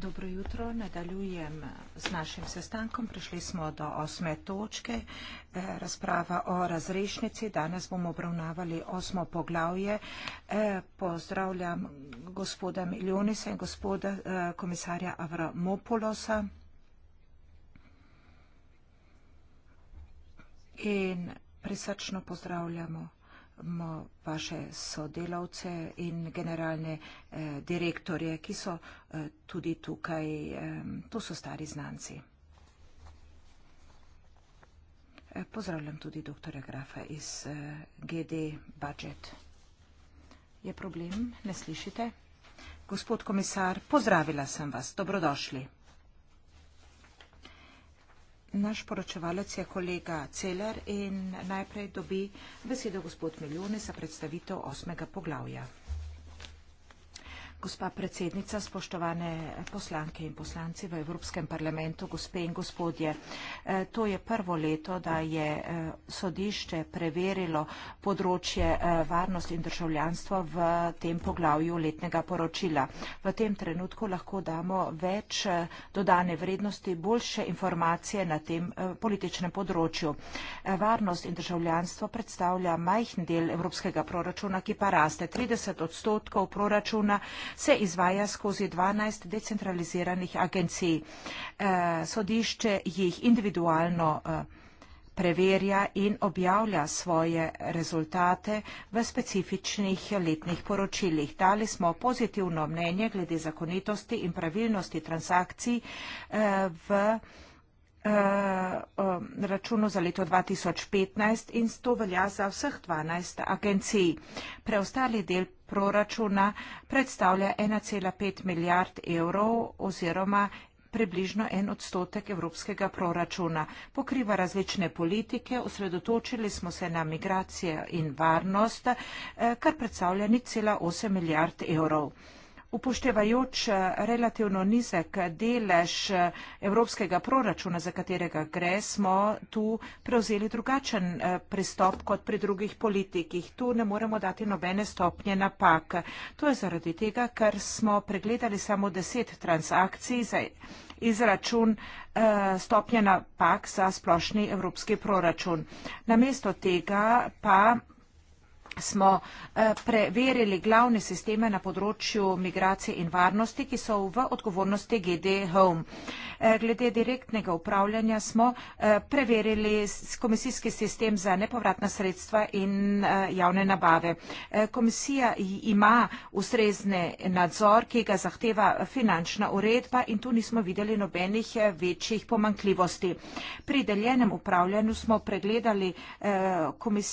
Dobro jutro, nadaljujem z našim sestankom. Prišli smo do osme točke. Eh, razprava o razrešnici. Danes bomo obravnavali osmo poglavje. Eh, pozdravljam gospoda Miljonisa in gospoda eh, komisarja Avramopolosa. In prisrčno pozdravljamo vaše sodelavce in generalne eh, direktorje, ki so eh, tudi tukaj. Eh, to so stari znanci. Eh, pozdravljam tudi doktora Grafa iz eh, GD Budget. Je problem? Ne slišite? Gospod komisar, pozdravila sem vas. Dobrodošli. Naš poročevalec je kolega Celer in najprej dobi besedo gospod Miljone za predstavitev osmega poglavja. Gospa predsednica, spoštovane poslanke in poslanci v Evropskem parlamentu, gospe in gospodje, eh, to je prvo leto, da je eh, sodišče preverilo področje eh, varnosti in državljanstva v tem poglavju letnega poročila. V tem trenutku lahko damo več dodane vrednosti, boljše informacije na tem političnem področju. Varnost in državljanstvo predstavlja majhen del evropskega proračuna, ki pa raste 30 odstotkov proračuna se izvaja skozi 12 decentraliziranih agencij. Eh, sodišče jih individualno eh, preverja in objavlja svoje rezultate v specifičnih letnih poročilih. Dali smo pozitivno mnenje glede zakonitosti in pravilnosti transakcij eh, v um, računu za leto 2015 in to velja za vseh 12 agencij. Preostali del proračuna predstavlja 1,5 milijard evrov oziroma približno en odstotek evropskega proračuna. Pokriva različne politike, osredotočili smo se na migracije in varnost, eh, kar predstavlja ni cela 8 milijard evrov. Upoštevajoč eh, relativno nizek delež eh, evropskega proračuna, za katerega gre, smo tu prevzeli drugačen eh, pristop kot pri drugih politikih. Tu ne moremo dati nobene stopnje napak. To je zaradi tega, ker smo pregledali samo deset transakcij za izračun stopnje napak za splošni evropski proračun. Namesto tega pa smo eh, preverili glavne sisteme na področju migracije in varnosti, ki so v odgovornosti GD Home. Eh, glede direktnega upravljanja smo eh, preverili komisijski sistem za nepovratna sredstva in javne nabave. Komisija ima ustrezne nadzor, ki ga zahteva finančna uredba in tu nismo videli nobenih večjih pomankljivosti. Pri deljenem upravljanju smo pregledali komis,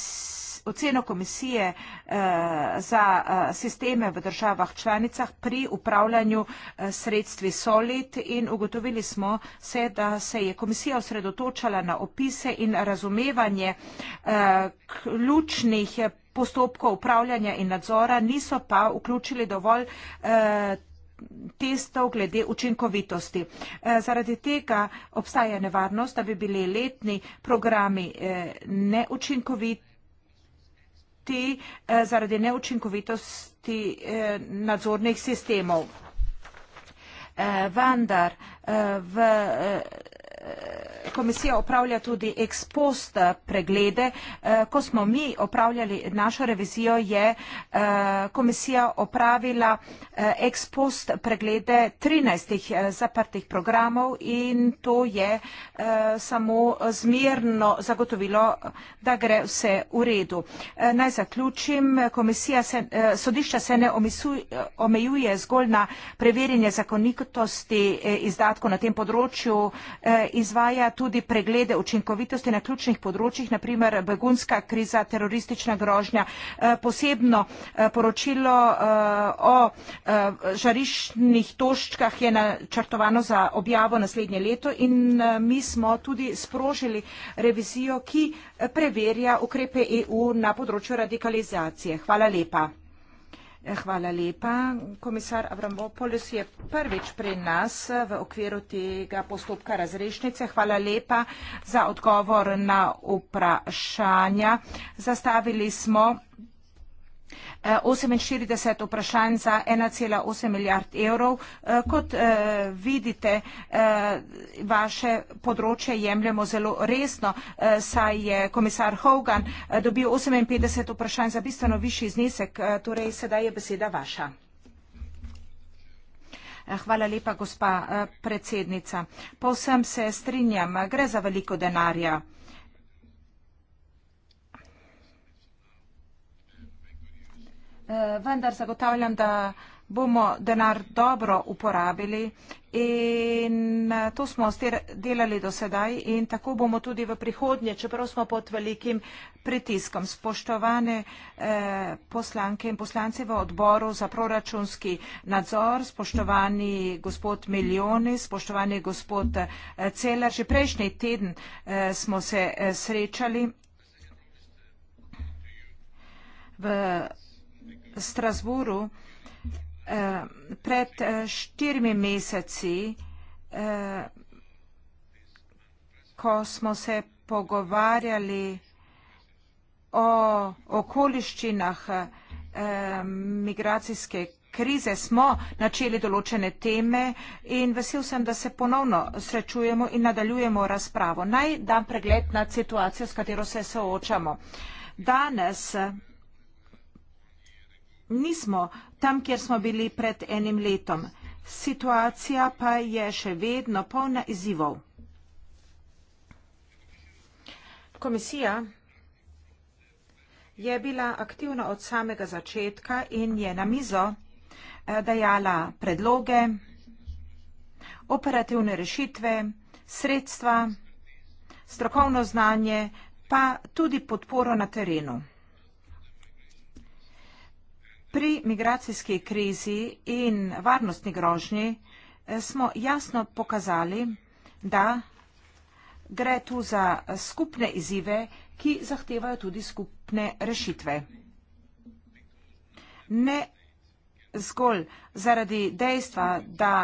oceno komisije, komisije eh, za eh, sisteme v državah članicah pri upravljanju eh, sredstvi Solid in ugotovili smo se, da se je komisija osredotočala na opise in razumevanje ključnih postopkov upravljanja in nadzora, niso pa vključili dovolj testov glede učinkovitosti. Zaradi tega obstaja nevarnost, da bi bili letni programi neučinkoviti, te eh, zaradi neučinkovitosti eh, nadzornih sistemov. Eh, vendar v komisija opravlja tudi ex post preglede. Eh, ko smo mi opravljali našo revizijo, je eh, komisija opravila eh, ex post preglede 13 zaprtih programov in to je samo zmerno zagotovilo, da gre vse v redu. Naj zaključim, komisija se, sodišča se ne omejuje zgolj na preverjanje zakonitosti izdatkov na tem področju, izvaja tudi preglede učinkovitosti na ključnih področjih, naprimer begunska kriza, teroristična grožnja, eh, posebno eh, poročilo eh, o žariščnih toščkah je načrtovano za objavo naslednje leto in mi smo tudi sprožili revizijo, ki preverja ukrepe EU na področju radikalizacije. Hvala lepa. Hvala lepa. Komisar Avramopoulos je prvič pri nas v okviru tega postopka razrešnice. Hvala lepa za odgovor na vprašanja. Zastavili smo 48 eh, vprašanj za 1,8 milijard evrov. Eh, kot eh, vidite, vaše področje jemljamo zelo resno, saj je komisar Hogan dobil 58 vprašanj za bistveno višji znesek, torej sedaj je beseda vaša. Hvala lepa, gospa predsednica. Povsem se strinjam, gre za veliko denarja. Eh, vendar zagotavljam, da bomo denar dobro uporabili in eh, to smo delali do sedaj in tako bomo tudi v prihodnje, čeprav smo pod velikim pritiskom. Spoštovane eh, poslanke in poslanci v odboru za proračunski nadzor, spoštovani gospod Miljoni, spoštovani gospod Celer, že prejšnji teden smo se srečali v odboru Strasburu eh, pred eh, štirimi meseci, eh, ko smo se pogovarjali o okoliščinah migracijske krize, smo načeli določene teme in vesel sem, da se ponovno srečujemo in nadaljujemo razpravo. Naj dam pregled nad situacijo, s katero se soočamo. Danes nismo tam, kjer smo bili pred enim letom. Situacija pa je še vedno polna izzivov. Komisija je bila aktivna od samega začetka in je na mizo eh, dajala predloge, operativne rešitve, sredstva, strokovno znanje, pa tudi podporo na terenu. Pri migracijski krizi in varnostni grožnji eh, smo jasno pokazali, da gre tu za eh, skupne izzive, ki zahtevajo tudi skupne rešitve. Ne zgolj zaradi dejstva, da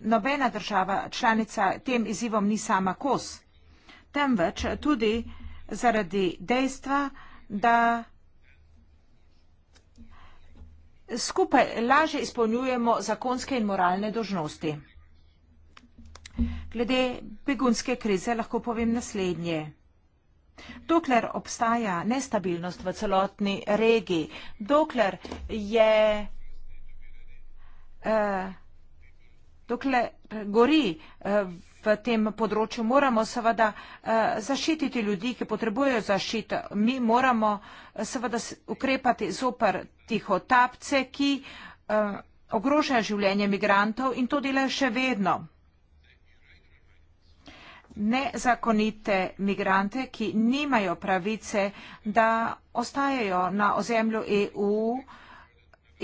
nobena država članica tem izzivom ni sama kos, temveč tudi zaradi dejstva, da skupaj lažje izpolnjujemo zakonske in moralne dožnosti. Glede begunske krize lahko povem naslednje. Dokler obstaja nestabilnost v celotni regiji, dokler je eh, dokler gori eh, V tem področju moramo seveda eh, zaščititi ljudi, ki potrebujejo zaščito. Mi moramo eh, seveda ukrepati zopr tihotapce, ki eh, ogrožajo življenje migrantov in to delajo še vedno. Nezakonite migrante, ki nimajo pravice, da ostajajo na ozemlju EU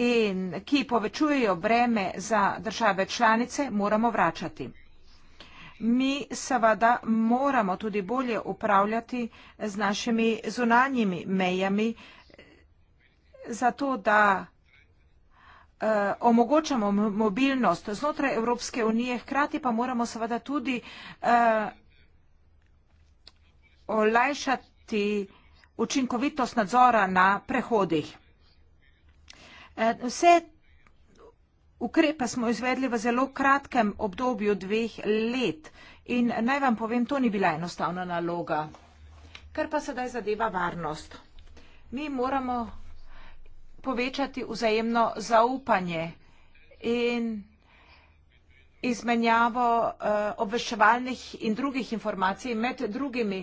in ki povečujejo breme za države članice, moramo vračati. Mi seveda moramo tudi bolje upravljati z našimi zunanjimi mejami, zato, da eh, omogočamo mobilnost znotraj Evropske unije, hkrati pa moramo seveda tudi eh, olajšati učinkovitost nadzora na prehodih. Eh, vse ukrepe smo izvedli v zelo kratkem obdobju dveh let in naj vam povem, to ni bila enostavna naloga. Ker pa sedaj zadeva varnost. Mi moramo povečati vzajemno zaupanje in izmenjavo eh, obveščevalnih in drugih informacij med drugimi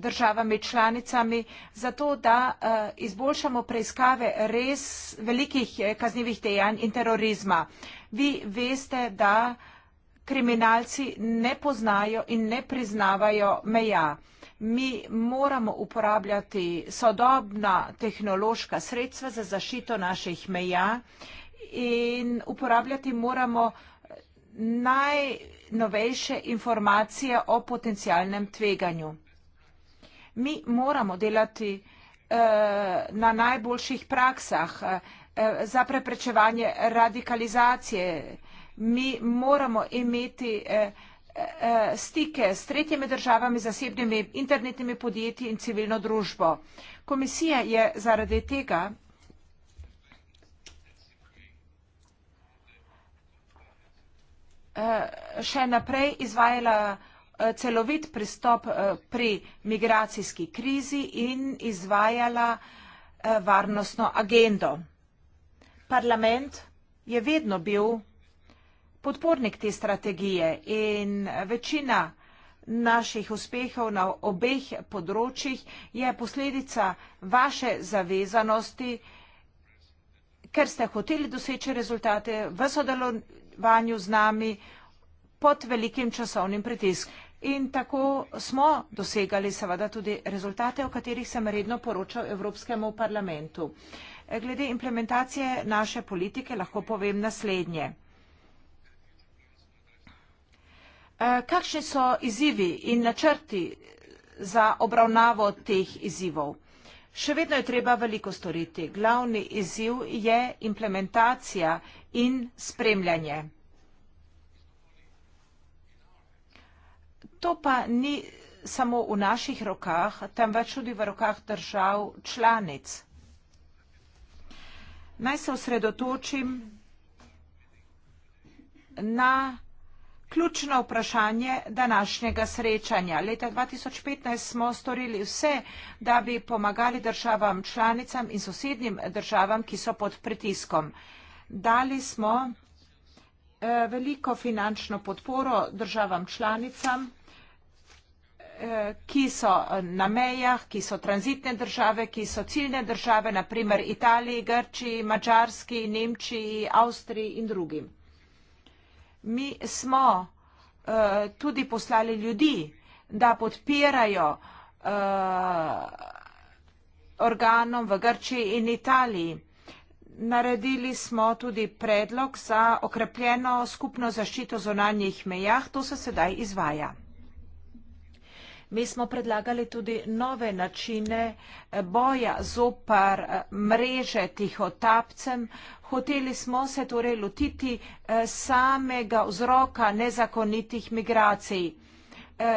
državami članicami, zato da eh, izboljšamo preiskave res velikih eh, kaznjivih dejanj in terorizma. Vi veste, da kriminalci ne poznajo in ne priznavajo meja mi moramo uporabljati sodobna tehnološka sredstva za zašito naših meja in uporabljati moramo najnovejše informacije o potencijalnem tveganju. Mi moramo delati eh, na najboljših praksah eh, za preprečevanje radikalizacije. Mi moramo imeti eh, Eh, stike s tretjimi državami, zasebnimi internetnimi podjetji in civilno družbo. Komisija je zaradi tega eh, še naprej izvajala eh, celovit pristop pri migracijski krizi in izvajala varnostno agendo. Parlament je vedno bil vsega, podpornik te strategije in večina naših uspehov na obeh področjih je posledica vaše zavezanosti, ker ste hoteli doseči rezultate v sodelovanju z nami pod velikim časovnim pritiskom. In tako smo dosegali seveda tudi rezultate, o katerih sem redno poročal Evropskemu parlamentu. Glede implementacije naše politike lahko povem naslednje. Eh, kakšni so izzivi in načrti za obravnavo teh izzivov? Še vedno je treba veliko storiti. Glavni izziv je implementacija in spremljanje. To pa ni samo v naših rokah, temveč tudi v rokah držav članic. Naj se osredotočim na izzivov, ključno vprašanje današnjega srečanja. Leta 2015 smo storili vse, da bi pomagali državam članicam in sosednjim državam, ki so pod pritiskom. Dali smo eh, veliko finančno podporo državam članicam, eh, ki so eh, na mejah, ki so tranzitne države, ki so ciljne države, naprimer Italiji, Grčiji, Mačarski, Nemčiji, Avstriji in drugim. Mi smo uh, tudi poslali ljudi, da podpirajo uh, organom v Grčiji in Italiji. Naredili smo tudi predlog za okrepljeno skupno zaščito zonanjih mejah, to se sedaj izvaja. Mi smo predlagali tudi nove načine eh, boja zopar eh, mreže tih otapcem. Hoteli smo se torej lotiti eh, samega vzroka nezakonitih migracij.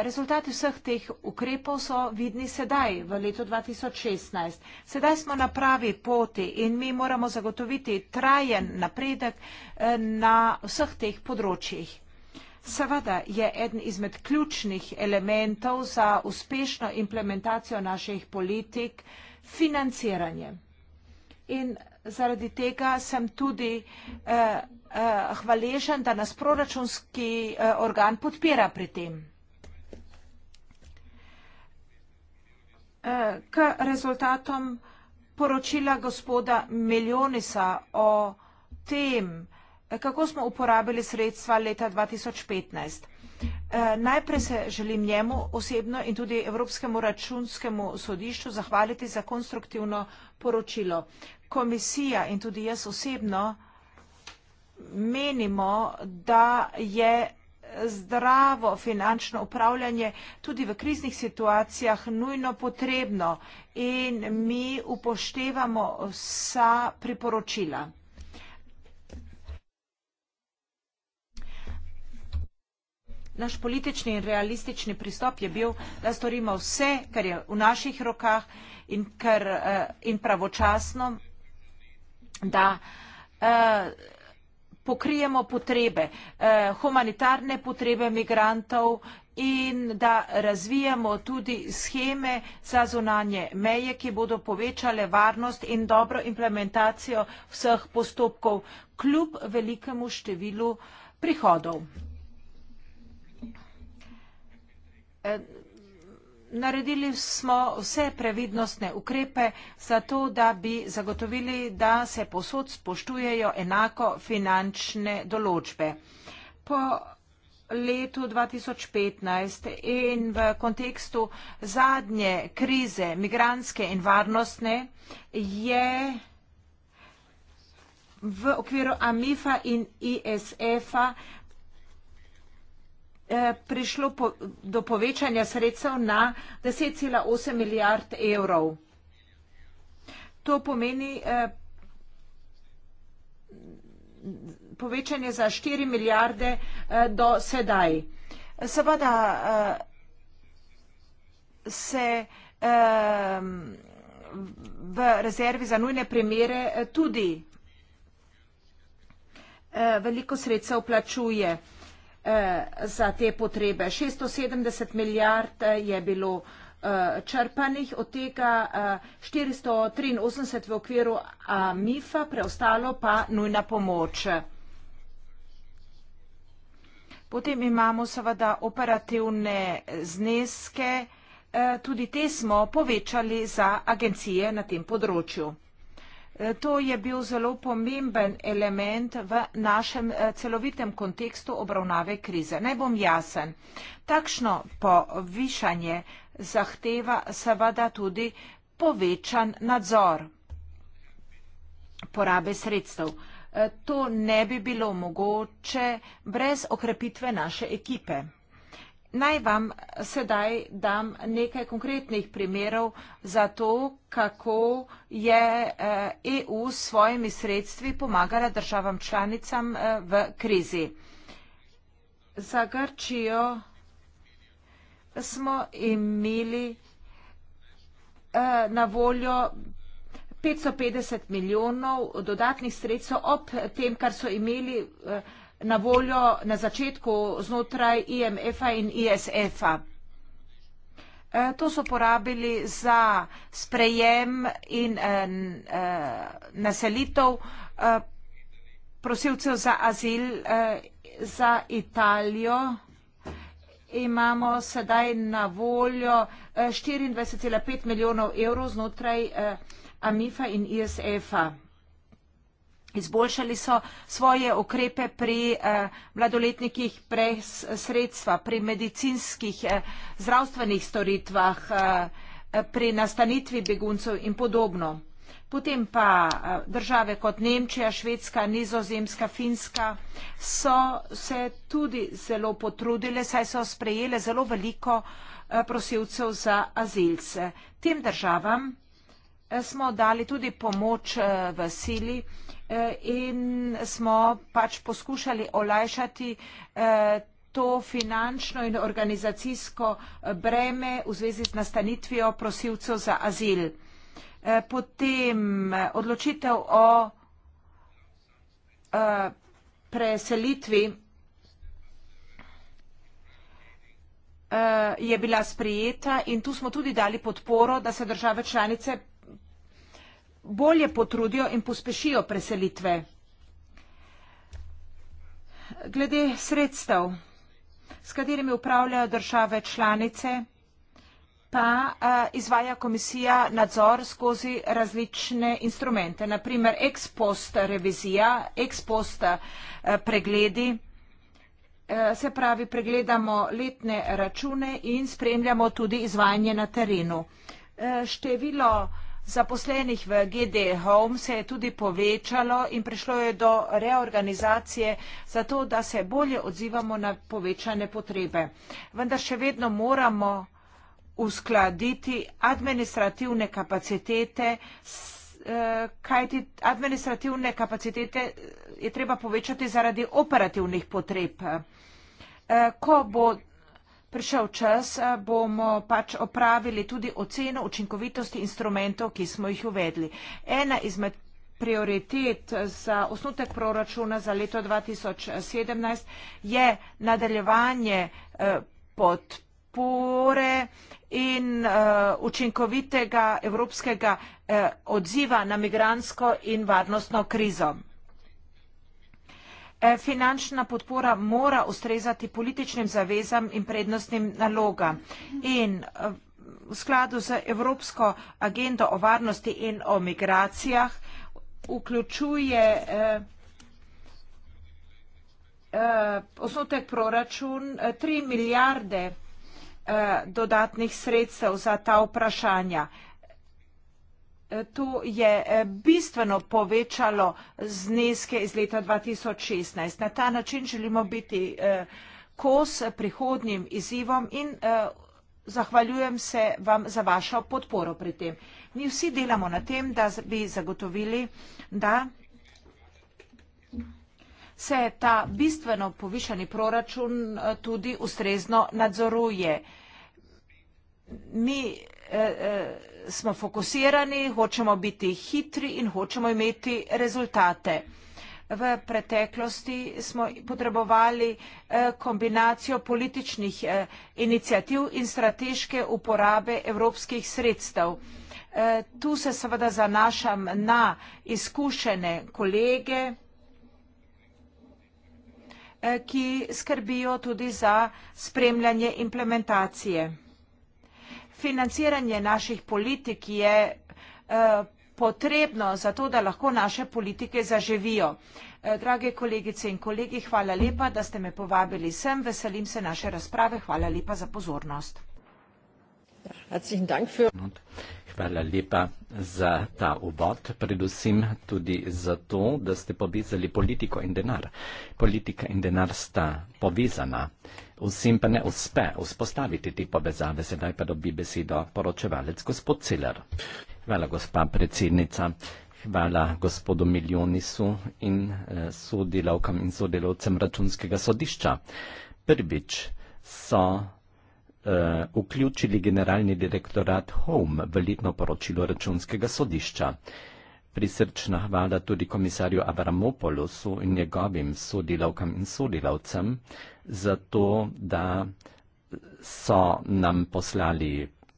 Rezultati vseh teh ukrepov so vidni sedaj, v letu 2016. Sedaj smo na pravi poti in mi moramo zagotoviti trajen napredek na vseh teh področjih seveda je eden izmed ključnih elementov za uspešno implementacijo naših politik financiranje. In zaradi tega sem tudi eh, eh, hvaležen, da nas proračunski eh, organ podpira pri tem. Eh, k rezultatom poročila gospoda Miljonisa o tem, eh, kako smo uporabili sredstva leta 2015. Eh, najprej se želim njemu osebno in tudi Evropskemu računskemu sodišču zahvaliti za konstruktivno poročilo. Komisija in tudi jaz osebno menimo, da je zdravo finančno upravljanje tudi v kriznih situacijah nujno potrebno in mi upoštevamo vsa priporočila. Naš politični in realistični pristop je bil, da storimo vse, kar je v naših rokah in, kar, eh, in pravočasno, da eh, pokrijemo potrebe, eh, humanitarne potrebe migrantov in da razvijamo tudi scheme za zunanje meje, ki bodo povečale varnost in dobro implementacijo vseh postopkov kljub velikemu številu prihodov. Naredili smo vse previdnostne ukrepe za to, da bi zagotovili, da se posod spoštujejo enako finančne določbe. Po letu 2015 in v kontekstu zadnje krize migranske in varnostne je v okviru AMIFA in ISF-a Eh, prišlo po, do povečanja sredstev na 10,8 milijard evrov. To pomeni eh, povečanje za 4 milijarde eh, do sedaj. Seveda eh, se eh, v rezervi za nujne primere eh, tudi eh, veliko sredstev plačuje. Eh, Eh, za te potrebe. 670 milijard eh, je bilo eh, črpanih, od tega 483 v okviru MIFA, preostalo pa nujna pomoč. Potem imamo seveda operativne zneske, tudi te smo povečali za agencije na tem področju. Eh, to je bil zelo pomemben element v našem eh, celovitem kontekstu obravnave krize. Naj bom jasen. Takšno povišanje zahteva seveda tudi povečan nadzor porabe sredstev. Eh, to ne bi bilo mogoče brez okrepitve naše ekipe. Naj vam sedaj dam nekaj konkretnih primerov za to, kako je EU eh, e s svojimi sredstvi pomagala državam članicam eh, v krizi. Za Grčijo smo imeli eh, na voljo 550 milijonov dodatnih sredstev ob tem, kar so imeli vsega, na voljo na začetku znotraj IMF-a in ISF-a. E, to so porabili za sprejem in e, e, naselitev prosilcev za azil za Italijo. Imamo sedaj na voljo 24,5 milijonov evrov znotraj AMIF-a in ISF-a. Izboljšali so svoje ukrepe pri eh, mladoletnikih brez eh, sredstva, pri medicinskih eh, zdravstvenih storitvah, pri nastanitvi beguncev in podobno. Potem pa države kot Nemčija, Švedska, Nizozemska, Finska so se tudi zelo potrudile, saj so sprejele zelo veliko prosilcev za azilce. Tem državam smo dali tudi pomoč v sili, Eh, in smo pač poskušali olajšati eh, to finančno in organizacijsko eh, breme v zvezi z nastanitvijo prosilcev za azil. Potem odločitev o preselitvi je bila sprijeta in tu smo tudi dali podporo, da se države članice bolje potrudijo in pospešijo preselitve. Glede sredstev, s katerimi upravljajo države članice, pa a, izvaja komisija nadzor skozi različne instrumente, naprimer ex post revizija, ex post a, pregledi, a, e, se pravi, pregledamo letne račune in spremljamo tudi izvajanje na terenu. A, e, število zaposlenih v GD Home se je tudi povečalo in prišlo je do reorganizacije zato, da se bolje odzivamo na povečane potrebe. Vendar še vedno moramo uskladiti administrativne kapacitete, eh, kajti administrativne kapacitete eh, je treba povečati zaradi operativnih potreb. Eh, ko bo prišel čas, eh, bomo pač opravili tudi oceno učinkovitosti instrumentov, ki smo jih uvedli. Ena izmed prioritet eh, za osnutek proračuna za leto 2017 je nadaljevanje eh, podpore in učinkovitega evropskega odziva na migransko in varnostno krizo. Eh, finančna podpora mora ustrezati političnim zavezam in prednostnim nalogam. In eh, v skladu z Evropsko agendo o varnosti in o migracijah vključuje eh, osnotek proračun 3 milijarde dodatnih sredstev za ta vprašanja. Eh, to je eh, bistveno povečalo zneske iz leta 2016. Na ta način želimo biti eh, kos prihodnjim izzivom in zahvaljujem se vam za vašo podporo pri tem. Mi vsi delamo na tem, da bi zagotovili, da se ta bistveno povišani proračun tudi ustrezno nadzoruje. Mi Eh, eh, smo fokusirani, hočemo biti hitri in hočemo imeti rezultate. V preteklosti smo potrebovali eh, kombinacijo političnih inicijativ in strateške uporabe evropskih sredstev. Tu se seveda zanašam na izkušene kolege, ki skrbijo tudi za spremljanje implementacije financiranje naših politik je eh, potrebno za to, da lahko naše politike zaživijo. Eh, drage kolegice in kolegi, hvala lepa, da ste me povabili sem. Veselim se naše razprave. Hvala lepa za pozornost. Hvala lepa za ta uvod, predvsem tudi zato, da ste povezali politiko in denar. Politika in denar sta povezana vsem pa ne uspe vzpostaviti te povezave, sedaj pa dobi besedo poročevalec gospod Ciller. Hvala, gospa predsednica. Hvala gospodu Milionisu in eh, sodelavkam in sodelovcem računskega sodišča. Prvič so uh, vključili generalni direktorat Home v letno poročilo računskega sodišča. Uh, Prisrčna hvala tudi komisarju Avramopolosu in njegovim sodelavkam in sodelavcem za to, da so nam poslali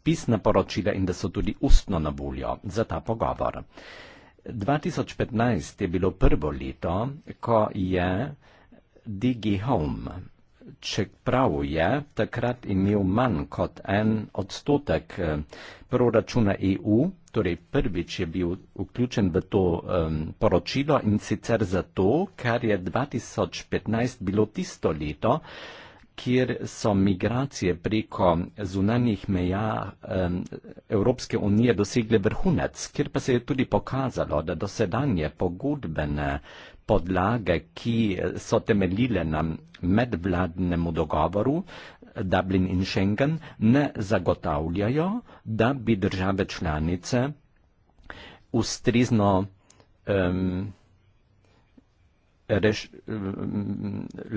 pisna poročila in da so tudi ustno na voljo za ta pogovor. 2015 je bilo prvo leto, ko je DigiHome čeprav je takrat imel manj kot en odstotek eh, proračuna EU, torej prvič je bil vključen v to um, poročilo in sicer zato, ker je 2015 bilo tisto leto, kjer so migracije preko zunanjih meja um, Evropske unije dosegle vrhunec, kjer pa se je tudi pokazalo, da dosedanje pogodbene podlage, ki so temeljile na medvladnem dogovoru Dublin in Schengen, ne zagotavljajo, da bi države članice ustrezno um, Reš,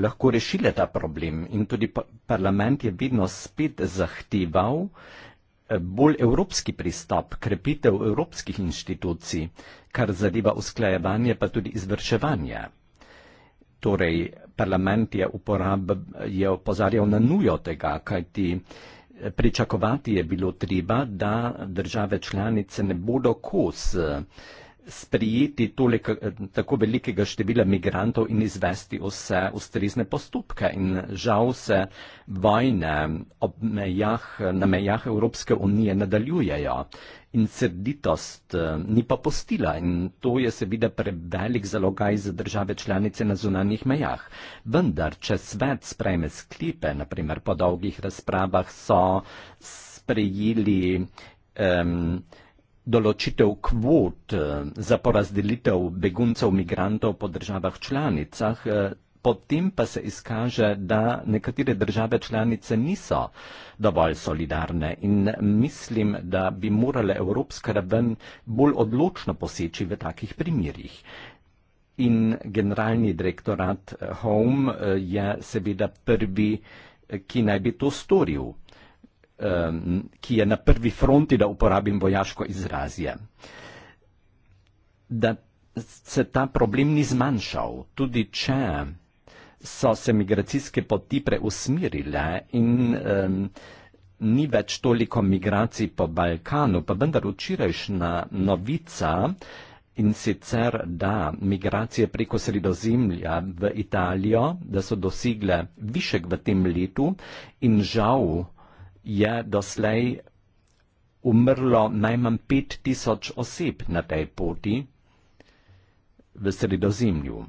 lahko rešile ta problem in tudi parlament je vedno spet zahteval eh, bolj evropski pristop, krepitev evropskih inštitucij kar zadeva usklajevanje, pa tudi izvrševanje. Torej, parlament je, uporab, je opozarjal na nujo tega, kajti eh, pričakovati je bilo treba, da države članice ne bodo kos eh, sprijeti tolik, tako velikega števila migrantov in izvesti vse ustrezne postopke. In žal se vojne mejah, na mejah Evropske unije nadaljujejo. In srditost eh, ni pa postila in to je seveda prevelik zalogaj za države članice na zunanjih mejah. Vendar, če svet sprejme sklepe, naprimer po dolgih razpravah so sprejeli um, določitev kvot eh, za porazdelitev beguncev, migrantov po državah članicah, eh, potem pa se izkaže, da nekatere države članice niso dovolj solidarne in mislim, da bi morale Evropska raven bolj odločno poseči v takih primerjih. In generalni direktorat eh, Home je seveda prvi, ki naj bi to storil. Um, ki je na prvi fronti, da uporabim vojaško izrazje. Da se ta problem ni zmanjšal, tudi če so se migracijske poti preusmirile in um, ni več toliko migracij po Balkanu, pa vendar včerajšnja novica in sicer, da migracije preko sredozemlja v Italijo, da so dosegle višek v tem letu in žal je doslej umrlo najmanj pet tisoč oseb na tej poti v sredozemlju.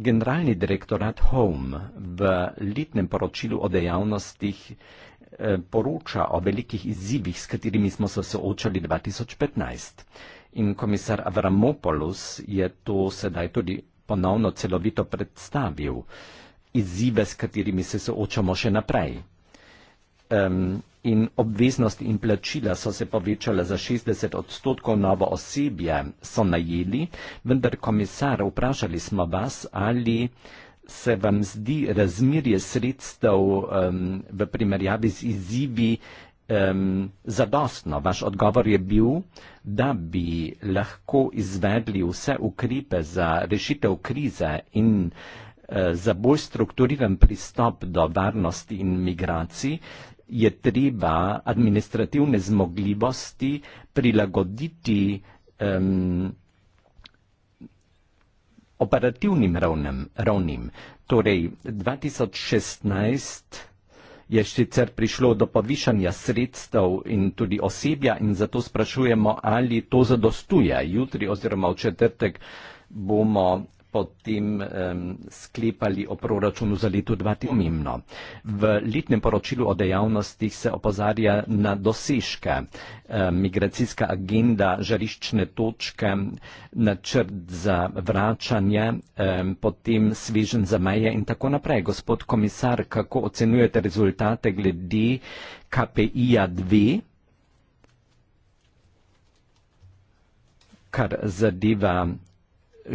Generalni direktorat Home v letnem poročilu o dejavnostih eh, poroča o velikih izzivih, s katerimi smo se soočali 2015. In komisar Avramopoulos je to sedaj tudi ponovno celovito predstavil. Uh, izzive, s katerimi se soočamo še naprej. Um, in obveznosti in plačila so se povečale za 60 odstotkov novo osebje, so najeli, vendar komisar, vprašali smo vas, ali se vam zdi razmirje sredstev um, v primerjavi z izzivi um, zadostno. Vaš odgovor je bil, da bi lahko izvedli vse ukrepe za rešitev krize in za bolj strukturiran pristop do varnosti in migracij, je treba administrativne zmogljivosti prilagoditi um, operativnim ravnem, ravnim. Torej, 2016 je sicer prišlo do povišanja sredstev in tudi osebja in zato sprašujemo, ali to zadostuje. Jutri oziroma v četrtek bomo potem um, sklepali o proračunu za leto 2020. V letnem poročilu o dejavnostih se opozarja na dosežke. Um, migracijska agenda, žariščne točke, načrt za vračanje, um, potem svežen za meje in tako naprej. Gospod komisar, kako ocenjujete rezultate glede KPI-ja 2? kar zadeva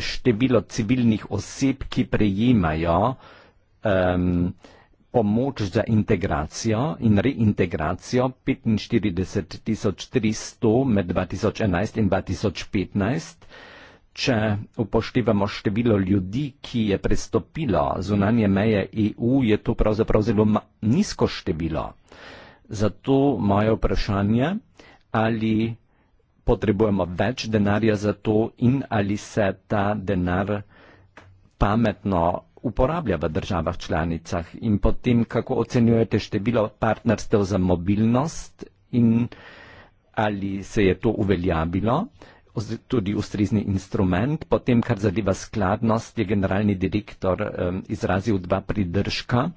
število civilnih oseb, ki prejemajo um, pomoč za integracijo in reintegracijo 45.300 med 2011 in 2015. Če upoštevamo število ljudi, ki je prestopilo zunanje meje EU, je to pravzaprav zelo nizko število. Zato moje vprašanje, ali potrebujemo več denarja za to in ali se ta denar pametno uporablja v državah članicah in potem, kako ocenjujete število partnerstev za mobilnost in ali se je to uveljavilo tudi ustrezni instrument. Potem, kar zadeva skladnost, je generalni direktor um, izrazil dva pridržka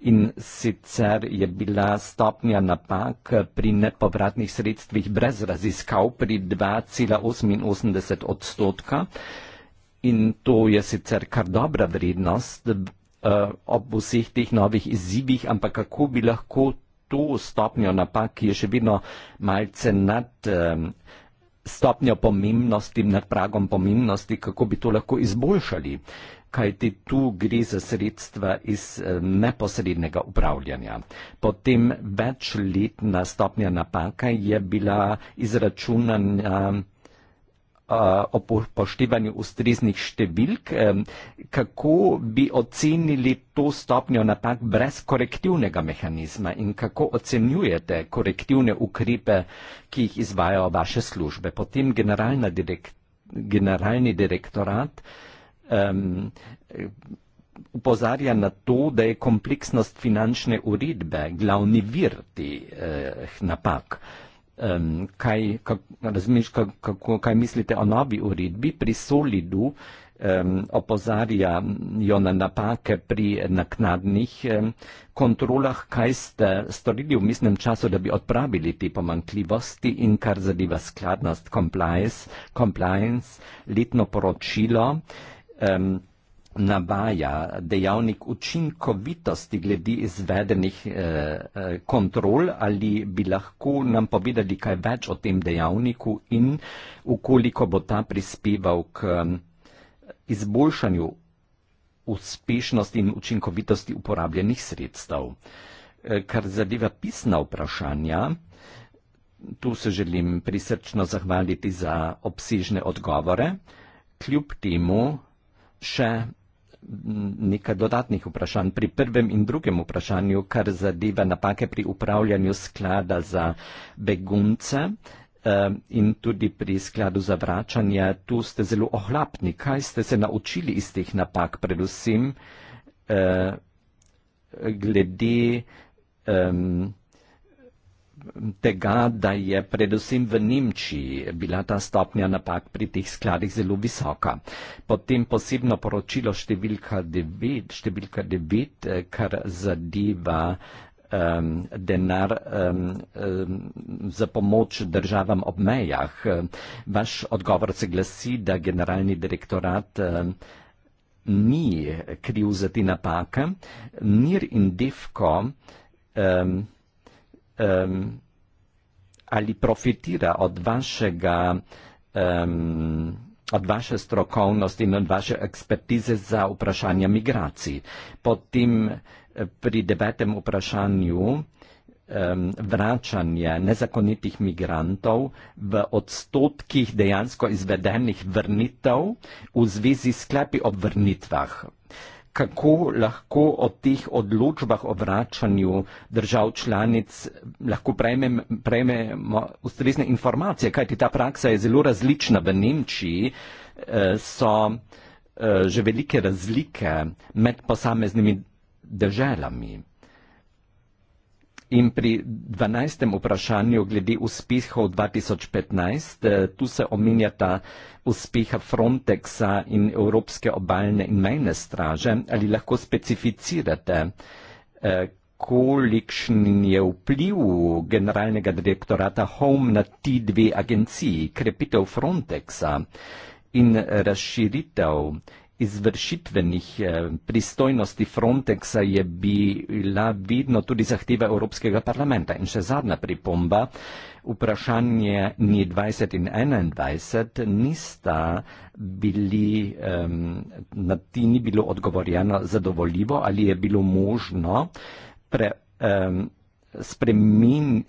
in sicer je bila stopnja napak pri nepovratnih sredstvih brez raziskav pri 2,88 odstotka in to je sicer kar dobra vrednost uh, ob vseh teh novih izzivih, ampak kako bi lahko to stopnjo napak, ki je še vedno malce nad. Um, stopnjo pomembnosti, nad pragom pomembnosti, kako bi to lahko izboljšali, kajti tu gre za sredstva iz eh, neposrednega upravljanja. Potem večletna stopnja napaka je bila izračunana ob upoštevanju ustreznih številk. Kako bi ocenili to stopnjo napak brez korektivnega mehanizma in kako ocenjujete korektivne ukrepe, ki jih izvajajo vaše službe? Potem direk, generalni direktorat um, upozarja na to, da je kompleksnost finančne uredbe glavni vir teh eh, napak um, kaj, kak, razumeš, kak, kako, kaj mislite o novi uredbi pri solidu, um, opozarjajo na napake pri naknadnih um, kontrolah, kaj ste storili v mislim času, da bi odpravili te pomankljivosti in kar zadeva skladnost, compliance, compliance letno poročilo. Um, navaja dejavnik učinkovitosti glede izvedenih eh, eh, kontrol, ali bi lahko nam povedali kaj več o tem dejavniku in ukoliko bo ta prispeval k eh, izboljšanju uspešnosti in učinkovitosti uporabljenih sredstev. Eh, kar zadeva pisna vprašanja, tu se želim prisrčno zahvaliti za obsežne odgovore, kljub temu še nekaj dodatnih vprašanj. Pri prvem in drugem vprašanju, kar zadeva napake pri upravljanju sklada za begunce eh, in tudi pri skladu za vračanje, tu ste zelo ohlapni. Kaj ste se naučili iz teh napak, predvsem eh, glede tega, da je predvsem v Nemčiji bila ta stopnja napak pri teh skladih zelo visoka. Potem posebno poročilo številka 9, številka 9 eh, kar zadeva um, denar um, um, za pomoč državam ob mejah. Vaš odgovor se glasi, da generalni direktorat. Um, ni kriv za te napake. Mir in Defko um, um, ali profitira od vašega um, od vaše strokovnosti in od vaše ekspertize za vprašanje migracij. Potem eh, pri devetem vprašanju um, vračanje nezakonitih migrantov v odstotkih dejansko izvedenih vrnitev v zvezi s sklepi o vrnitvah kako lahko o teh odločbah o vračanju držav članic lahko prejmemo prejme ustrezne informacije, kajti ta praksa je zelo različna. V Nemčiji eh, so eh, že velike razlike med posameznimi državami. In pri 12. vprašanju glede uspehov 2015, eh, tu se omenjata uspeha Frontexa in Evropske obaljne in mejne straže, ali lahko specificirate, eh, kolikšen je vpliv generalnega direktorata Home na ti dve agenciji, krepitev Frontexa in razširitev izvršitvenih eh, pristojnosti Frontexa je bila vidno tudi zahteva Evropskega parlamenta. In še zadnja pripomba, vprašanje ni 20 in 21, nista bili, na ti ni bilo odgovorjeno zadovoljivo ali je bilo možno pre,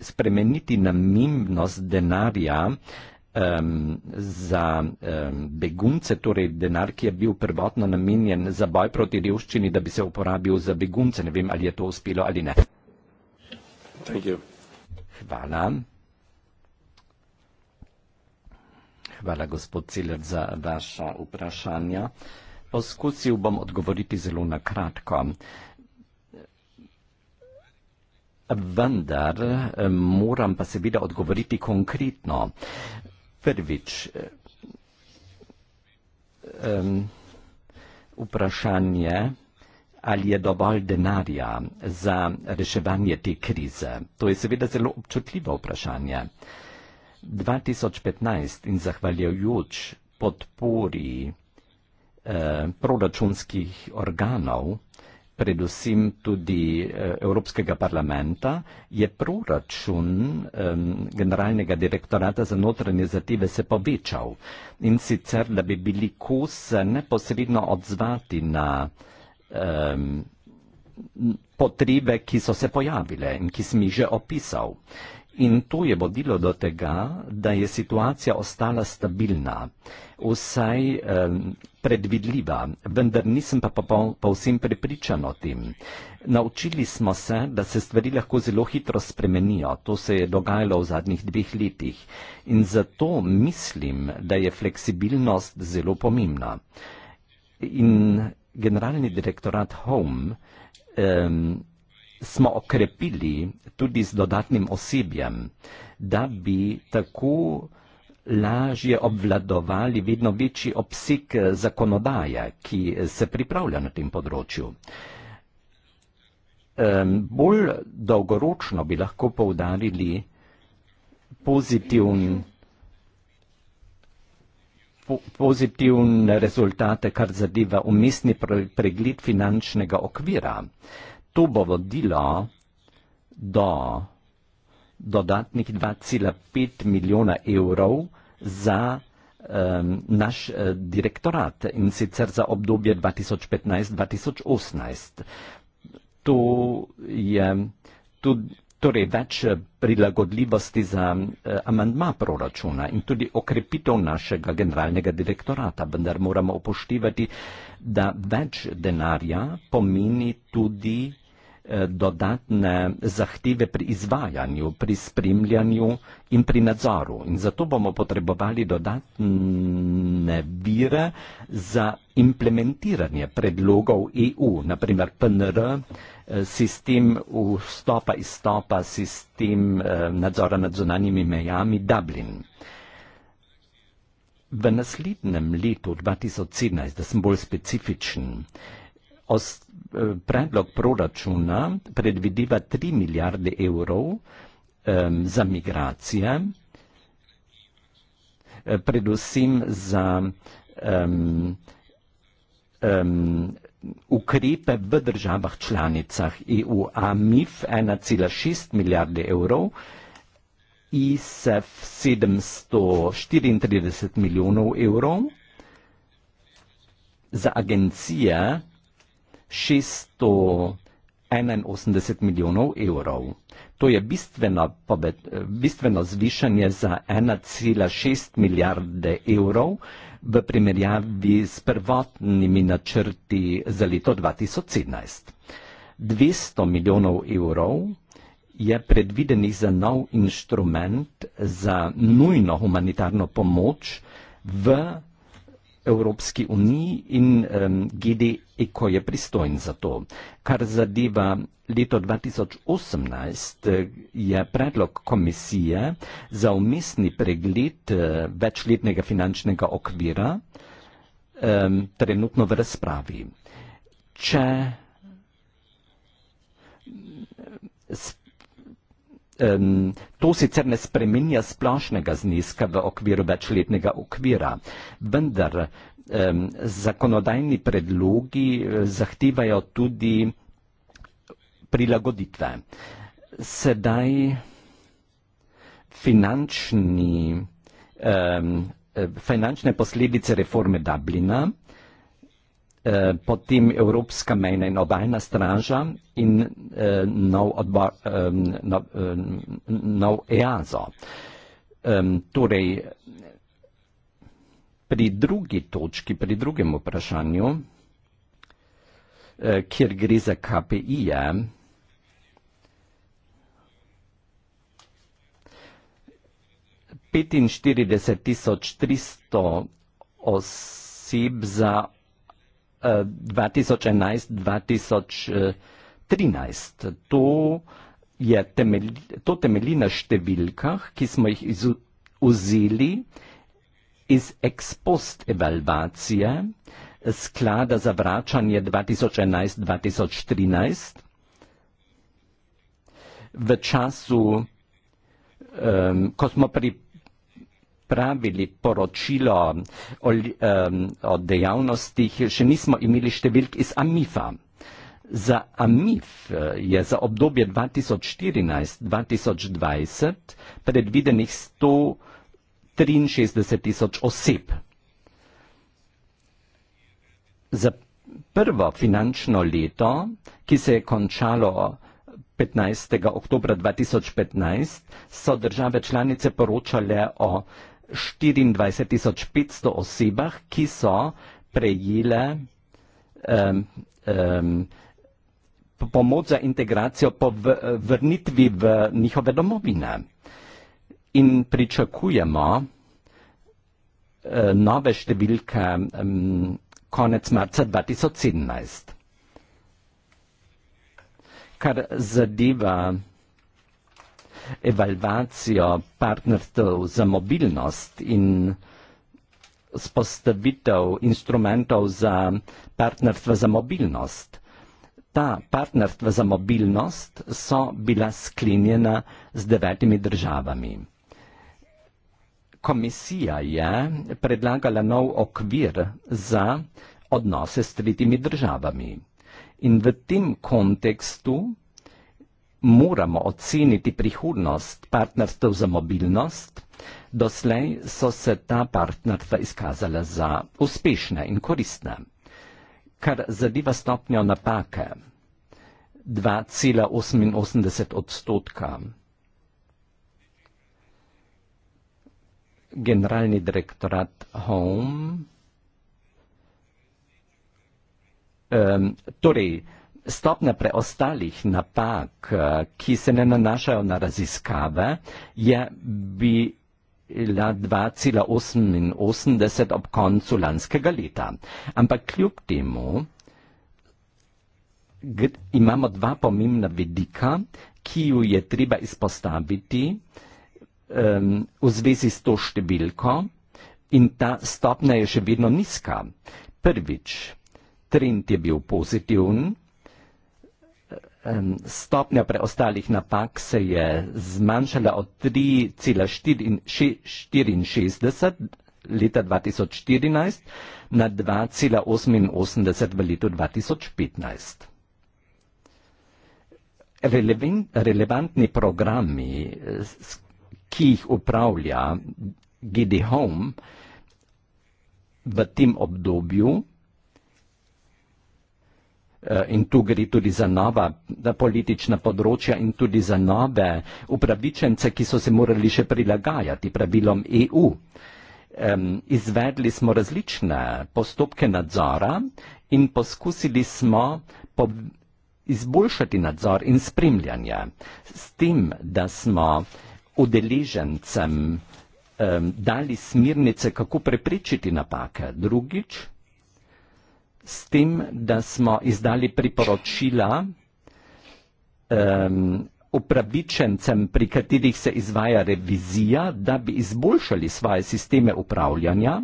spremeniti namimnost denarja um, za um, begunce, torej denar, ki je bil prvotno namenjen za boj proti revščini, da bi se uporabil za begunce. Ne vem, ali je to uspelo ali ne. Hvala. Hvala, gospod Ciler, za vaša vprašanja. Poskusil bom odgovoriti zelo na kratko. Vendar moram pa seveda odgovoriti konkretno prvič um, vprašanje, ali je dovolj denarja za reševanje te krize. To je seveda zelo občutljivo vprašanje. 2015 in zahvaljujoč podpori eh, proračunskih organov predvsem tudi eh, Evropskega parlamenta, je proračun um, Generalnega direktorata za notranje zadeve se povečal. In sicer, da bi bili kos eh, neposredno odzvati na um, potrebe, ki so se pojavile in ki sem jih že opisal. In to je vodilo do tega, da je situacija ostala stabilna, vsaj um, predvidljiva, vendar nisem pa povsem prepričan o tem. Naučili smo se, da se stvari lahko zelo hitro spremenijo. To se je dogajalo v zadnjih dveh letih. In zato mislim, da je fleksibilnost zelo pomembna. In generalni direktorat Home. Um, smo okrepili tudi z dodatnim osebjem, da bi tako lažje obvladovali vedno večji obseg zakonodaje, ki se pripravlja na tem področju. Bolj dolgoročno bi lahko poudarili pozitivn, po, pozitivne rezultate, kar zadeva umestni pregled finančnega okvira to bo vodilo do dodatnih 2,5 milijona evrov za um, naš uh, direktorat in sicer za obdobje 2015-2018. To je tudi torej več eh, prilagodljivosti za uh, amandma proračuna in tudi okrepitev našega generalnega direktorata, vendar moramo upoštevati, da več denarja pomeni tudi Eh, dodatne zahteve pri izvajanju, pri spremljanju in pri nadzoru. In zato bomo potrebovali dodatne vire za implementiranje predlogov EU, naprimer PNR, eh, sistem vstopa in stopa, sistem eh, nadzora nad zunanjimi mejami Dublin. V naslednjem letu 2017, da sem bolj specifičen, os, eh, predlog proračuna predvideva 3 milijarde evrov um, za migracije, eh, predvsem za um, um, ukrepe v državah članicah EU, a MIF 1,6 milijarde evrov, ISEF e 734 milijonov evrov, za agencije 681 milijonov evrov. To je bistveno, poved, bistveno zvišanje za 1,6 milijarde evrov v primerjavi s prvotnimi načrti za leto 2017. 200 milijonov evrov je predvidenih za nov inštrument za nujno humanitarno pomoč v Evropski uniji in um, GD Eko je pristojen za to. Kar zadeva leto 2018, je predlog komisije za umestni pregled eh, večletnega finančnega okvira um, trenutno v razpravi. Če Um, to sicer ne spreminja splošnega zneska v okviru večletnega okvira, vendar um, zakonodajni predlogi eh, zahtevajo tudi prilagoditve. Sedaj finančni, um, finančne posledice reforme Dublina Eh, potem Evropska mejna in obajna straža in eh, nov, odbor, eh, nov, eh, nov EASO. Eh, torej, pri drugi točki, pri drugem vprašanju, eh, kjer gre za KPI-je, petinštirideset tisoč tristo oseb za 2013. Eh, to, je temelj, to temelji na številkah, ki smo jih vzeli iz ekspost evalvacije sklada za vračanje 2011-2013. V času, um, ko smo pripravili pripravili poročilo o, um, o dejavnostih, še nismo imeli številk iz Amifa. Za Amif eh, je za obdobje 2014-2020 predvidenih 163 tisoč oseb. Za prvo finančno leto, ki se je končalo 15. oktober 2015, so države članice poročale o 24 tisoč 500 osebah, ki so prejele um, um, pomoč za integracijo po vrnitvi v njihove domovine. In pričakujemo uh, nove številke um, konec marca 2017. Kar zadeva evalvacijo partnerstv za mobilnost in spostavitev instrumentov za partnerstva za mobilnost. Ta partnerstva za mobilnost so bila sklenjena z devetimi državami. Komisija je predlagala nov okvir za odnose s tretjimi državami. In v tem kontekstu moramo oceniti prihodnost partnerstv za mobilnost, doslej so se ta partnerstva izkazala za uspešna in koristna. Kar zadeva stopnjo napake, 2,88 odstotka. Generalni direktorat Home. Um, torej, Stopnja preostalih napak, eh, ki se ne nanašajo na raziskave, je bila 2,88 ob koncu lanskega leta. Ampak kljub temu imamo dva pomembna vedika, ki ju je treba izpostaviti um, v zvezi s to številko in ta stopnja je še vedno nizka. Prvič, trend je bil pozitiven, stopnja preostalih napak se je zmanjšala od 3,64 leta 2014 na 2,88 v letu 2015. Relevantni programi, ki jih upravlja GD Home v tem obdobju, Eh, in tu gre tudi za nova politična področja in tudi za nove upravičence, ki so se morali še prilagajati pravilom EU. Izvedli smo različne postopke nadzora in poskusili smo izboljšati nadzor in spremljanje s tem, da smo udeležencem dali smirnice, kako preprečiti napake. Drugič, s tem, da smo izdali priporočila um, upravičencem, pri katerih se izvaja revizija, da bi izboljšali svoje sisteme upravljanja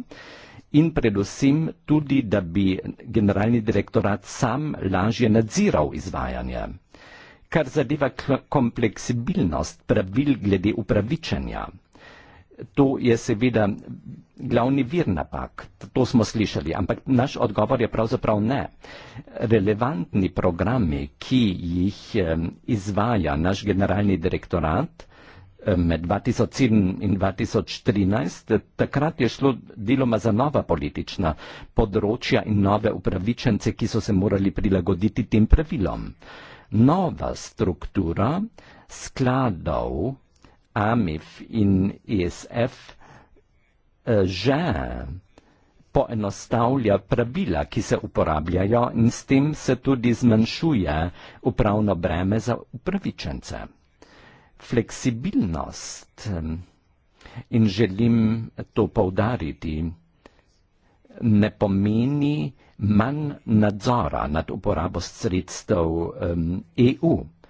in predvsem tudi, da bi generalni direktorat sam lažje nadziral izvajanje. Kar zadeva kompleksibilnost pravil glede upravičenja, to je seveda glavni vir napak. To smo slišali, ampak naš odgovor je pravzaprav ne. Relevantni programi, ki jih izvaja naš generalni direktorat med 2007 in 2013, takrat je šlo deloma za nova politična področja in nove upravičence, ki so se morali prilagoditi tem pravilom. Nova struktura skladov AMIF in ESF Eh, že poenostavlja pravila, ki se uporabljajo in s tem se tudi zmanjšuje upravno breme za upravičence. Fleksibilnost eh, in želim to povdariti, ne pomeni manj nadzora nad uporabo sredstev EU. Eh, e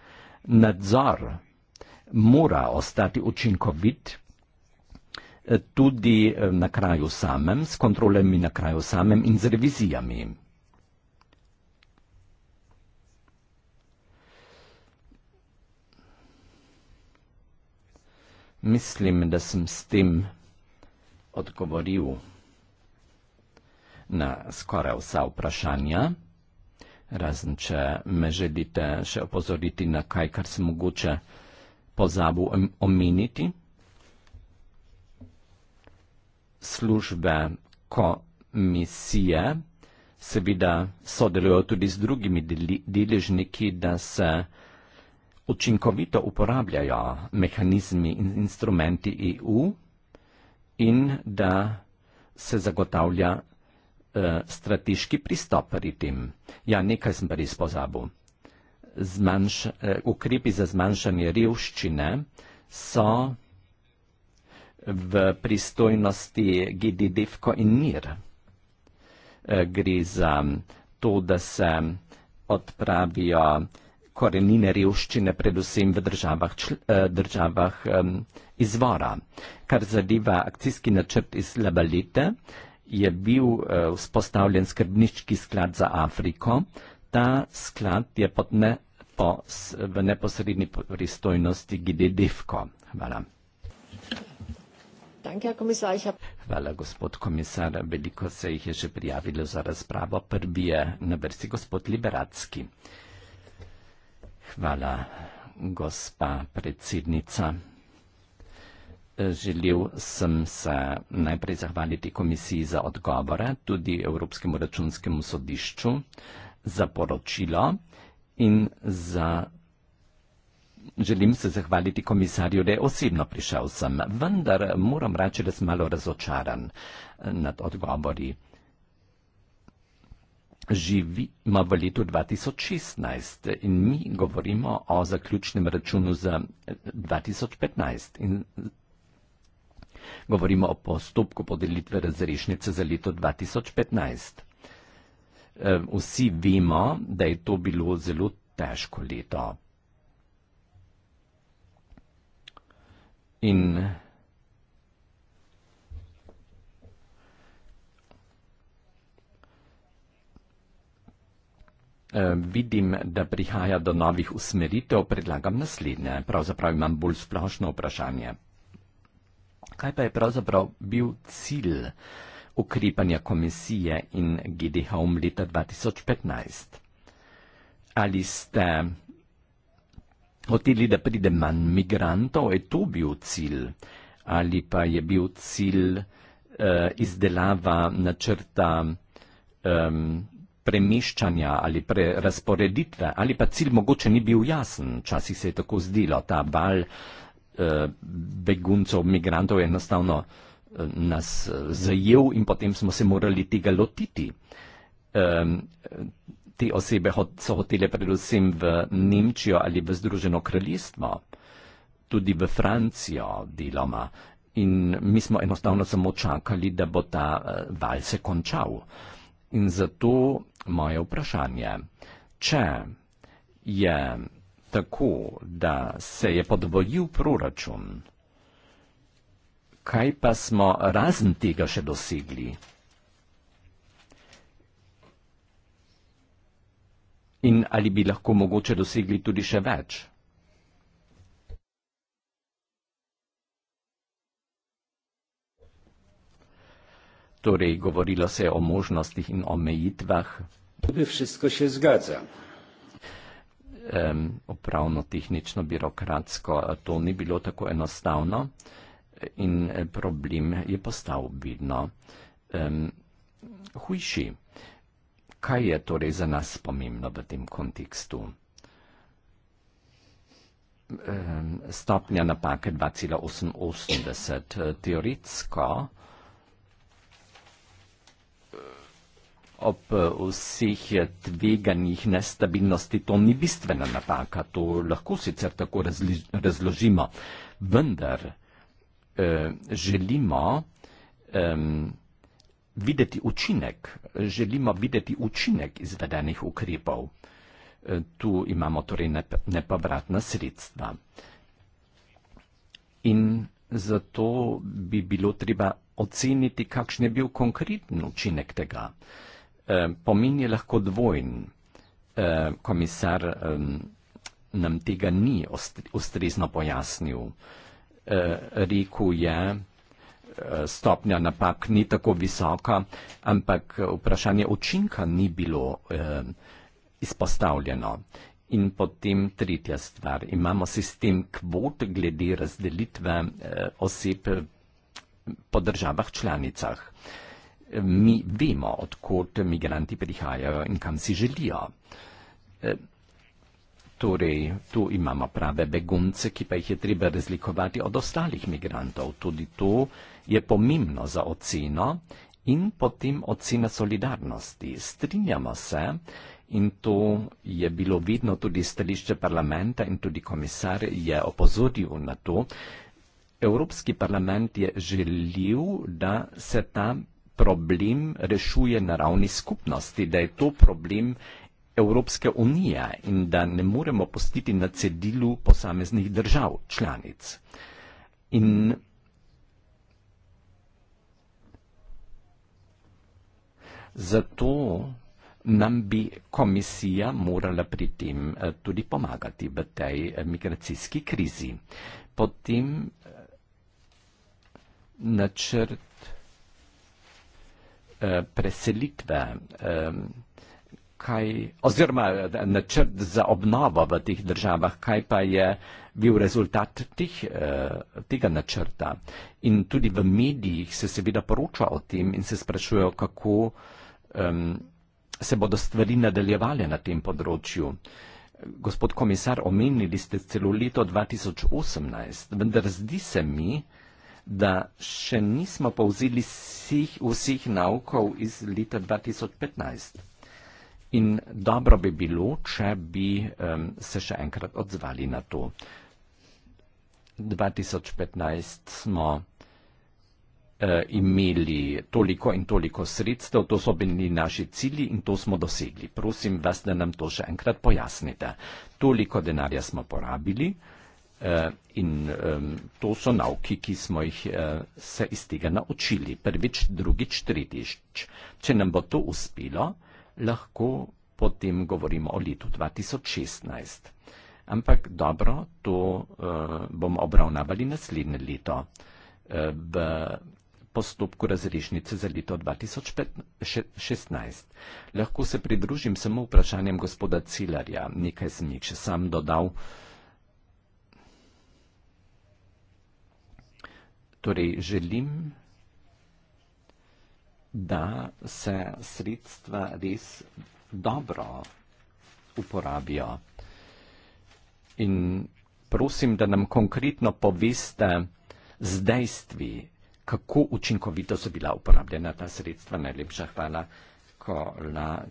Nadzor mora ostati učinkovit, tudi eh, na kraju samem, s kontrolami na kraju samem in z revizijami. Mislim, da sem s tem odgovoril na skoraj vsa vprašanja, razen če me želite še opozoriti na kaj, kar sem mogoče pozabil omeniti. Om službe komisije seveda sodelujejo tudi z drugimi deležniki, da se učinkovito uporabljajo mehanizmi in instrumenti EU in da se zagotavlja eh, strateški pristop pri tem. Ja, nekaj sem pa res pozabil. Zmanjš, eh, ukrepi za zmanjšanje revščine so v pristojnosti GDDF-ko in mir. E, gre za to, da se odpravijo korenine revščine, predvsem v državah, čl, e, državah e, izvora. Kar zadeva akcijski načrt iz Labalite, je bil vzpostavljen skrbniški sklad za Afriko. Ta sklad je pod ne, po, v neposredni pristojnosti GDDF-ko. Hvala. Danke, Herr Kommissar. Ich Hvala, gospod komisar. Veliko se jih je že prijavilo za razpravo. Prvi je na vrsti gospod Liberacki. Hvala, gospa predsednica. Želel sem se najprej zahvaliti komisiji za odgovore, tudi Evropskemu računskemu sodišču za poročilo in za Želim se zahvaliti komisarju, da je osebno prišel sem, vendar moram reči, da sem malo razočaran eh, nad odgovori. Živimo v letu 2016 in mi govorimo o zaključnem računu za 2015 eh, in govorimo o postopku podelitve razrešnice za leto 2015. Eh, vsi vemo, da je to bilo zelo težko leto. In eh, vidim, da prihaja do novih usmeritev, predlagam naslednje. Pravzaprav imam bolj splošno vprašanje. Kaj pa je pravzaprav bil cilj ukrepanja komisije in GDHOM leta 2015? Ali ste hoteli, da pride manj migrantov, je to bil cilj? Ali pa je bil cilj uh, izdelava načrta um, premeščanja ali prerasporeditve, ali pa cilj mogoče ni bil jasen, včasih se je tako zdelo, ta val uh, beguncev, migrantov je enostavno uh, nas zajel in potem smo se morali tega lotiti. Um, te osebe hot, so hotele predvsem v Nemčijo ali v Združeno kraljestvo, tudi v Francijo deloma. In mi smo enostavno samo čakali, da bo ta eh, val se končal. In zato moje vprašanje, če je tako, da se je podvojil proračun, kaj pa smo razen tega še dosegli? In ali bi lahko mogoče dosegli tudi še več? Torej, govorilo se je o možnostih in omejitvah. Upravno, um, tehnično, birokratsko to ni bilo tako enostavno in eh, problem je postal vidno um, hujši kaj je torej za nas pomembno v tem kontekstu? Stopnja napake 2,88. Eh, teoretsko, ob eh, vseh eh, tveganjih nestabilnosti, to ni bistvena napaka, to lahko sicer tako razli, razložimo, vendar eh, želimo eh, videti učinek, želimo videti učinek izvedenih ukrepov. E, tu imamo torej nep nepovratna sredstva. In zato bi bilo treba oceniti, kakšen je bil konkreten učinek tega. E, pomen je lahko dvojen. E, komisar e, nam tega ni ustrezno pojasnil. E, rekel je, stopnja napak ni tako visoka, ampak vprašanje učinka ni bilo eh, izpostavljeno. In potem tretja stvar. Imamo sistem kvot glede razdelitve eh, oseb eh, po državah članicah. Mi vemo, odkot migranti prihajajo in kam si želijo. Torej, tu imamo prave begunce, ki pa jih je treba razlikovati od ostalih migrantov. Tudi to je pomembno za oceno in potem ocena solidarnosti. Strinjamo se in to je bilo vedno tudi stališče parlamenta in tudi komisar je opozoril na to. Evropski parlament je želil, da se ta problem rešuje na ravni skupnosti, da je to problem Evropske unije in da ne moremo postiti na cedilu posameznih držav članic. In zato nam bi komisija morala pri tem eh, tudi pomagati v tej eh, migracijski krizi. Potem eh, načrt preselitve kaj, oziroma načrt za obnovo v teh državah, kaj pa je bil rezultat teh, eh, tega načrta. In tudi v medijih se seveda poroča o tem in se sprašujejo, kako um, se bodo stvari nadaljevale na tem področju. Gospod komisar, omenili ste celo leto 2018, vendar zdi se mi, da še nismo povzeli vseh, vseh naukov iz leta 2015. In dobro bi bilo, če bi um, se še enkrat odzvali na to. 2015 smo uh, imeli toliko in toliko sredstev, to so bili naši cilji in to smo dosegli. Prosim vas, da nam to še enkrat pojasnite. Toliko denarja smo porabili uh, in um, to so nauki, ki smo jih uh, se iz tega naučili. Prvič, drugič, tretjič. Če nam bo to uspelo, lahko potem govorimo o letu 2016. Ampak dobro, to uh, bomo obravnavali naslednje leto uh, v postopku razrešnice za leto 2016. Lahko se pridružim samo vprašanjem gospoda Cilarja. Nekaj sem jih še sam dodal. Torej, želim da se sredstva res dobro uporabijo. In prosim, da nam konkretno poveste z dejstvi, kako učinkovito so bila uporabljena ta sredstva. Najlepša hvala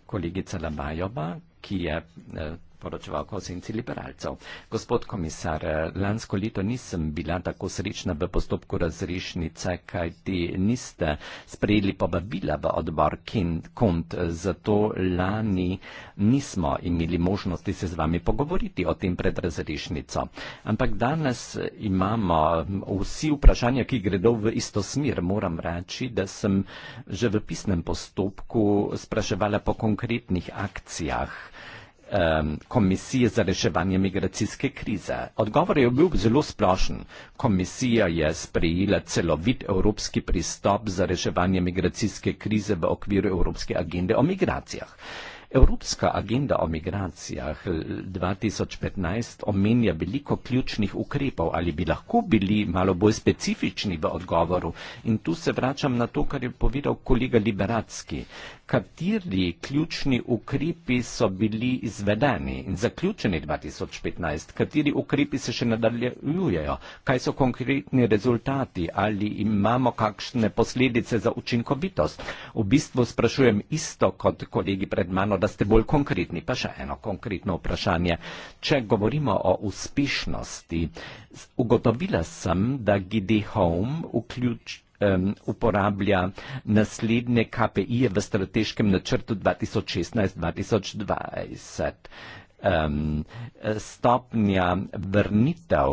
kolegica Labajova, ki je eh, poročeval kosinci liberalcev. Gospod komisar, lansko leto nisem bila tako srečna v postopku razrešnice, kaj ti niste sprejeli pobabila v odbor KIN-KUNT, zato lani nismo imeli možnosti se z vami pogovoriti o tem pred razrešnico. Ampak danes imamo vsi vprašanja, ki gredo v isto smer. Moram reči, da sem že v pisnem postopku spraševala po konkretnih akcijah um, komisije za reševanje migracijske krize. Odgovor je bil zelo splošen. Komisija je sprejela celovit evropski pristop za reševanje migracijske krize v okviru Evropske agende o migracijah. Evropska agenda o migracijah 2015 omenja veliko ključnih ukrepov, ali bi lahko bili malo bolj specifični v odgovoru. In tu se vračam na to, kar je povedal kolega Liberatski kateri ključni ukrepi so bili izvedeni in zaključeni 2015, kateri ukrepi se še nadaljujejo, kaj so konkretni rezultati ali imamo kakšne posledice za učinkovitost. V bistvu sprašujem isto kot kolegi pred mano, da ste bolj konkretni. Pa še eno konkretno vprašanje. Če govorimo o uspešnosti, ugotovila sem, da GD Home vključuje um, uporablja naslednje KPI -e v strateškem načrtu 2016-2020. Um, stopnja vrnitev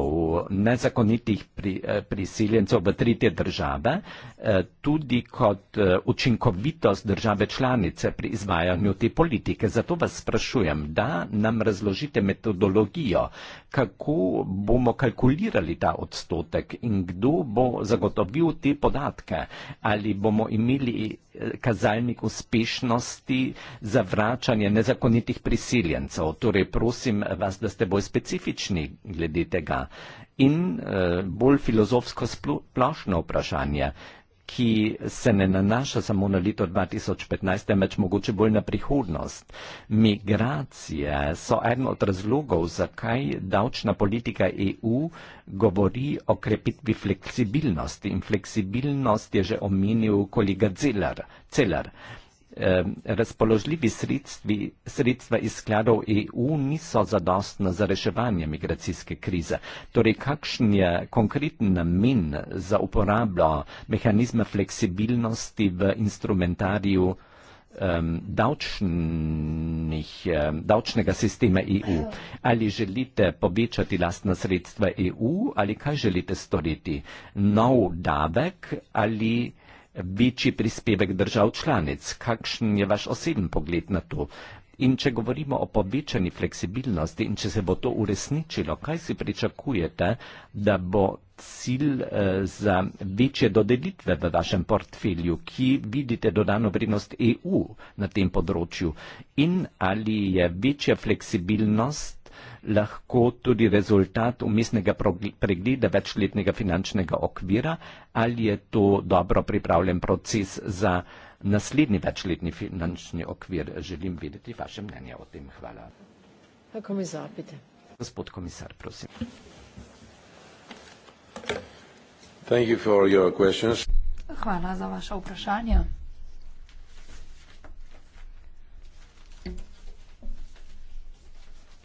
nezakonitih pri, eh, prisiljencev v tretje države, eh, tudi kot eh, učinkovitost države članice pri izvajanju te politike. Zato vas sprašujem, da nam razložite metodologijo, kako bomo kalkulirali ta odstotek in kdo bo zagotovil te podatke. Ali bomo imeli eh, kazalnik uspešnosti za vračanje nezakonitih prisiljencev. Torej prosim vas, da ste bolj specifični glede tega. In eh, bolj filozofsko splošno vprašanje ki se ne nanaša samo na leto 2015, temveč mogoče bolj na prihodnost. Migracije so eden od razlogov, zakaj davčna politika EU govori o krepitvi fleksibilnosti. In fleksibilnost je že omenil kolega Celer. Ehm, razpoložljivi sredstvi, sredstva iz skladov EU niso zadostna za reševanje migracijske krize. Torej, kakšen je konkreten namen za uporabo mehanizma fleksibilnosti v instrumentariju um, davčnih, um, davčnega sistema EU? Ali želite povečati lastna sredstva EU ali kaj želite storiti? Nov davek ali večji prispevek držav članic. Kakšen je vaš oseben pogled na to? In če govorimo o povečani fleksibilnosti in če se bo to uresničilo, kaj si pričakujete, da bo cilj eh, za večje dodelitve v vašem portfelju, ki vidite dodano vrednost EU na tem področju? In ali je večja fleksibilnost lahko tudi rezultat umestnega pregleda večletnega finančnega okvira, ali je to dobro pripravljen proces za naslednji večletni finančni okvir. Želim vedeti vaše mnenje o tem. Hvala. Gospod komisar, prosim. Hvala za vaše vprašanje.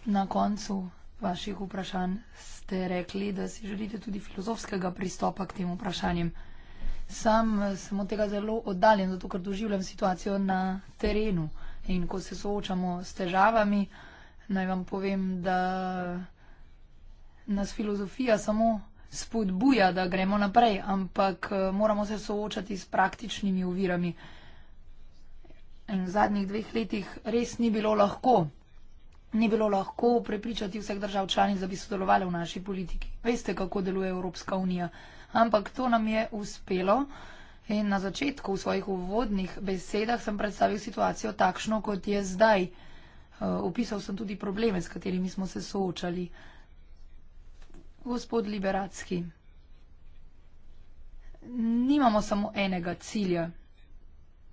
Na koncu vaših vprašanj ste rekli, da si želite tudi filozofskega pristopa k tem vprašanjem. Sam sem od tega zelo oddaljen, zato ker doživljam situacijo na terenu in ko se soočamo s težavami, naj vam povem, da nas filozofija samo spodbuja, da gremo naprej, ampak eh, moramo se soočati s praktičnimi ovirami. In v zadnjih dveh letih res ni bilo lahko ni bilo lahko prepričati vseh držav članic, da bi sodelovali v naši politiki. Veste, kako deluje Evropska unija. Ampak to nam je uspelo in na začetku v svojih uvodnih besedah sem predstavil situacijo takšno, kot je zdaj. Eh, opisal sem tudi probleme, s katerimi smo se soočali. Gospod Liberacki, nimamo samo enega cilja.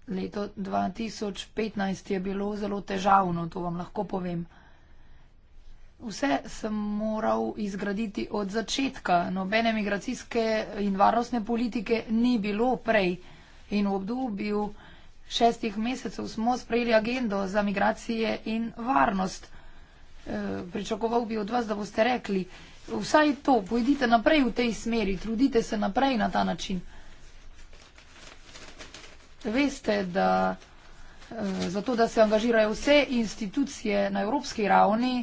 Leto 2015 je bilo zelo težavno, to vam lahko povem. Vse sem moral izgraditi od začetka. Nobene migracijske in varnostne politike ni bilo prej. In v obdobju šestih mesecev smo sprejeli agendo za migracije in varnost. E, pričakoval bi od vas, da boste rekli, vsaj to, pojdite naprej v tej smeri, trudite se naprej na ta način. Veste, da e, zato, da se angažirajo vse institucije na evropski ravni,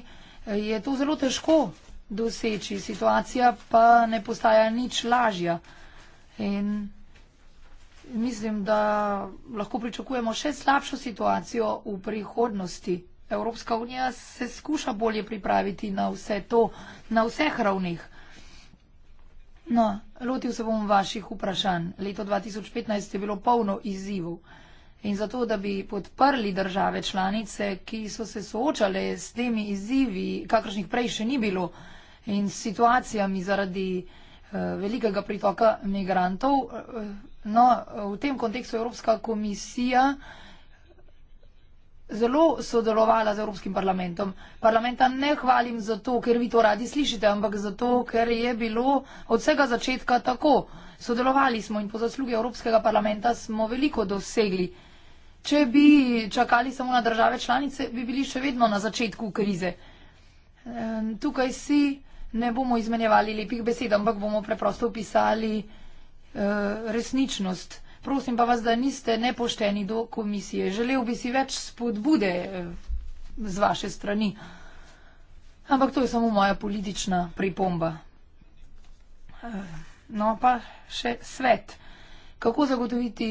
je to zelo težko doseči, situacija pa ne postaja nič lažja. In mislim, da lahko pričakujemo še slabšo situacijo v prihodnosti. Evropska unija se skuša bolje pripraviti na vse to, na vseh ravnih. No, lotil se bom vaših vprašanj. Leto 2015 je bilo polno izzivov. In zato, da bi podprli države članice, ki so se soočale s temi izzivi, kakršnih prej še ni bilo, in s situacijami zaradi eh, velikega pritoka migrantov. Eh, no, v tem kontekstu Evropska komisija zelo sodelovala z Evropskim parlamentom. Parlamenta ne hvalim zato, ker vi to radi slišite, ampak zato, ker je bilo od vsega začetka tako. Sodelovali smo in po zaslugi Evropskega parlamenta smo veliko dosegli. Če bi čakali samo na države članice, bi bili še vedno na začetku krize. Tukaj si ne bomo izmenjevali lepih besed, ampak bomo preprosto opisali eh, resničnost. Prosim pa vas, da niste nepošteni do komisije. Želel bi si več spodbude eh, z vaše strani. Ampak to je samo moja politična pripomba. Eh, no pa še svet kako zagotoviti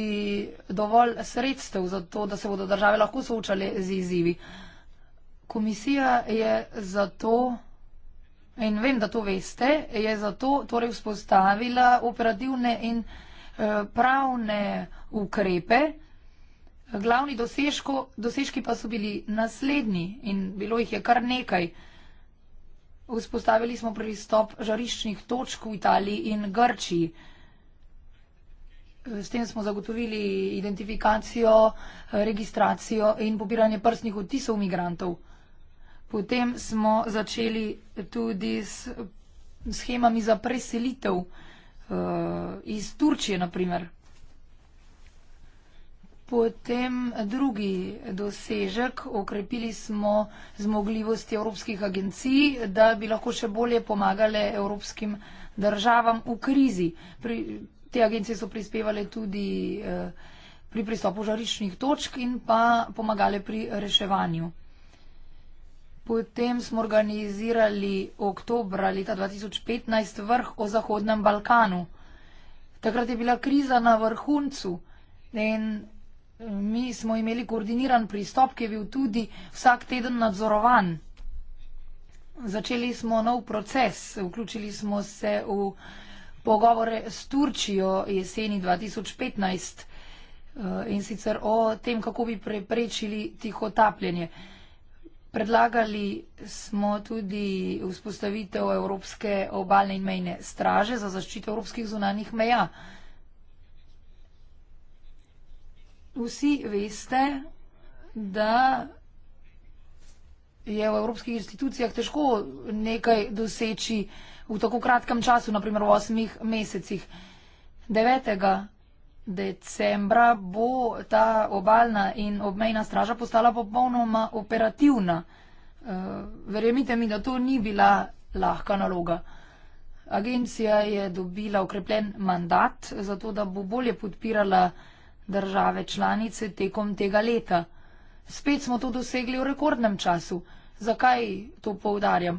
dovolj sredstev za to, da se bodo države lahko soočale z izzivi. Komisija je zato, in vem, da to veste, je zato torej vzpostavila operativne in eh, pravne ukrepe. Glavni dosežko, dosežki pa so bili naslednji in bilo jih je kar nekaj. Vzpostavili smo pristop žariščnih točk v Italiji in Grčiji. S tem smo zagotovili identifikacijo, registracijo in pobiranje prstnih odtisov migrantov. Potem smo začeli tudi s schemami za preselitev eh, iz Turčije, naprimer. Potem drugi dosežek, okrepili smo zmogljivosti evropskih agencij, da bi lahko še bolje pomagale evropskim državam v krizi. Pri, te agencije so prispevale tudi eh, pri pristopu žariščnih točk in pa pomagale pri reševanju. Potem smo organizirali oktobra leta 2015 vrh o Zahodnem Balkanu. Takrat je bila kriza na vrhuncu in eh, mi smo imeli koordiniran pristop, ki je bil tudi vsak teden nadzorovan. Začeli smo nov proces, vključili smo se v pogovore s Turčijo jeseni 2015 eh, in sicer o tem, kako bi preprečili tiho tapljenje. Predlagali smo tudi vzpostavitev Evropske obalne in mejne straže za zaščito evropskih zunanih meja. Vsi veste, da je v evropskih institucijah težko nekaj doseči, v tako kratkem času, naprimer v osmih mesecih. 9. decembra bo ta obaljna in obmejna straža postala popolnoma operativna. Eh, verjemite mi, da to ni bila lahka naloga. Agencija je dobila okrepljen mandat za to, da bo bolje podpirala države članice tekom tega leta. Spet smo to dosegli v rekordnem času. Zakaj to poudarjam?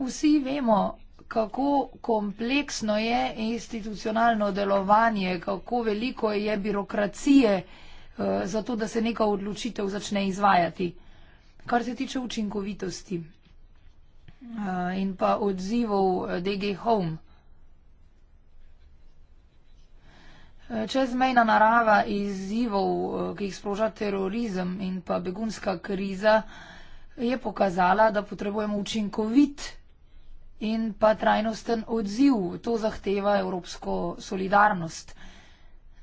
Vsi vemo, kako kompleksno je institucionalno delovanje, kako veliko je birokracije eh, za to, da se neka odločitev začne izvajati. Kar se tiče učinkovitosti eh, in pa odzivov eh, DG Home. Čezmejna narava izzivov, ki jih sproža terorizem in pa begunska kriza, je pokazala, da potrebujemo učinkovit in pa trajnosten odziv. To zahteva evropsko solidarnost.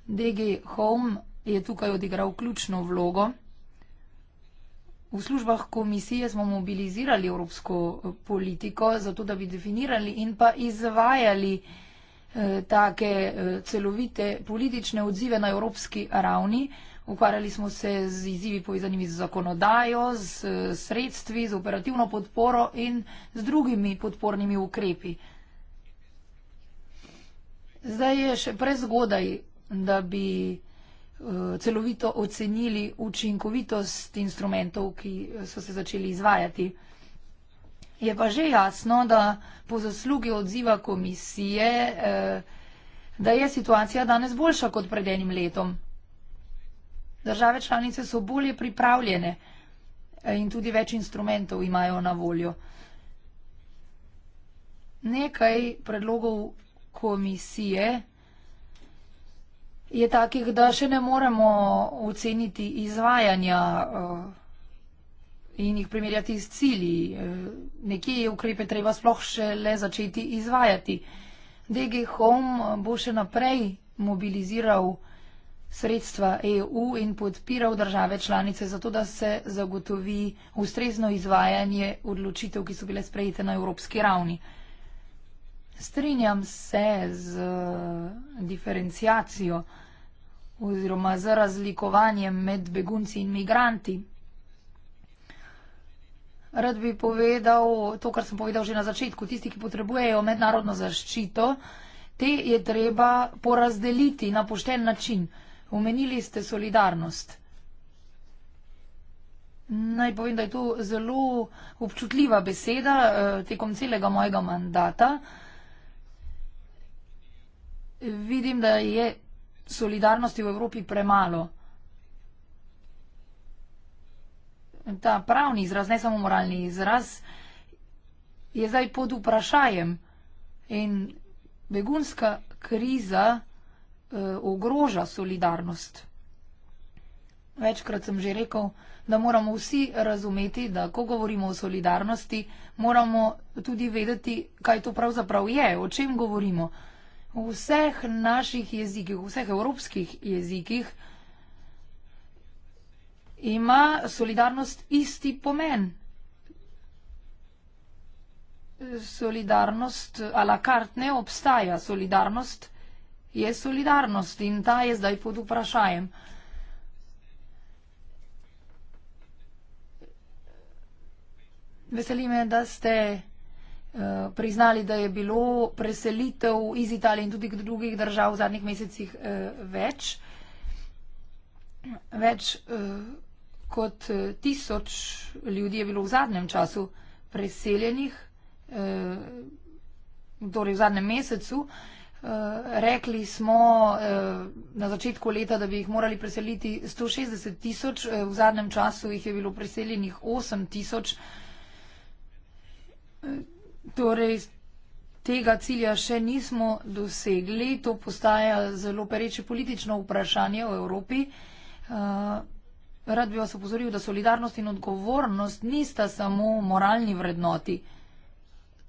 DG Home je tukaj odigral ključno vlogo. V službah komisije smo mobilizirali evropsko eh, politiko, zato da bi definirali in pa izvajali eh, take eh, celovite politične odzive na evropski ravni. Ukvarjali smo se z izzivi povezanimi z zakonodajo, z eh, sredstvi, z operativno podporo in z drugimi podpornimi ukrepi. Zdaj je še prezgodaj, da bi eh, celovito ocenili učinkovitost instrumentov, ki eh, so se začeli izvajati. Je pa že jasno, da po zaslugi odziva komisije, da je situacija danes boljša kot pred enim letom. Države članice so bolje pripravljene in tudi več instrumentov imajo na voljo. Nekaj predlogov komisije je takih, da še ne moremo oceniti izvajanja eh, in jih primerjati s cilji. Eh, nekje je ukrepe treba sploh še le začeti izvajati. DG Home bo še naprej mobiliziral vsega, sredstva EU in podpiral države članice zato, da se zagotovi ustrezno izvajanje odločitev, ki so bile sprejete na evropski ravni. Strinjam se z eh, diferencijacijo oziroma z razlikovanjem med begunci in migranti. Rad bi povedal to, kar sem povedal že na začetku. Tisti, ki potrebujejo mednarodno zaščito, te je treba porazdeliti na pošten način. Omenili ste solidarnost. Naj povem, da je to zelo občutljiva beseda eh, tekom celega mojega mandata. Vidim, da je solidarnosti v Evropi premalo. Ta pravni izraz, ne samo moralni izraz, je zdaj pod vprašajem. In begunska kriza uh, ogroža solidarnost. Večkrat sem že rekel, da moramo vsi razumeti, da ko govorimo o solidarnosti, moramo tudi vedeti, kaj to pravzaprav je, o čem govorimo. V vseh naših jezikih, v vseh evropskih jezikih ima solidarnost isti pomen. Solidarnost a la carte ne obstaja. Solidarnost je solidarnost in ta je zdaj pod vprašajem. Veseli me, da ste eh, priznali, da je bilo preselitev iz Italije in tudi drugih držav v zadnjih mesecih eh, več. Več eh, kot tisoč ljudi je bilo v zadnjem času preseljenih, torej v zadnjem mesecu. Eh, rekli smo uh, na začetku leta, da bi jih morali preseliti 160 tisoč, eh, v zadnjem času jih je bilo preseljenih 8 tisoč. Torej, tega cilja še nismo dosegli. To postaja zelo pereče politično vprašanje v Evropi. Uh, rad bi vas opozoril, da solidarnost in odgovornost nista samo moralni vrednoti.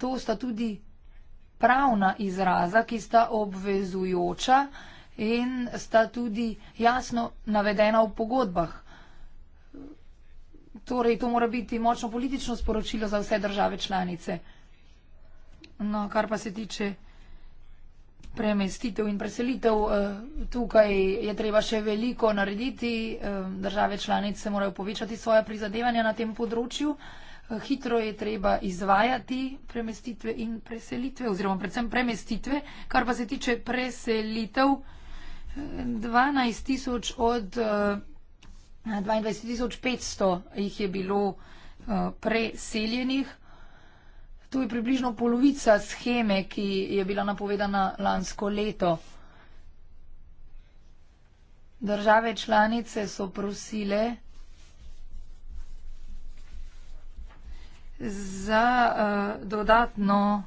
To sta tudi pravna izraza, ki sta obvezujoča in sta tudi jasno navedena v pogodbah. Torej, to mora biti močno politično sporočilo za vse države članice. No, kar pa se tiče premestitev in preselitev, eh, tukaj je treba še veliko narediti. Eh, države članice morajo povečati svoje prizadevanja na tem področju. Hitro je treba izvajati premestitve in preselitve, oziroma predvsem premestitve, kar pa se tiče preselitev 12 tisoč od 22.500 eh, jih je bilo eh, preseljenih. To je približno polovica scheme, ki je bila napovedana lansko leto. Države članice so prosile, za uh, dodatno uh,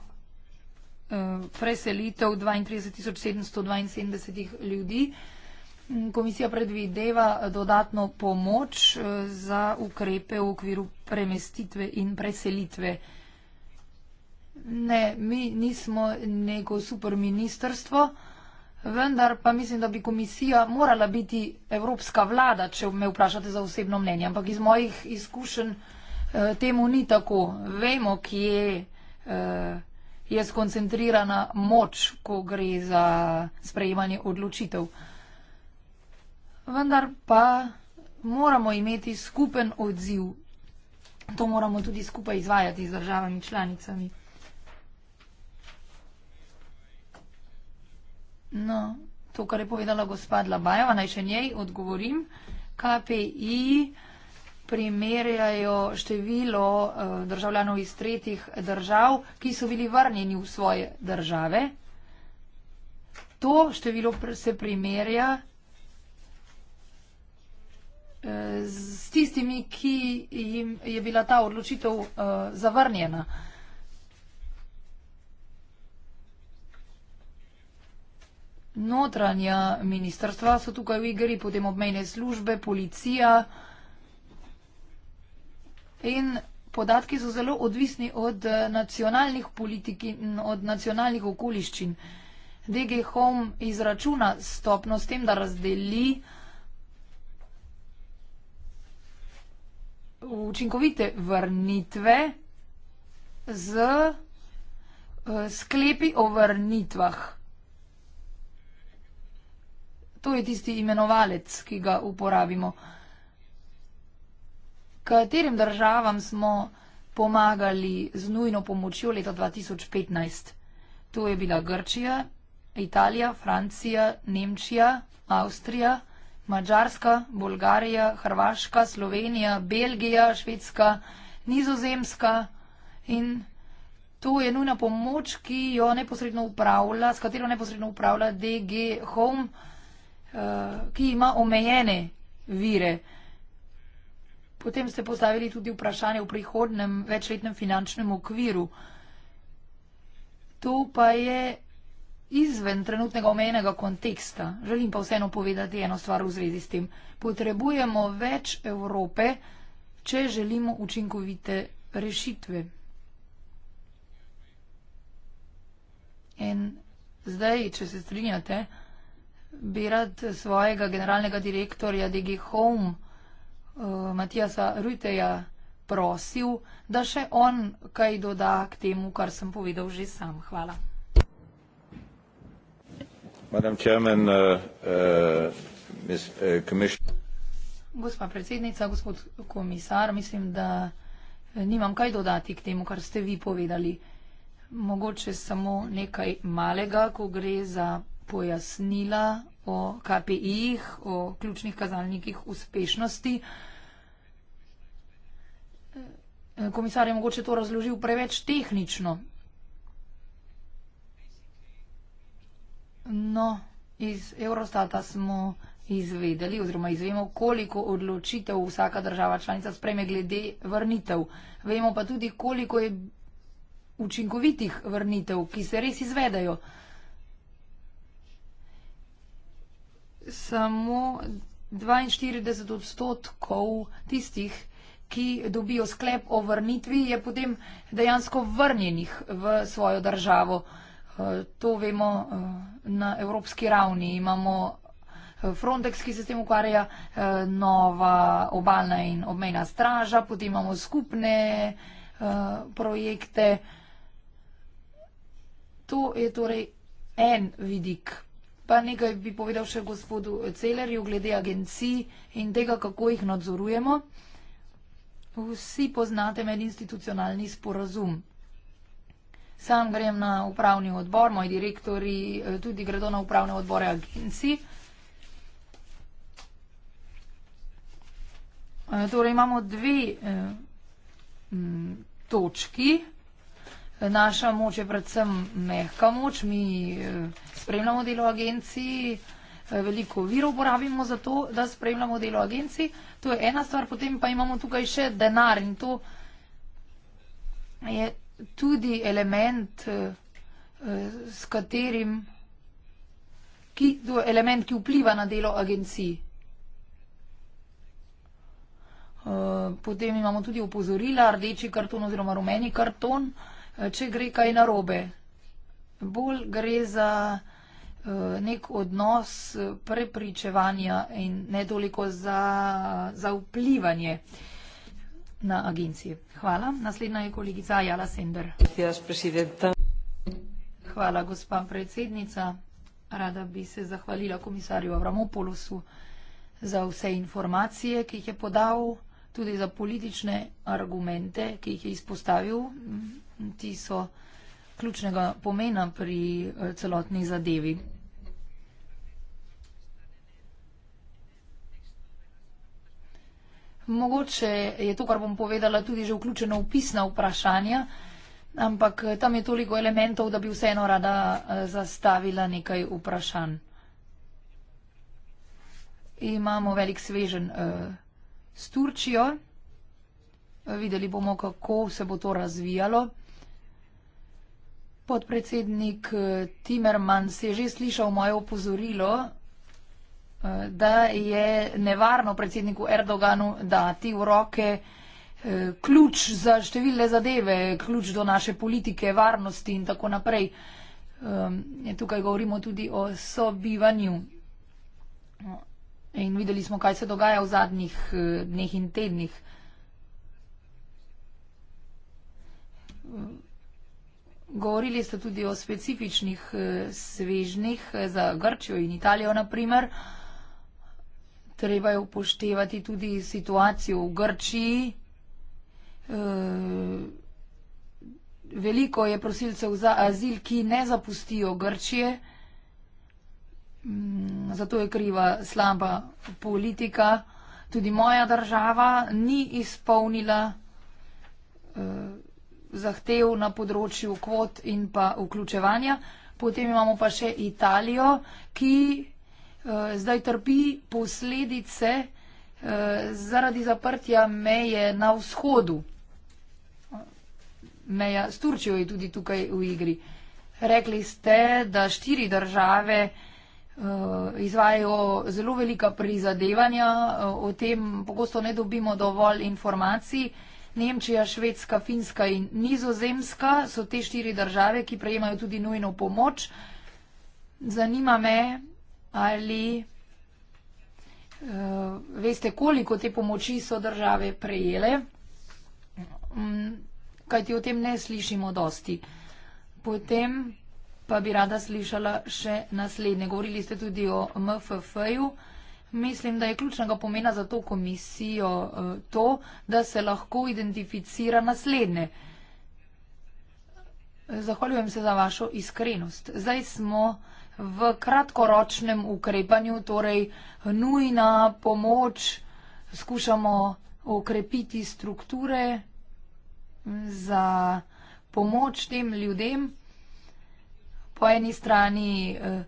preselitev 32.772 ljudi. Mm, komisija predvideva eh, dodatno pomoč uh, za ukrepe v okviru premestitve in preselitve. Ne, mi nismo neko super ministrstvo, vendar pa mislim, da bi komisija morala biti evropska vlada, če me vprašate za osebno mnenje. Ampak iz mojih izkušenj. Eh, temu ni tako. Vemo, kje eh, je skoncentrirana moč, ko gre za sprejemanje odločitev. Vendar pa moramo imeti skupen odziv. To moramo tudi skupaj izvajati z državami članicami. No, to, kar je povedala gospod Labajeva, naj še njej odgovorim. KPI primerjajo število eh, državljanov iz tretjih držav, ki so bili vrnjeni v svoje države. To število se primerja eh, s tistimi, ki jim je bila ta odločitev eh, zavrnjena. Notranja ministrstva so tukaj v igri, potem obmejne službe, policija. In podatki so zelo odvisni od eh, nacionalnih politik in od nacionalnih okoliščin. DG Home izračuna stopno s tem, da razdeli učinkovite vrnitve z eh, sklepi o vrnitvah. To je tisti imenovalec, ki ga uporabimo. Katerim državam smo pomagali z nujno pomočjo leta 2015? To je bila Grčija, Italija, Francija, Nemčija, Avstrija, Mačarska, Bolgarija, Hrvaška, Slovenija, Belgija, Švedska, Nizozemska in to je nujna pomoč, ki jo neposredno upravlja, s katero neposredno upravlja DG Home, eh, ki ima omejene vire. Potem ste postavili tudi vprašanje o prihodnem večletnem finančnem okviru. To pa je izven trenutnega omenjenega konteksta. Želim pa vseeno povedati eno stvar v zvezi s tem. Potrebujemo več Evrope, če želimo učinkovite rešitve. In zdaj, če se strinjate, bi rad svojega generalnega direktorja DG Home Eh, Matijasa Rujteja prosil, da še on kaj doda k temu, kar sem povedal že sam. Hvala. Madam Chairman, uh, uh, Gospa predsednica, gospod komisar, mislim, da nimam kaj dodati k temu, kar ste vi povedali. Mogoče samo nekaj malega, ko gre za pojasnila o KPI-jih, o ključnih kazalnikih uspešnosti. Uh, Eh, komisar je mogoče to razložil preveč tehnično. No, iz Eurostata smo izvedeli oziroma izvemo, koliko odločitev vsaka država članica spreme glede vrnitev. Vemo pa tudi, koliko je učinkovitih vrnitev, ki se res izvedajo. Samo 42 odstotkov tistih, ki dobijo sklep o vrnitvi, je potem dejansko vrnjenih v svojo državo. Eh, to vemo eh, na evropski ravni. Imamo eh, Frontex, ki se s tem ukvarja, nova obalna in obmejna straža, potem imamo skupne projekte. To je torej en vidik. Pa nekaj bi povedal še gospodu Celerju glede agencij in tega, kako jih nadzorujemo. Vsi poznate medinstitucionalni sporazum. Sam grem na upravni odbor, moji direktori eh, tudi gredo na upravne odbore agencij. Eh, torej imamo dve eh, točki. Naša moč je predvsem mehka moč, mi spremljamo delo agencij. Eh, veliko virov porabimo za to, da spremljamo delo agencij. To je ena stvar, potem pa imamo tukaj še denar in to je tudi element, eh, eh, s katerim, ki, to je element, ki vpliva na delo agencij. Potem imamo tudi opozorila, rdeči karton oziroma rumeni karton, če gre kaj narobe. Bolj gre za. Eh, nek odnos eh, prepričevanja in ne toliko za, za vplivanje na agencije. Hvala. Naslednja je kolegica Jala Sender. Hvala, gospa predsednica. Rada bi se zahvalila komisarju Avramopolosu za vse informacije, ki jih je podal, tudi za politične argumente, ki jih je izpostavil. Ti so ključnega pomena pri eh, celotni zadevi. Mogoče je to, kar bom povedala, tudi že vključeno v pisna vprašanja, ampak eh, tam je toliko elementov, da bi vseeno rada eh, zastavila nekaj vprašanj. Imamo velik svežen s Turčijo. Videli bomo, kako se bo to razvijalo. Podpredsednik eh, Timermans je že slišal moje opozorilo, eh, da je nevarno predsedniku Erdoganu dati v roke eh, ključ za številne zadeve, ključ do naše politike, varnosti in tako naprej. Ehm, tukaj govorimo tudi o sobivanju. No, in videli smo, kaj se dogaja v zadnjih dneh in tednih. Govorili ste tudi o specifičnih eh, svežnih eh, za Grčijo in Italijo, naprimer. Treba je upoštevati tudi situacijo v Grčiji. Eh, veliko je prosilcev za azil, ki ne zapustijo Grčije. Mm, zato je kriva slaba politika. Tudi moja država ni izpolnila. Uh, zahtev na področju kvot in pa vključevanja. Potem imamo pa še Italijo, ki eh, zdaj trpi posledice eh, zaradi zaprtja meje na vzhodu. Meja s Turčijo je tudi tukaj v igri. Rekli ste, da štiri države eh, izvajo zelo velika prizadevanja, eh, o tem pogosto ne dobimo dovolj informacij. Eh, Nemčija, Švedska, Finska in Nizozemska so te štiri države, ki prejemajo tudi nujno pomoč. Zanima me, ali uh, veste, koliko te pomoči so države prejele, um, kajti o tem ne slišimo dosti. Potem pa bi rada slišala še naslednje. Govorili ste tudi o MFF-ju. Mislim, da je ključnega pomena za to komisijo eh, to, da se lahko identificira naslednje. Zahvaljujem se za vašo iskrenost. Zdaj smo v kratkoročnem ukrepanju, torej nujna pomoč, skušamo okrepiti strukture za pomoč tem ljudem. Po eni strani. Eh,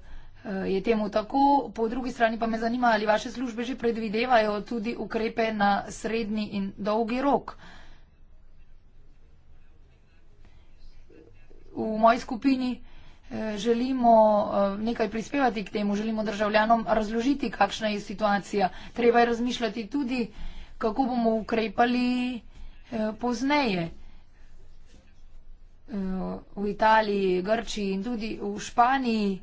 Eh, je temu tako. Po drugi strani pa me zanima, ali vaše službe že predvidevajo tudi ukrepe na srednji in dolgi rok. V moji skupini eh, želimo eh, nekaj prispevati k temu, želimo državljanom razložiti, kakšna je situacija. Treba je razmišljati tudi, kako bomo ukrepali pozneje v Italiji, Grčiji in tudi v Španiji.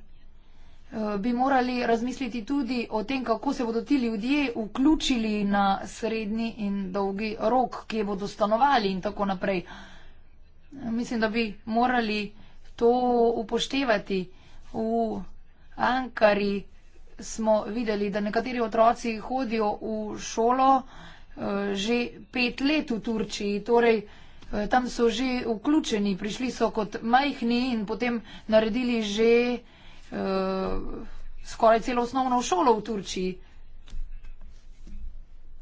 Eh, bi morali razmisliti tudi o tem, kako se bodo ti ljudje vključili na srednji in dolgi rok, kje bodo stanovali in tako naprej. Mislim, da bi morali to upoštevati. V Ankari smo videli, da nekateri otroci hodijo v šolo eh, že pet let v Turčiji, torej eh, tam so že vključeni, prišli so kot majhni in potem naredili že uh, skoraj celo osnovno šolo v Turčiji.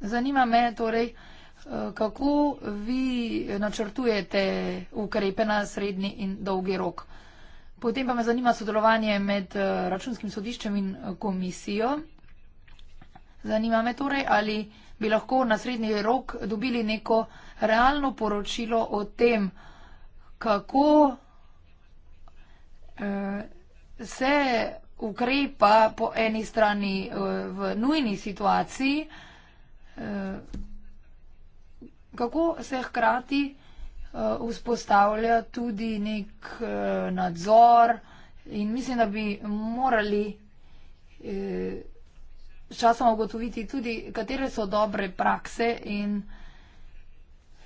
Zanima me torej, eh, kako vi načrtujete ukrepe na srednji in dolgi rok. Potem pa me zanima sodelovanje med eh, računskim sodiščem in komisijo. Zanima me torej, ali bi lahko na srednji rok dobili neko realno poročilo o tem, kako se ukrepa po eni strani eh, v nujni situaciji, eh, kako se hkrati eh, vzpostavlja tudi nek nadzor in mislim, da bi morali s časom ugotoviti tudi, katere so dobre prakse in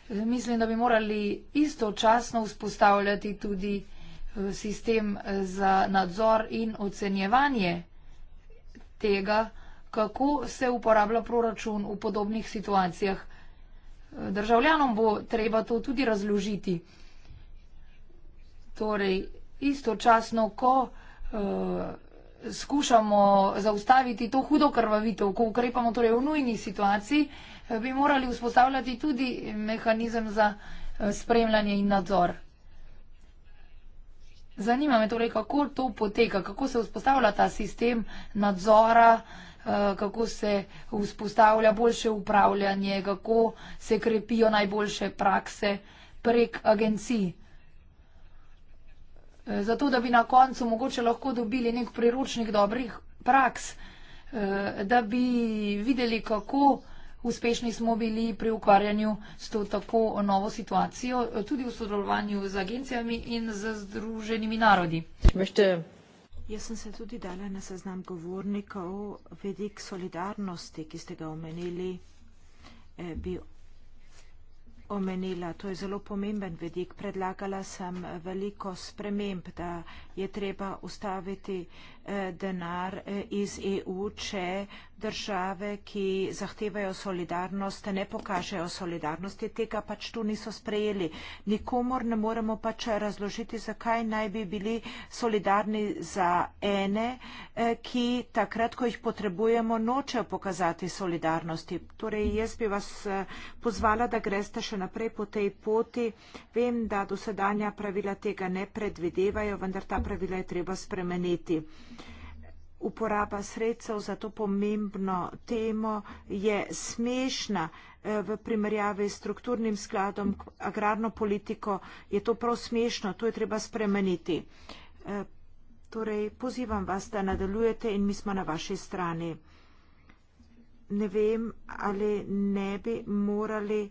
mislim, da bi morali istočasno vzpostavljati tudi nadzor. Eh, sistem eh, za nadzor in ocenjevanje tega, kako se uporablja proračun v podobnih situacijah. Eh, državljanom bo treba to tudi razložiti. Torej, istočasno, ko uh, skušamo zaustaviti to hudo krvavitev, ko ukrepamo torej, v nujni situaciji, bi morali vzpostavljati tudi mehanizem za spremljanje in nadzor. Zanima me torej, kako to poteka, kako se vzpostavlja ta sistem nadzora, eh, kako se vzpostavlja boljše upravljanje, kako se krepijo najboljše prakse prek agencij. Eh, zato, da bi na koncu mogoče lahko dobili nek priročnik dobrih praks, eh, da bi videli, kako uspešni smo bili pri ukvarjanju s to tako novo situacijo, tudi v sodelovanju z agencijami in z združenimi narodi. Jaz sem se tudi dala na seznam govornikov vedik solidarnosti, ki ste ga omenili, eh, bi omenila. To je zelo pomemben vedik. Predlagala sem veliko sprememb, da je treba ustaviti Eh, denar eh, iz EU, če države, ki zahtevajo solidarnost, ne pokažejo solidarnosti, tega pač tu niso sprejeli. Nikomor ne moremo pač razložiti, zakaj naj bi bili solidarni za ene, eh, ki takrat, ko jih potrebujemo, nočejo pokazati solidarnosti. Torej, jaz bi vas pozvala, da greste še naprej po tej poti. Vem, da dosedanja pravila tega ne predvidevajo, vendar ta pravila je treba spremeniti uporaba sredstev za to pomembno temo je smešna eh, v primerjavi s strukturnim skladom, agrarno politiko, je to prav smešno, to je treba spremeniti. Eh, torej, pozivam vas, da nadaljujete in mi smo na vaši strani. Ne vem, ali ne bi morali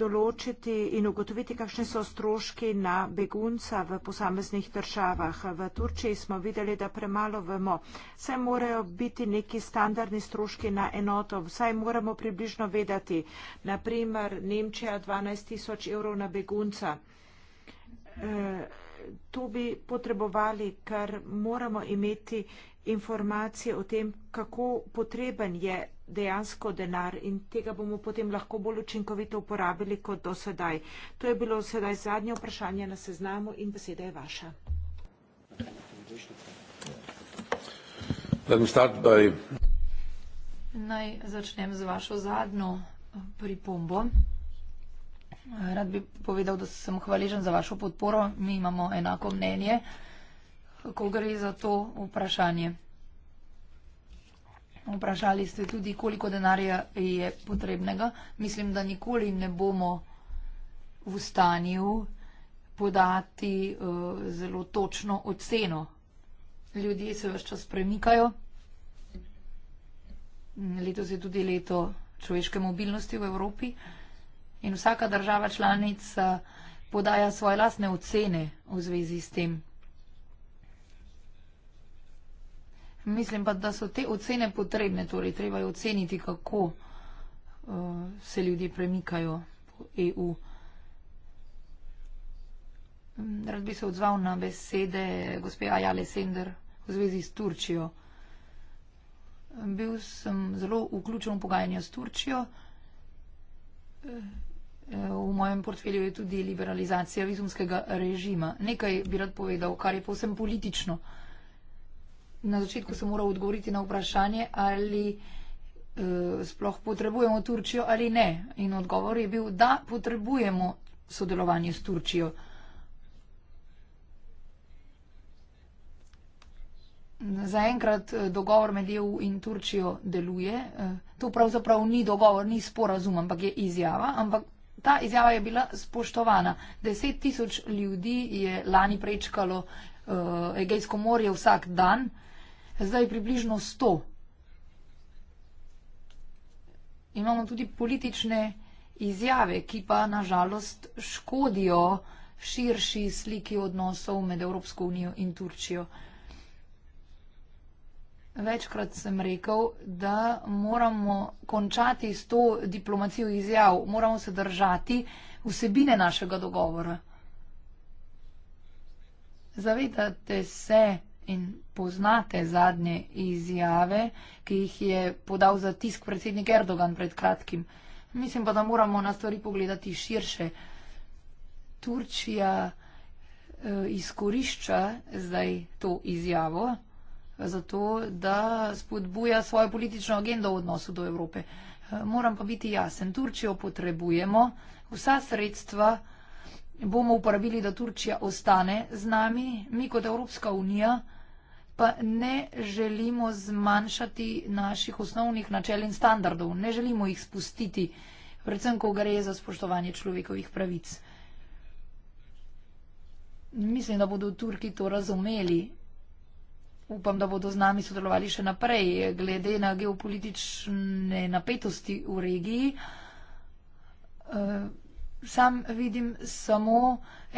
določiti in ugotoviti, kakšni so stroški na begunca v posameznih državah. V Turčiji smo videli, da premalo vemo. Vse morajo biti neki standardni stroški na enoto. Vsaj moramo približno vedeti. Naprimer, Nemčija 12 tisoč evrov na begunca. E, eh, tu bi potrebovali, ker moramo imeti informacije o tem, kako potreben je dejansko denar in tega bomo potem lahko bolj učinkovito uporabili kot do sedaj. To je bilo sedaj zadnje vprašanje na seznamu in beseda je vaša. Naj začnem z vašo zadnjo eh, pripombo. Rad bi povedal, da sem hvaležen za vašo podporo. Mi imamo enako mnenje, ko gre za to vprašanje. Vprašali ste tudi, koliko denarja je potrebnega. Mislim, da nikoli ne bomo v stanju podati uh, zelo točno oceno. Ljudje se vse čas premikajo. Leto je tudi leto človeške mobilnosti v Evropi in vsaka država članica podaja svoje lasne ocene v zvezi s tem, Mislim pa, da so te ocene potrebne, torej treba je oceniti, kako uh, se ljudje premikajo po EU. Rad bi se odzval na besede gospe Ajale Sender v zvezi s Turčijo. Bil sem zelo vključen v pogajanja s Turčijo. V mojem portfelju je tudi liberalizacija vizumskega režima. Nekaj bi rad povedal, kar je povsem politično. Uh, na začetku sem moral odgovoriti na vprašanje, ali e, sploh potrebujemo Turčijo ali ne. In odgovor je bil, da potrebujemo sodelovanje s Turčijo. Zaenkrat eh, dogovor med EU in Turčijo deluje. Eh, to pravzaprav ni dogovor, ni sporazum, ampak je izjava. Ampak ta izjava je bila spoštovana. Deset tisoč ljudi je lani prečkalo Egejsko morje vsak dan zdaj približno 100. Imamo tudi politične izjave, ki pa nažalost škodijo širši sliki odnosov med Evropsko unijo in Turčijo. Večkrat sem rekel, da moramo končati s to diplomacijo izjav, moramo se držati vsebine našega dogovora. Zavedate se, da in poznate zadnje izjave, ki jih je podal za tisk predsednik Erdogan pred kratkim. Mislim pa, da moramo na stvari pogledati širše. Turčija eh, izkorišča zdaj to izjavo zato, da spodbuja svojo politično agendo v odnosu do Evrope. Eh, moram pa biti jasen, Turčijo potrebujemo, vsa sredstva bomo uporabili, da Turčija ostane z nami, mi kot Evropska unija pa ne želimo zmanjšati naših osnovnih načel in standardov, ne želimo jih spustiti, predvsem, ko gre za spoštovanje človekovih pravic. Mislim, da bodo Turki to razumeli. Upam, da bodo z nami sodelovali še naprej, glede na geopolitične napetosti v regiji. Eh, sam vidim samo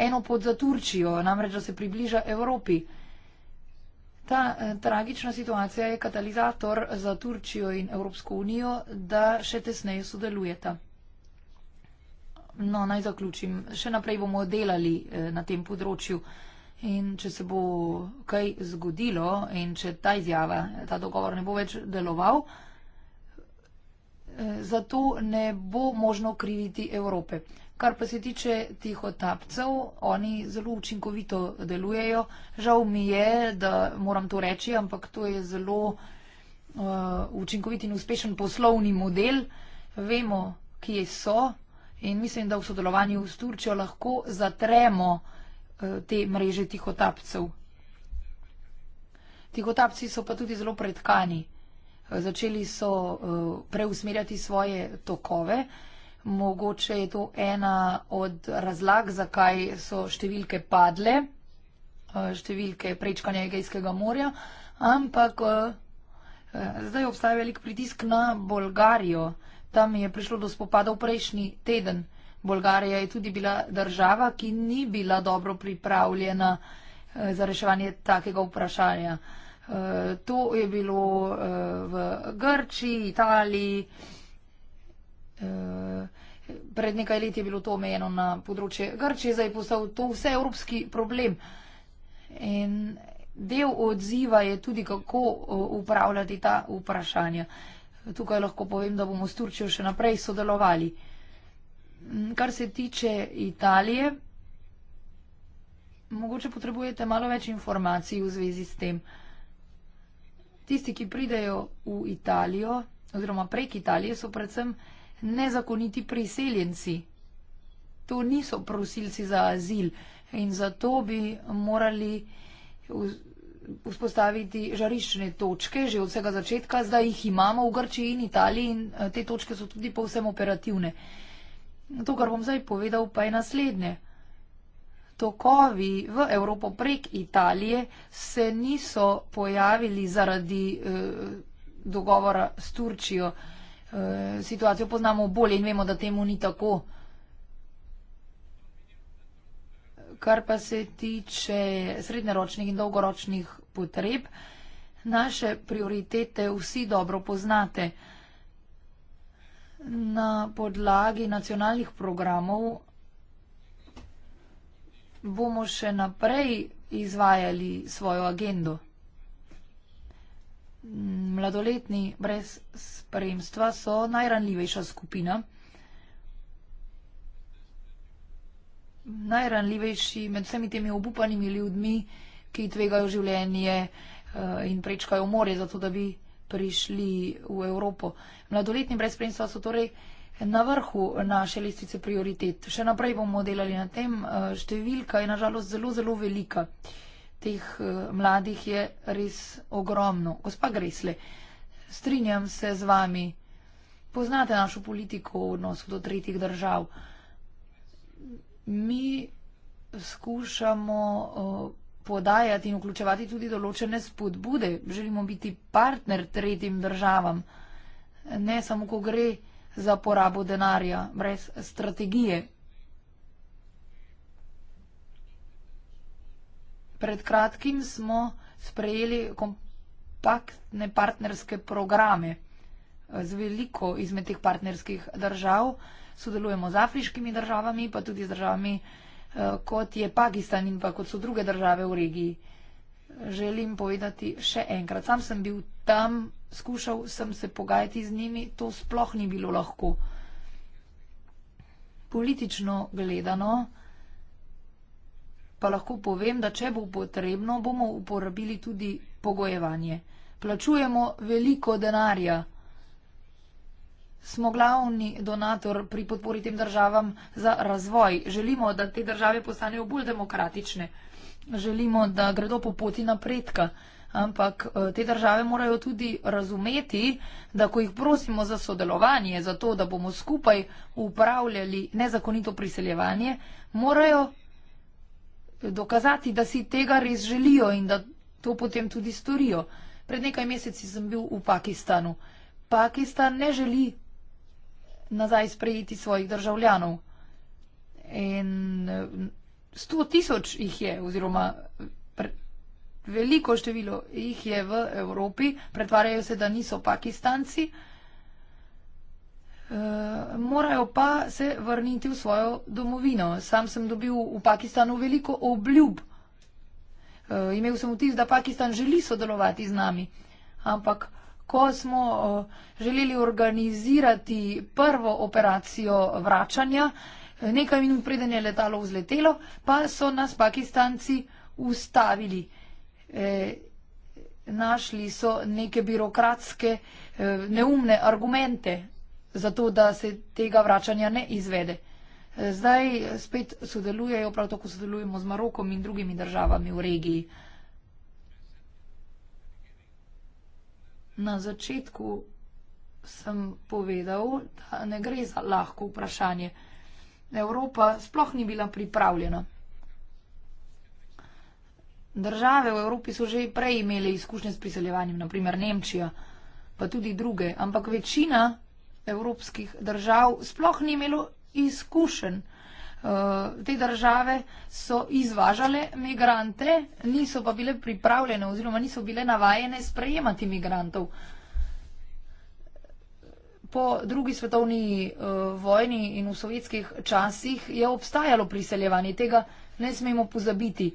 eno pot za Turčijo, namreč, da se približa Evropi. Ta eh, tragična situacija je katalizator za Turčijo in Evropsko unijo, da še tesneje sodelujeta. No, naj zaključim. Še naprej bomo delali eh, na tem področju in če se bo kaj zgodilo in če ta izjava, ta dogovor ne bo več deloval, eh, zato ne bo možno kriviti Evrope. Kar pa se tiče tih otapcev, oni zelo učinkovito delujejo. Žal mi je, da moram to reči, ampak to je zelo uh, učinkovit in uspešen poslovni model. Vemo, kje so in mislim, da v sodelovanju s Turčjo lahko zatremo uh, te mreže tih otapcev. Tih otapci so pa tudi zelo predkani. Začeli so uh, preusmerjati svoje tokove. Uh, Mogoče je to ena od razlag, zakaj so številke padle, eh, številke prečkanja Egejskega morja, ampak eh, zdaj obstaja velik pritisk na Bolgarijo. Tam je prišlo do spopadov prejšnji teden. Bolgarija je tudi bila država, ki ni bila dobro pripravljena eh, za reševanje takega vprašanja. To je bilo v Grčiji, Italiji, Eh, pred nekaj leti je bilo to omejeno na področje Grčije, zdaj je postal to vse evropski problem. In del odziva je tudi, kako eh, upravljati ta vprašanja. Tukaj lahko povem, da bomo s Turčijo še naprej sodelovali. Mm, kar se tiče Italije, mogoče potrebujete malo več informacij v zvezi s tem. Tisti, ki pridejo v Italijo, oziroma prek Italije, so predvsem nezakoniti priseljenci. To niso prosilci za azil in zato bi morali vzpostaviti žariščne točke že od vsega začetka. Zdaj jih imamo v Grčiji in Italiji in eh, te točke so tudi povsem operativne. To, kar bom zdaj povedal, pa je naslednje. Tokovi v Evropo prek Italije se niso pojavili zaradi eh, dogovora s Turčijo. Eh, situacijo poznamo bolje in vemo, da temu ni tako. Kar pa se tiče srednjeročnih in dolgoročnih potreb, naše prioritete vsi dobro poznate. Na podlagi nacionalnih programov bomo še naprej izvajali svojo agendo mladoletni brez spremstva so najranljivejša skupina. Najranljivejši med vsemi temi obupanimi ljudmi, ki tvegajo življenje eh, in prečkajo more, zato da bi prišli v Evropo. Mladoletni brez spremstva so torej na vrhu naše listice prioritet. Še naprej bomo delali na tem. Eh, številka je nažalost zelo, zelo velika teh eh, mladih je res ogromno. Gospa Gresle, strinjam se z vami. Poznate našo politiko v odnosu do tretjih držav. Mi skušamo eh, podajati in vključevati tudi določene spodbude. Želimo biti partner tretjim državam. Ne samo, ko gre za porabo denarja, brez strategije, pred kratkim smo sprejeli kompaktne partnerske programe. Z veliko izmed teh partnerskih držav sodelujemo z afriškimi državami, pa tudi z državami, eh, kot je Pakistan in pa kot so druge države v regiji. Želim povedati še enkrat, sam sem bil tam, skušal sem se pogajati z njimi, to sploh ni bilo lahko. Politično gledano, pa lahko povem, da če bo potrebno, bomo uporabili tudi pogojevanje. Plačujemo veliko denarja. Smo glavni donator pri podpori tem državam za razvoj. Želimo, da te države postanejo bolj demokratične. Želimo, da gredo po poti napredka. Ampak eh, te države morajo tudi razumeti, da ko jih prosimo za sodelovanje, za to, da bomo skupaj upravljali nezakonito priseljevanje, morajo dokazati, da si tega res želijo in da to potem tudi storijo. Pred nekaj meseci sem bil v Pakistanu. Pakistan ne želi nazaj sprejeti svojih državljanov. In 100 eh, tisoč jih je, oziroma pre, veliko število jih je v Evropi, pretvarjajo se, da niso pakistanci. Eh, morajo pa se vrniti v svojo domovino. Sam sem dobil v Pakistanu veliko obljub. E, imel sem vtis, da Pakistan želi sodelovati z nami. Ampak ko smo o, eh, želeli organizirati prvo operacijo vračanja, nekaj minut preden je letalo vzletelo, pa so nas Pakistanci ustavili. E, našli so neke birokratske e, neumne argumente, zato da se tega vračanja ne izvede. E, zdaj spet sodelujejo, prav tako sodelujemo z Marokom in drugimi državami v regiji. Na začetku sem povedal, da ne gre za lahko vprašanje. Evropa sploh ni bila pripravljena. Države v Evropi so že prej imele izkušnje s priseljevanjem, naprimer Nemčija, pa tudi druge, ampak večina evropskih držav, sploh ni imelo izkušenj. Eh, te države so izvažale migrante, niso pa bile pripravljene oziroma niso bile navajene sprejemati migrantov. Po drugi svetovni eh, vojni in v sovjetskih časih je obstajalo priseljevanje, tega ne smemo pozabiti.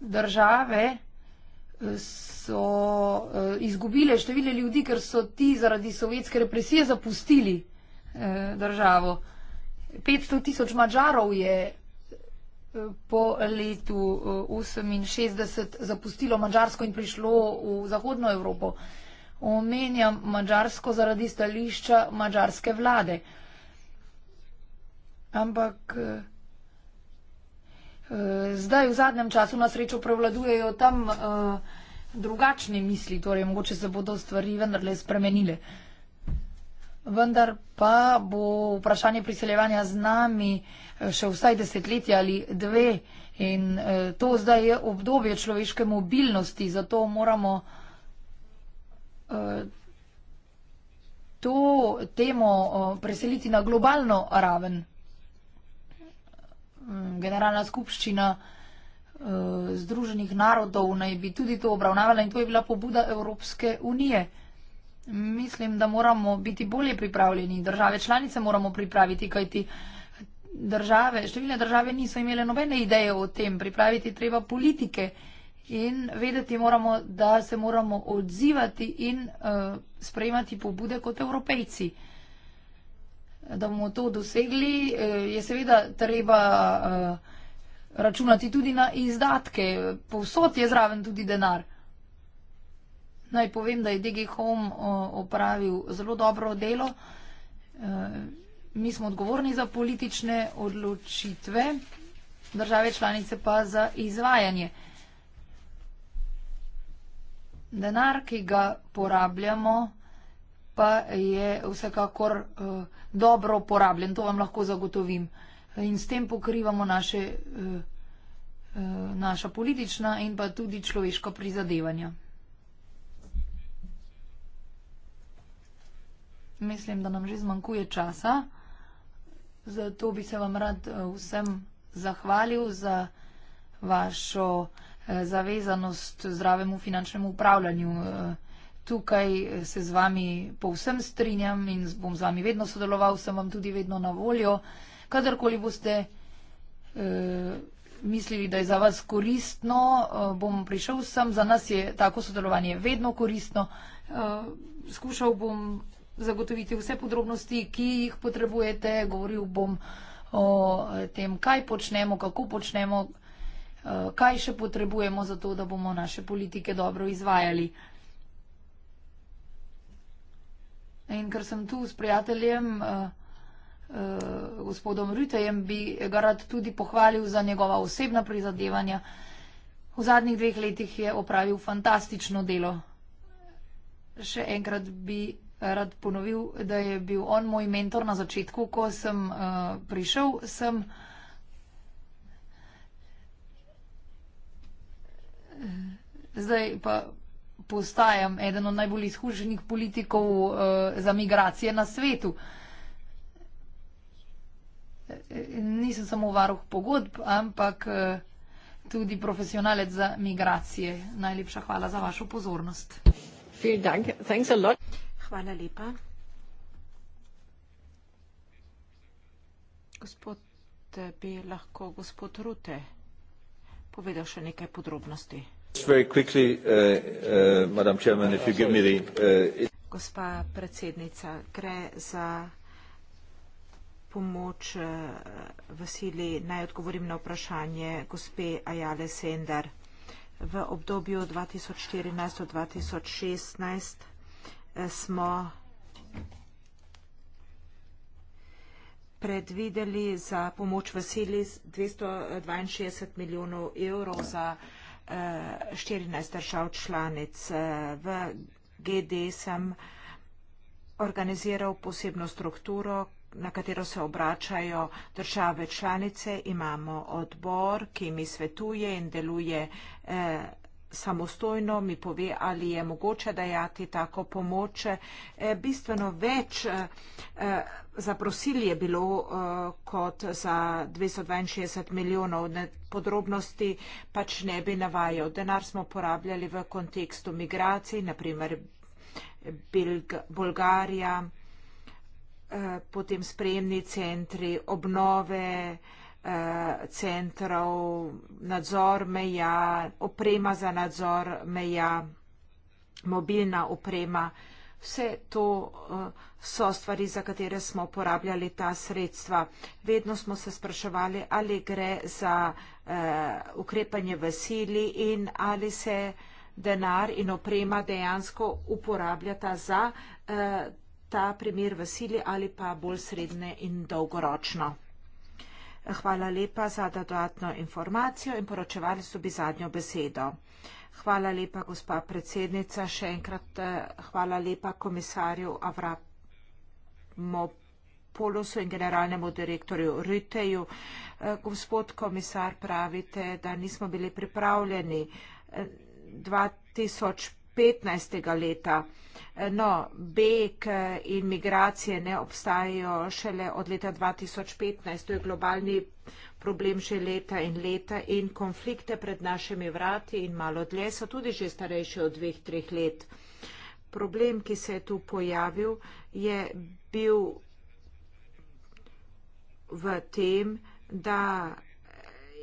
Države so eh, izgubile številne ljudi, ker so ti zaradi sovjetske represije zapustili eh, državo. 500 tisoč mačarov je eh, po letu 68 zapustilo Mačarsko in prišlo v Zahodno Evropo. Omenjam Mačarsko zaradi stališča mačarske vlade. Ampak Zdaj v zadnjem času na srečo prevladujejo tam eh, drugačne misli, torej mogoče se bodo stvari vendarle spremenile. Vendar pa bo vprašanje priseljevanja z nami eh, še vsaj desetletje ali dve in eh, to zdaj je obdobje človeške mobilnosti, zato moramo to temo preseliti na globalno raven. Mm, generalna skupščina eh, Združenih narodov naj bi tudi to obravnavala in to je bila pobuda Evropske unije. Mislim, da moramo biti bolje pripravljeni, države članice moramo pripraviti, kajti države, številne države niso imele nobene ideje o tem, pripraviti treba politike in vedeti moramo, da se moramo odzivati in uh, sprejemati pobude kot evropejci. Uh, da bomo to dosegli, eh, je seveda treba eh, računati tudi na izdatke. Povsod je zraven tudi denar. Naj povem, da je DG Home eh, opravil zelo dobro delo. Mi smo odgovorni za politične odločitve, države članice pa za izvajanje. Denar, ki ga porabljamo, pa je vsekakor eh, dobro uporabljen, to vam lahko zagotovim. In s tem pokrivamo naše, eh, eh, naša politična in pa tudi človeška prizadevanja. Mislim, da nam že zmanjkuje časa, zato bi se vam rad vsem zahvalil za vašo zavezanost zdravemu finančnemu upravljanju tukaj se z vami povsem strinjam in bom z vami vedno sodeloval, sem vam tudi vedno na voljo. Kadarkoli boste eh, mislili, da je za vas koristno, eh, bom prišel sem. Za nas je tako sodelovanje vedno koristno. Eh, skušal bom zagotoviti vse podrobnosti, ki jih potrebujete. Govoril bom o eh, tem, kaj počnemo, kako počnemo, eh, kaj še potrebujemo za to, da bomo naše politike dobro izvajali. In ker sem tu s prijateljem, uh, uh, gospodom Rutejem, bi ga rad tudi pohvalil za njegova osebna prizadevanja. V zadnjih dveh letih je opravil fantastično delo. Še enkrat bi rad ponovil, da je bil on moj mentor na začetku, ko sem uh, prišel sem. Zdaj pa postajam eden od najbolj izkušenih politikov eh, za migracije na svetu. Nisem samo varuh pogodb, ampak eh, tudi profesionalec za migracije. Najlepša hvala za vašo pozornost. Hvala lepa. Gospod, eh, bi lahko gospod Rute povedal še nekaj podrobnosti? Uh, uh, uh, Gospa predsednica, gre za pomoč v sili. Naj odgovorim na vprašanje gospe Ajale Sender. V obdobju 2014-2016 eh, smo predvideli za pomoč v sili 262 milijonov evrov za 14 držav članic. V GD sem organiziral posebno strukturo, na katero se obračajo države članice. Imamo odbor, ki mi svetuje in deluje vsega eh, samostojno mi pove, ali je mogoče dajati tako pomoč. E, bistveno več e, e, zaprosili je bilo kot za 262 milijonov podrobnosti, pač ne bi navajal. Denar smo porabljali v kontekstu migracij, naprimer Belg Bolgarija, potem sprejemni centri, obnove, Eh, centrov, nadzor meja, oprema za nadzor meja, mobilna oprema. Vse to eh, so stvari, za katere smo uporabljali ta sredstva. Vedno smo se spraševali, ali gre za eh, ukrepanje v sili in ali se denar in oprema dejansko uporabljata za ta primer v sili ali pa bolj sredne in dolgoročno. Hvala lepa za ta dodatno informacijo in poročevali so bi zadnjo besedo. Hvala lepa, gospa predsednica. Še enkrat eh, hvala lepa komisarju Avramopolosu in generalnemu direktorju Riteju. Eh, gospod komisar, pravite, da nismo bili pripravljeni. 2015 eh, 15. leta. No, beg in migracije ne obstajajo šele od leta 2015. To je globalni problem že leta in leta in konflikte pred našimi vrati in malo dlje so tudi že starejše od dveh, treh let. Problem, ki se je tu pojavil, je bil v tem, da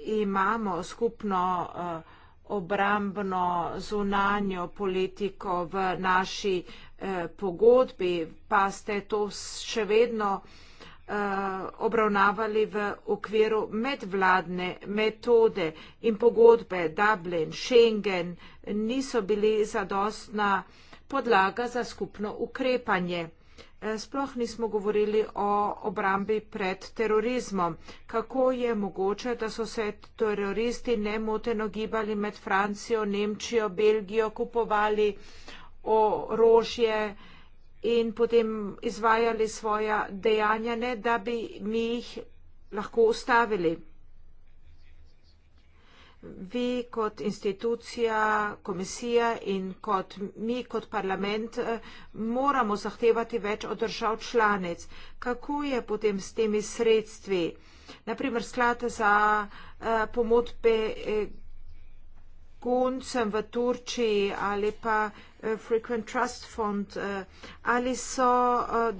imamo skupno uh, obrambno zunanjo politiko v naši eh, pogodbi, pa ste to še vedno eh, obravnavali v okviru medvladne metode in pogodbe Dublin, Schengen niso bili zadostna podlaga za skupno ukrepanje sploh nismo govorili o obrambi pred terorizmom. Kako je mogoče, da so se teroristi nemoteno gibali med Francijo, Nemčijo, Belgijo, kupovali orožje in potem izvajali svoja dejanja, ne da bi mi jih lahko ustavili? vi kot institucija, komisija in kot mi kot parlament eh, moramo zahtevati več od držav članic. Kako je potem s temi sredstvi, naprimer sklad za eh, pomoč beguncem v Turčiji ali pa eh, Frequent Trust Fund, ali so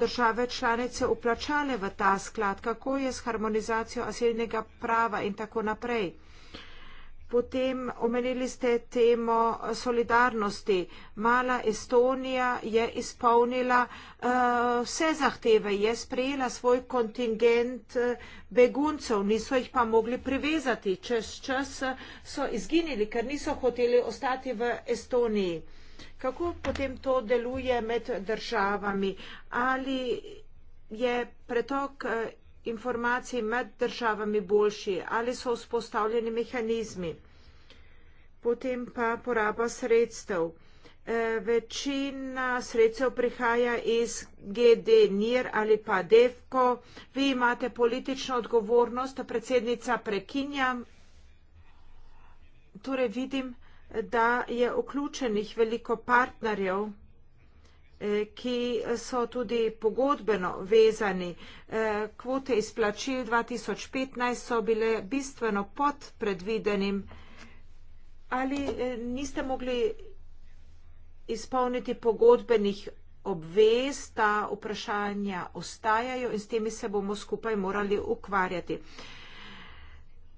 države članice uplačale v ta sklad, kako je s harmonizacijo asilnega prava in tako naprej. Potem omenili ste temo solidarnosti. Mala Estonija je izpolnila uh, vse zahteve, je sprejela svoj kontingent eh, beguncev, niso jih pa mogli privezati. Čez čas so izginili, ker niso hoteli ostati v Estoniji. Kako potem to deluje med državami? Ali je pretok eh, informacij med državami boljši, ali so vzpostavljeni mehanizmi. Potem pa poraba sredstev. E, večina sredstev prihaja iz GD NIR ali pa DEFKO. Vi imate politično odgovornost, predsednica prekinja. Torej vidim, da je vključenih veliko partnerjev ki so tudi pogodbeno vezani. Eh, kvote izplačil 2015 so bile bistveno pod predvidenim. Ali eh, niste mogli izpolniti pogodbenih obvez, ta vprašanja ostajajo in s temi se bomo skupaj morali ukvarjati.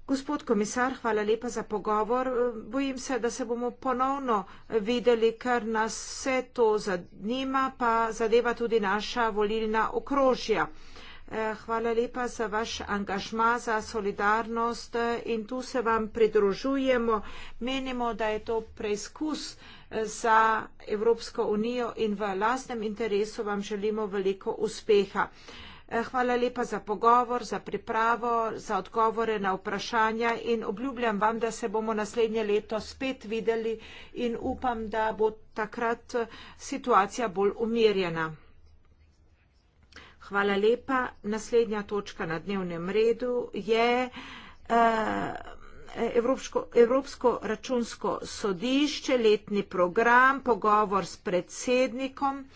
Gospod komisar, hvala lepa za pogovor. Bojim se, da se bomo ponovno videli, ker nas vse to zanima, pa zadeva tudi naša volilna okrožja. Eh, hvala lepa za vaš angažma, za solidarnost eh, in tu se vam pridružujemo. Menimo, da je to preizkus eh, za Evropsko unijo in v lastnem interesu vam želimo veliko uspeha. Eh, hvala lepa za pogovor, za pripravo, za odgovore na vprašanja in obljubljam vam, da se bomo naslednje leto spet videli in upam, da bo takrat eh, situacija bolj umirjena. Hvala lepa. Naslednja točka na dnevnem redu je eh, Evropsko, Evropsko računsko sodišče, letni program, pogovor s predsednikom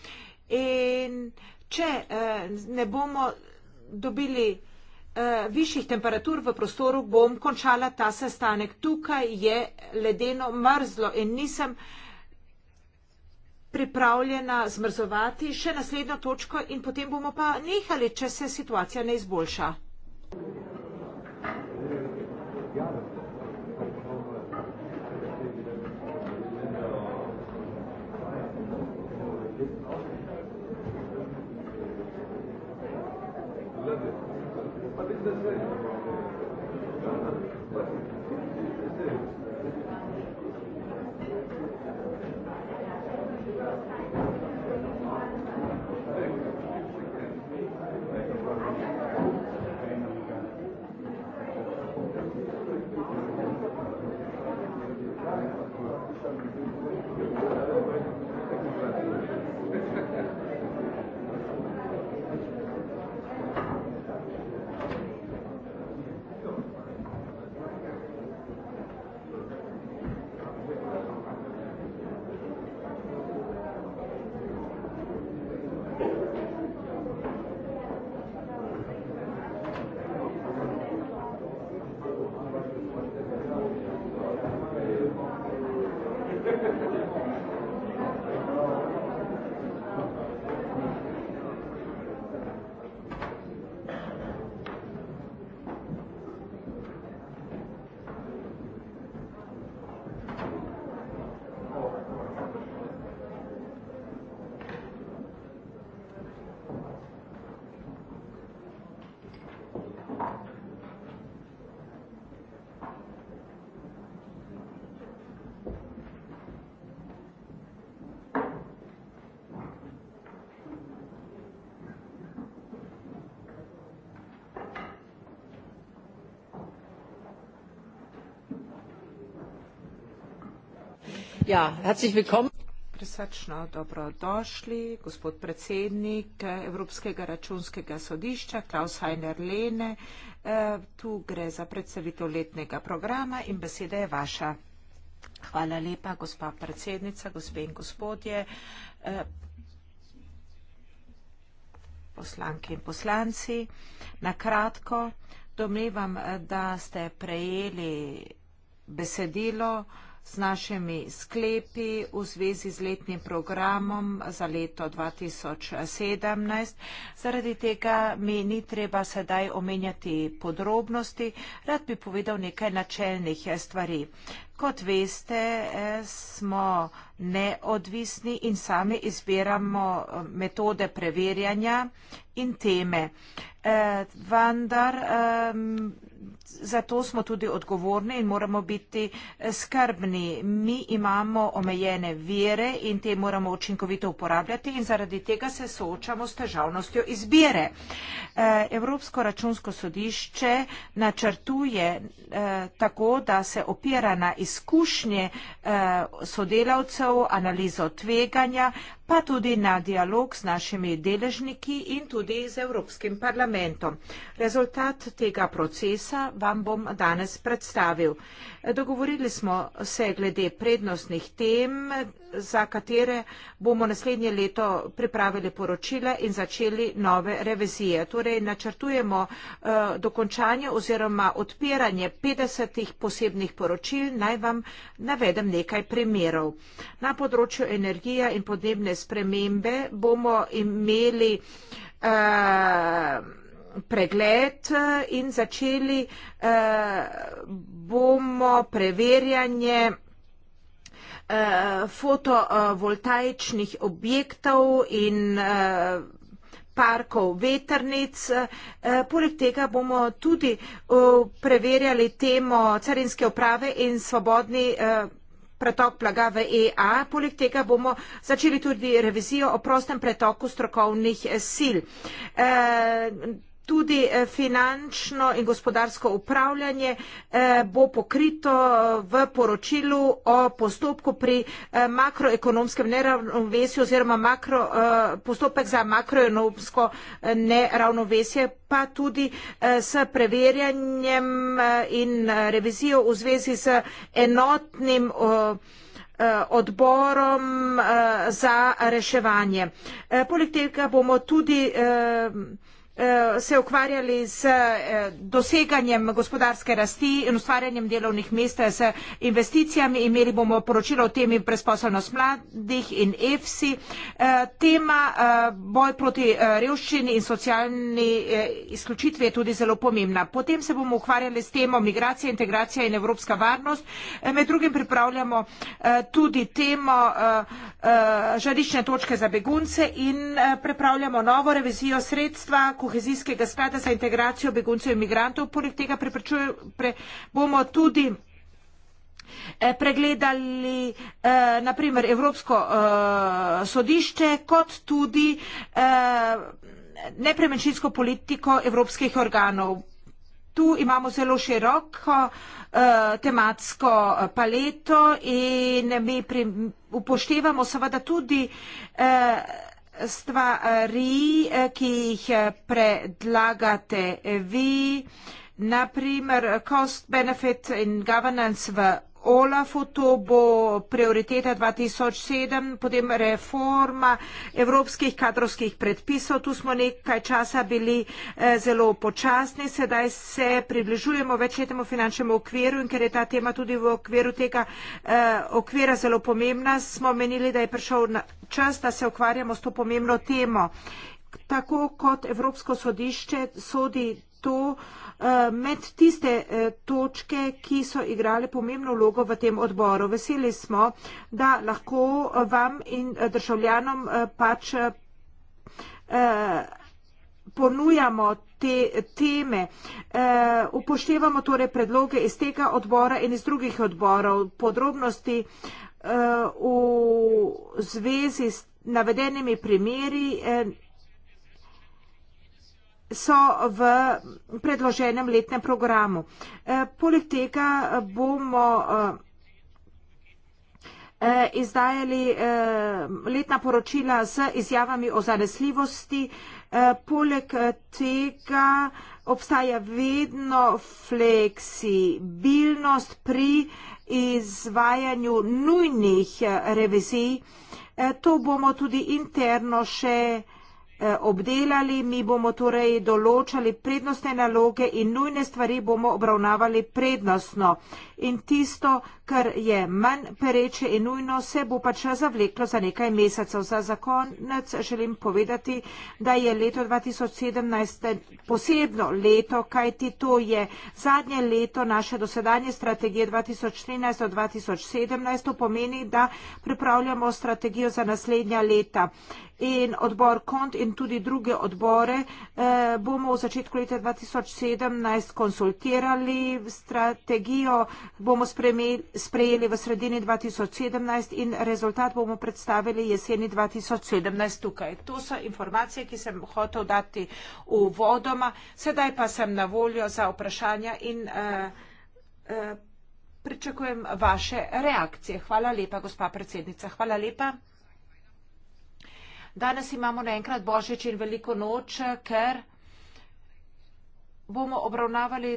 in če eh, ne bomo dobili eh, višjih temperatur v prostoru, bom končala ta sestanek. Tukaj je ledeno mrzlo in nisem pripravljena zmrzovati še naslednjo točko in potem bomo pa nehali, če se situacija ne izboljša. da sve. Ja, herzlich willkommen. Prisrčno dobrodošli, gospod predsednik Evropskega računskega sodišča Klaus Heiner Lene. Eh, tu gre za predstavitev letnega programa in beseda je vaša. Hvala lepa, gospa predsednica, gospe in gospodje, eh, poslanke in poslanci. Na kratko, domnevam, eh, da ste prejeli besedilo, z našimi sklepi v zvezi z letnim programom za leto 2017. Zaradi tega mi ni treba sedaj omenjati podrobnosti. Rad bi povedal nekaj načelnih stvari. Kot veste, eh, smo neodvisni in sami izbiramo eh, metode preverjanja in teme. Eh, vendar ehm, zato smo tudi odgovorni in moramo biti eh, skrbni. Mi imamo omejene vire in te moramo učinkovito uporabljati in zaradi tega se soočamo s težavnostjo izbire. Evropsko računsko sodišče načrtuje tako, da se opira na izkušnje sodelavcev, izzivov, analizo tveganja, pa tudi na dialog z našimi deležniki in tudi z Evropskim parlamentom. Rezultat tega procesa vam bom danes predstavil. Dogovorili smo se glede prednostnih tem, za katere bomo naslednje leto pripravili poročila in začeli nove revizije. Torej načrtujemo uh, dokončanje oziroma odpiranje 50 posebnih poročil. Naj vam navedem nekaj primerov. Na področju energije in podnebne spremembe, bomo imeli uh, pregled eh, in začeli uh, bomo preverjanje fotovoltaičnih objektov in parkov veternic. Poleg tega bomo tudi preverjali temo carinske uprave in svobodni pretok blaga v EA. Poleg tega bomo začeli tudi revizijo o prostem pretoku strokovnih sil. Uh, tudi eh, finančno in gospodarsko upravljanje eh, bo pokrito eh, v poročilu o postopku pri makroekonomskem neravnovesju oziroma makro, postopek za makroekonomsko neravnovesje pa tudi s preverjanjem in revizijo v zvezi z enotnim odborom za reševanje. Poleg tega bomo tudi Eh, se ukvarjali z eh, doseganjem gospodarske rasti in ustvarjanjem delovnih mest z investicijami. Imeli bomo poročilo o temi brezposelnost mladih in EFSI. Eh, tema boj proti revščini in socialni izključitvi je tudi zelo pomembna. Potem se bomo ukvarjali s temo migracija, integracija in evropska varnost. Med drugim pripravljamo tudi temo žarične točke za begunce in pripravljamo novo revizijo sredstva, kohezijskega sklada za integracijo beguncev in migrantov. Poleg tega pre, bomo tudi eh, pregledali eh, naprimer Evropsko eh, sodišče, kot tudi eh, nepremenšinsko politiko evropskih organov. Tu imamo zelo široko eh, tematsko eh, paleto in mi pri, upoštevamo seveda tudi eh, stvari, eh, ki jih eh, predlagate vi, naprimer cost benefit in governance v OLAF-u, to bo prioriteta 2007, potem reforma evropskih kadrovskih predpisov. Tu smo nekaj časa bili eh, zelo počasni, sedaj se približujemo večletnemu finančnemu okviru in ker je ta tema tudi v okviru tega eh, okvira zelo pomembna, smo menili, da je prišel čas, da se ukvarjamo s to pomembno temo. Tako kot Evropsko sodišče sodi to, Eh, med tiste eh, točke, ki so igrale pomembno vlogo v tem odboru. Veseli smo, da lahko vam in eh, državljanom pač ponujamo te teme. E, upoštevamo torej predloge iz tega odbora in iz drugih odborov. Podrobnosti e, v zvezi s navedenimi primeri. E, so v predloženem letnem programu. E, poleg tega bomo e, e, izdajali letna poročila z izjavami o zanesljivosti. Poleg tega obstaja vedno fleksibilnost pri izvajanju nujnih revizij. To bomo tudi interno še izdajali. Eh, obdelali, mi bomo torej določali prednostne naloge in nujne stvari bomo obravnavali prednostno. In tisto, kar je manj pereče in nujno, se bo pač zavleklo za nekaj mesecev. Za zakonec želim povedati, da je leto 2017 posebno leto, kajti to je zadnje leto naše dosedanje strategije 2013-2017, to pomeni, da pripravljamo strategijo za naslednja leta in odbor KONT in tudi druge odbore eh, bomo v začetku leta 2017 konsultirali strategijo, bomo spremeli, sprejeli v sredini 2017 in rezultat bomo predstavili jeseni 2017 tukaj. To so informacije, ki sem hotel dati v vodoma. Sedaj pa sem na voljo za vprašanja in eh, eh, pričakujem vaše reakcije. Hvala lepa, gospa predsednica. Hvala lepa. Danes imamo naenkrat Božič in veliko noč, ker bomo obravnavali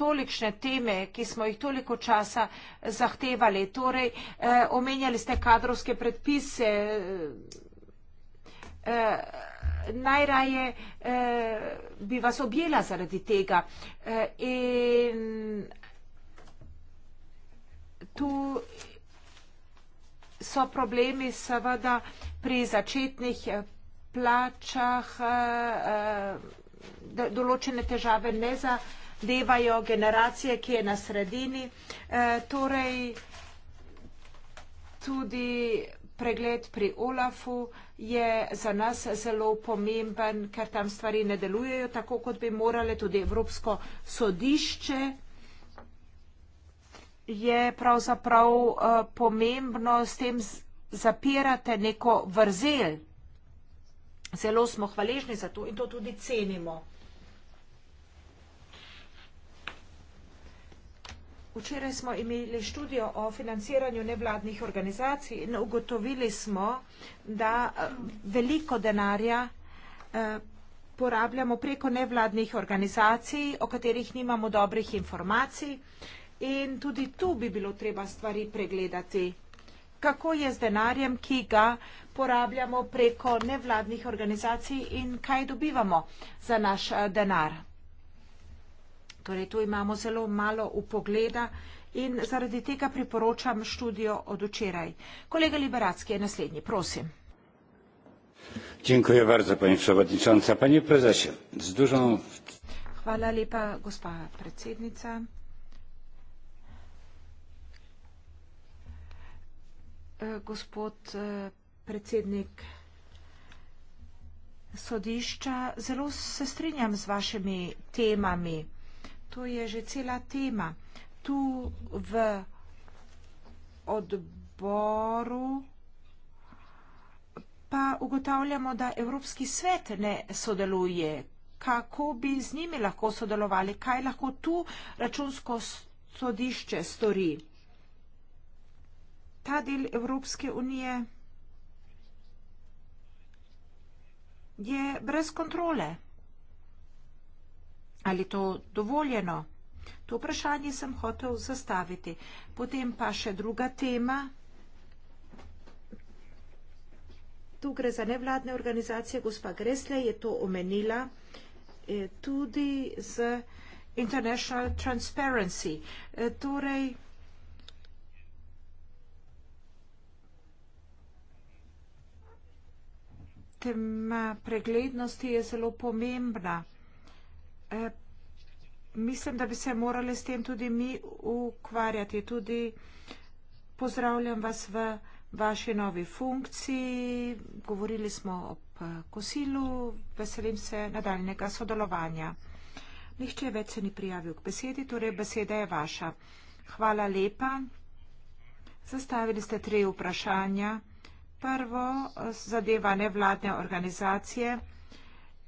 tolikšne teme, ki smo jih toliko časa zahtevali. Torej, eh, omenjali ste kadrovske predpise. Eh, Najraje eh, bi vas objela zaradi tega. Eh, in tu so problemi seveda pri začetnih eh, plačah, eh, eh, določene težave ne zadevajo generacije, ki je na sredini. Torej, tudi pregled pri Olafu je za nas zelo pomemben, ker tam stvari ne delujejo tako, kot bi morale tudi Evropsko sodišče je pravzaprav eh, pomembno, s tem zapirate neko vrzel. Zelo smo hvaležni za to in to tudi cenimo. Včeraj smo imeli študijo o financiranju nevladnih organizacij in ugotovili smo, da eh, veliko denarja eh, porabljamo preko nevladnih organizacij, o katerih nimamo dobrih informacij. In tudi tu bi bilo treba stvari pregledati. Kako je z denarjem, ki ga porabljamo preko nevladnih organizacij in kaj dobivamo za naš eh, denar? Torej, tu imamo zelo malo upogleda in zaradi tega priporočam študijo od včeraj. Kolega Liberacki je naslednji, prosim. Dziękuję bardzo, pani przewodnicząca. Panie prezesie, z dużą... Hvala lepa, gospa predsednica. Eh, gospod eh, predsednik sodišča. Zelo se strinjam z vašimi temami. To je že cela tema. Tu v odboru pa ugotavljamo, da Evropski svet ne sodeluje. Kako bi z njimi lahko sodelovali? Kaj lahko tu računsko sodišče stori? ta del Evropske unije je brez kontrole. Ali to dovoljeno? To vprašanje sem hotel zastaviti. Potem pa še druga tema. Tu gre za nevladne organizacije. Gospa Gresle je to omenila eh, tudi z International Transparency. Eh, torej, tema eh, preglednosti je zelo pomembna. Eh, mislim, da bi se morali s tem tudi mi ukvarjati. Tudi pozdravljam vas v vaši novi funkciji. Govorili smo ob eh, kosilu. Veselim se nadaljnega sodelovanja. Nihče več se ni prijavil k besedi, torej beseda je vaša. Hvala lepa. Zastavili ste tri vprašanja. Prvo zadeva nevladne organizacije.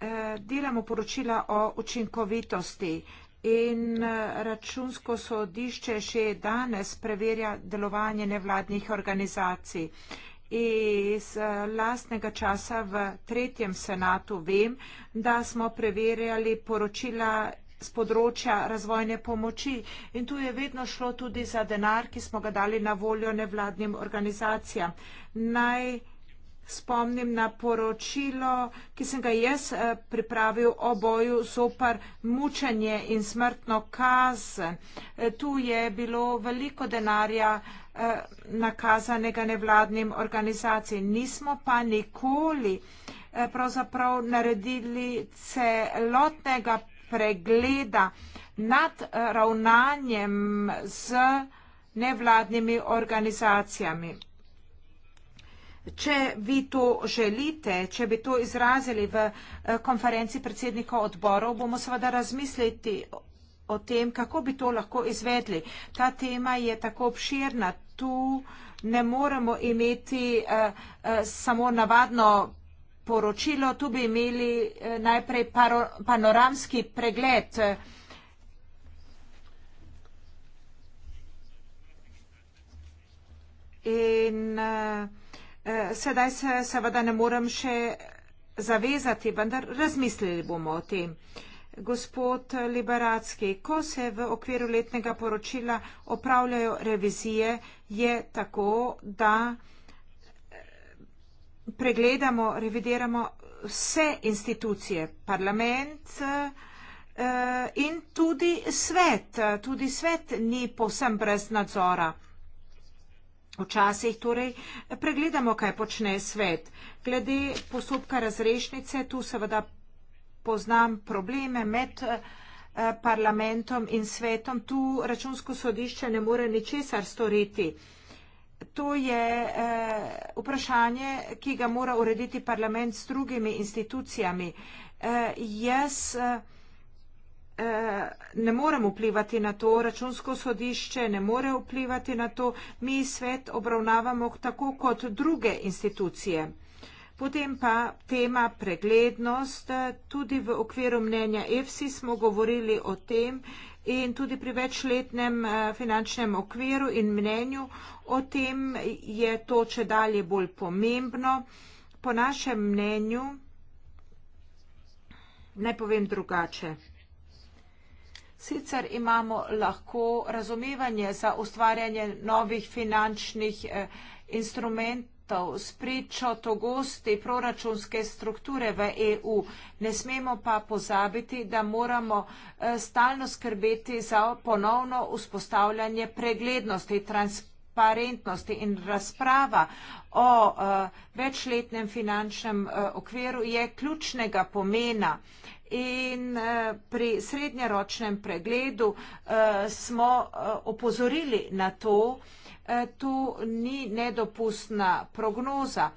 Eh, delamo poročila o učinkovitosti in eh, računsko sodišče še danes preverja delovanje nevladnih organizacij. Iz eh, lastnega časa v tretjem senatu vem, da smo preverjali poročila z področja razvojne pomoči in tu je vedno šlo tudi za denar, ki smo ga dali na voljo nevladnim organizacijam. Naj spomnim na poročilo, ki sem ga jaz eh, pripravil o boju zopar mučenje in smrtno kazen. Eh, tu je bilo veliko denarja eh, nakazanega nevladnim organizacijam. Nismo pa nikoli pravzaprav naredili celotnega pregleda nad ravnanjem z nevladnimi organizacijami. Če vi to želite, če bi to izrazili v eh, konferenci predsednikov odborov, bomo seveda razmisliti o tem, kako bi to lahko izvedli. Ta tema je tako obširna, tu ne moremo imeti eh, eh, samo navadno poročilo. Tu bi imeli eh, najprej paro, panoramski pregled. In uh, sedaj se seveda ne morem še zavezati, vendar razmislili bomo o tem. Gospod Liberacki, ko se v okviru letnega poročila opravljajo revizije, je tako, da uh, pregledamo, revidiramo vse institucije, parlament eh, in tudi svet. Tudi svet ni povsem brez nadzora. Včasih torej pregledamo, kaj počne svet. Glede postopka razrešnice, tu seveda poznam probleme med eh, parlamentom in svetom. Tu računsko sodišče ne more ničesar storiti to je eh, vprašanje, ki ga mora urediti parlament s drugimi institucijami. Eh, jaz eh, ne morem vplivati na to, računsko sodišče ne more vplivati na to, mi svet obravnavamo tako kot druge institucije. Potem pa tema preglednost, tudi v okviru mnenja EFSI smo govorili o tem, in tudi pri večletnem eh, finančnem okviru in mnenju o tem je to če dalje bolj pomembno. Po našem mnenju, ne povem drugače, sicer imamo lahko razumevanje za ustvarjanje novih finančnih eh, instrument, podatkov spričo togosti proračunske strukture v EU. Ne smemo pa pozabiti, da moramo eh, stalno skrbeti za ponovno vzpostavljanje preglednosti transporta in razprava o uh, večletnem finančnem uh, okviru je ključnega pomena in eh, pri srednjeročnem pregledu eh, smo eh, opozorili na to, to ni nedopustna prognoza.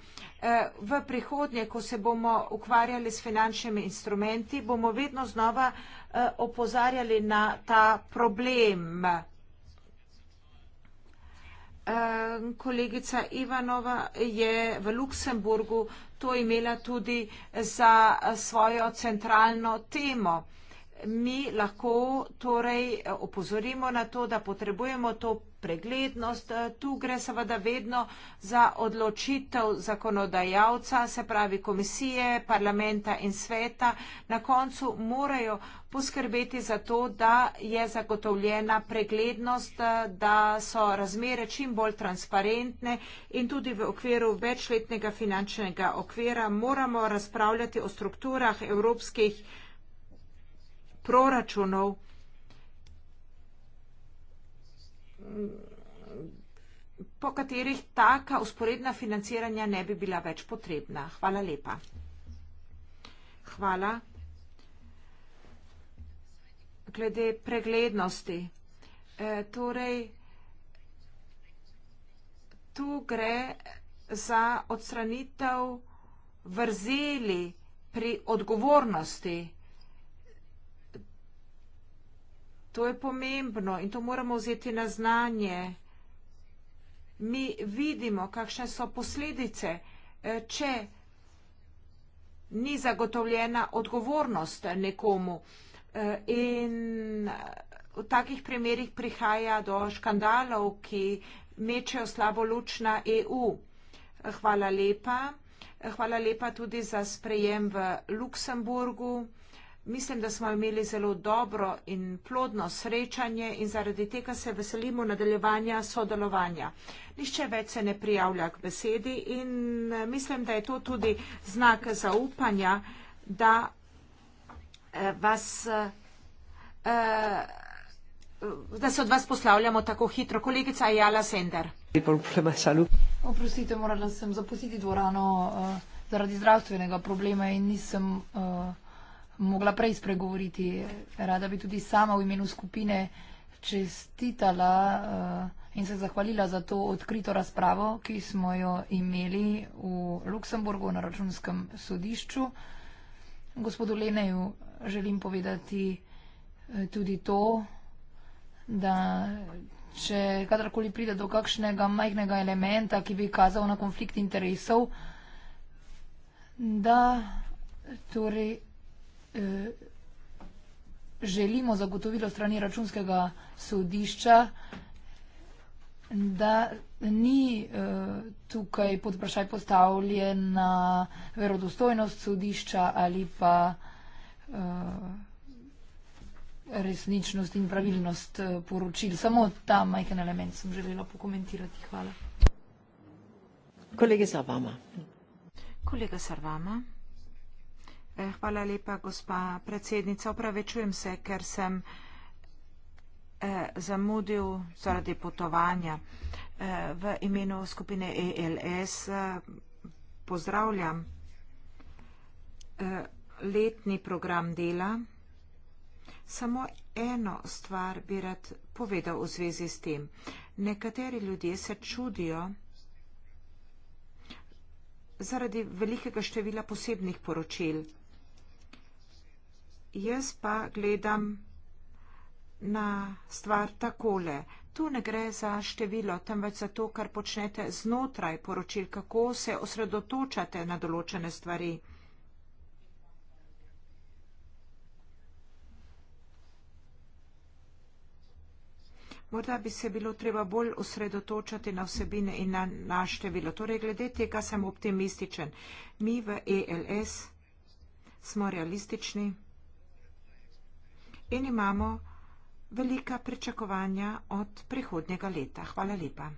V prihodnje, ko se bomo ukvarjali s finančnimi instrumenti, bomo vedno znova opozarjali na ta problem kolegica Ivanova je v Luksemburgu to imela tudi za svojo centralno temo. Mi lahko torej opozorimo na to, da potrebujemo to preglednost. Tu gre seveda vedno za odločitev zakonodajalca, se pravi komisije, parlamenta in sveta. Na koncu morajo poskrbeti za to, da je zagotovljena preglednost, da so razmere čim bolj transparentne in tudi v okviru večletnega finančnega okvira moramo razpravljati o strukturah evropskih proračunov. po katerih taka usporedna financiranja ne bi bila več potrebna. Hvala lepa. Hvala. Glede preglednosti. E, torej, tu gre za odstranitev vrzeli pri odgovornosti To je pomembno in to moramo vzeti na znanje. Mi vidimo, kakšne so posledice, eh, če ni zagotovljena odgovornost nekomu. Eh, in eh, v takih primerih prihaja do škandalov, ki mečejo slabo luč na EU. Hvala lepa. Hvala lepa tudi za sprejem v Luksemburgu. Mislim, da smo imeli zelo dobro in plodno srečanje in zaradi tega se veselimo nadaljevanja sodelovanja. Nišče več se ne prijavlja k besedi in eh, mislim, da je to tudi znak zaupanja, da eh, vas. Eh, da se od vas poslavljamo tako hitro. Kolegica Jala Sender. Oprostite, morala sem zapustiti dvorano uh, zaradi zdravstvenega problema in nisem. Uh, mogla prej spregovoriti. Rada bi tudi sama v imenu skupine čestitala eh, in se zahvalila za to odkrito razpravo, ki smo jo imeli v Luksemburgu na računskem sodišču. Gospodu Leneju želim povedati eh, tudi to, da če kadarkoli pride do kakšnega majhnega elementa, ki bi kazal na konflikt interesov, da torej Eh, želimo zagotovilo strani računskega sodišča, da ni eh, tukaj pod vprašaj postavljena verodostojnost sodišča ali pa eh, resničnost in pravilnost poročil. Samo ta majhen element sem želela pokomentirati. Hvala. Kolegica Vama. Kolega Sarvama. Eh, hvala lepa, gospa predsednica. Opravečujem se, ker sem eh, zamudil zaradi potovanja eh, v imenu skupine ELS. Pozdravljam letni program dela. Samo eno stvar bi rad povedal v zvezi s tem. Nekateri ljudje se čudijo zaradi velikega števila posebnih poročil jaz pa gledam na stvar takole. Tu ne gre za število, temveč za to, kar počnete znotraj poročil, kako se osredotočate na določene stvari. Morda bi se bilo treba bolj osredotočati na vsebine in na našte bilo. Torej, glede tega sem optimističen. Mi v ELS smo realistični in imamo velika pričakovanja od prihodnjega leta. Hvala lepa.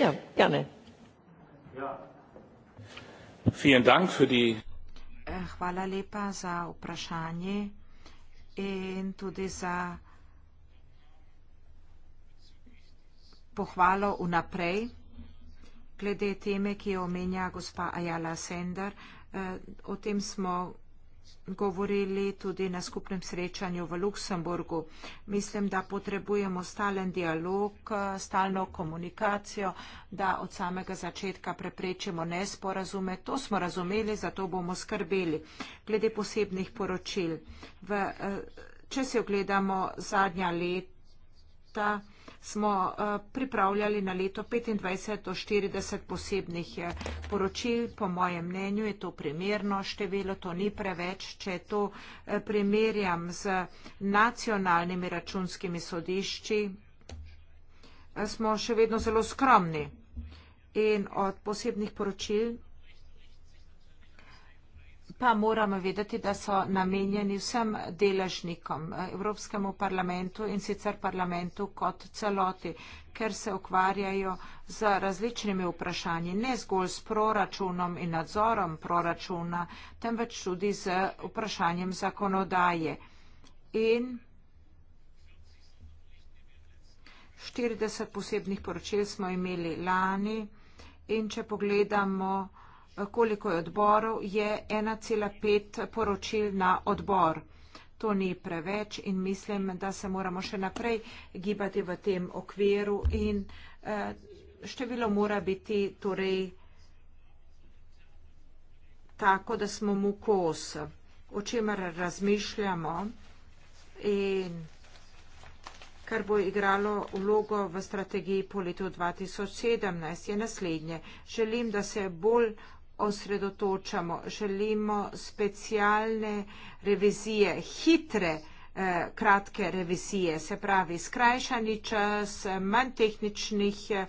Ja, Jane. Ja. Eh, hvala lepa za vprašanje in tudi za pohvalo vnaprej glede teme, ki jo omenja gospa Ajala Sender. Eh, o tem smo govorili tudi na skupnem srečanju v Luksemburgu. Mislim, da potrebujemo stalen dialog, stalno komunikacijo, da od samega začetka preprečimo nesporazume. To smo razumeli, zato bomo skrbeli. Glede posebnih poročil. V, eh, če si ogledamo zadnja leta, smo eh, pripravljali na leto 25 do 40 posebnih eh, poročil. Po mojem mnenju je to primerno število, to ni preveč. Če to eh, primerjam z nacionalnimi računskimi sodišči, smo še vedno zelo skromni. In od posebnih poročil pa moramo vedeti, da so namenjeni vsem deležnikom, eh, Evropskemu parlamentu in sicer parlamentu kot celoti, ker se ukvarjajo z različnimi vprašanji, ne zgolj s proračunom in nadzorom proračuna, temveč tudi z vprašanjem zakonodaje. In 40 posebnih poročil smo imeli lani in če pogledamo, koliko je odborov, je 1,5 poročil na odbor. To ni preveč in mislim, da se moramo še naprej gibati v tem okviru in eh, število mora biti torej tako, da smo mu kos, o čemer razmišljamo in kar bo igralo vlogo v strategiji po letu 2017, je naslednje. Želim, da se bolj osredotočamo. Želimo specialne revizije, hitre, eh, kratke revizije, se pravi skrajšani čas, manj tehničnih eh,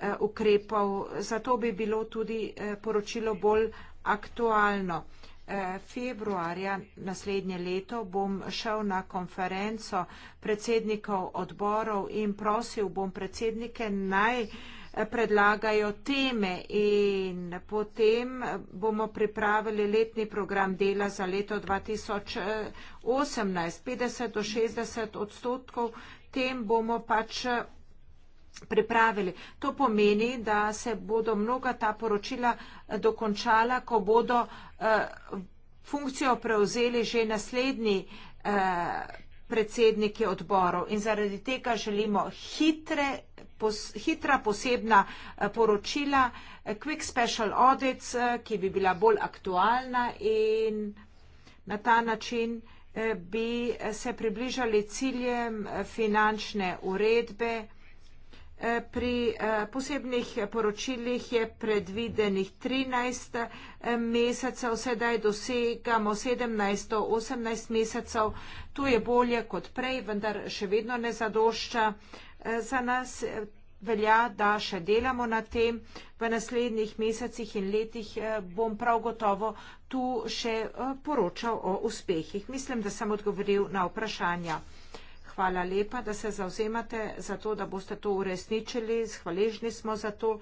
eh ukrepov. Zato bi bilo tudi eh, poročilo bolj aktualno. Eh, februarja naslednje leto bom šel na konferenco predsednikov odborov in prosil bom predsednike naj eh, predlagajo teme in potem bomo pripravili letni program dela za leto 2018. 50 do 60 odstotkov tem bomo pač pripravili. To pomeni, da se bodo mnoga ta poročila dokončala, ko bodo eh, funkcijo prevzeli že naslednji eh, predsedniki odborov in zaradi tega želimo hitre pos, hitra posebna eh, poročila, eh, quick special audits, eh, ki bi bila bolj aktualna in na ta način bi se približali ciljem finančne uredbe. Pri posebnih poročilih je predvidenih 13 mesecev, sedaj dosegamo 17-18 mesecev. Tu je bolje kot prej, vendar še vedno ne zadošča. Eh, za nas eh, velja, da še delamo na tem. V naslednjih mesecih in letih eh, bom prav gotovo tu še poročal o uspehih. Mislim, da sem odgovoril na vprašanja. Hvala lepa, da se zauzemate za to, da boste to uresničili. Hvaležni smo za to.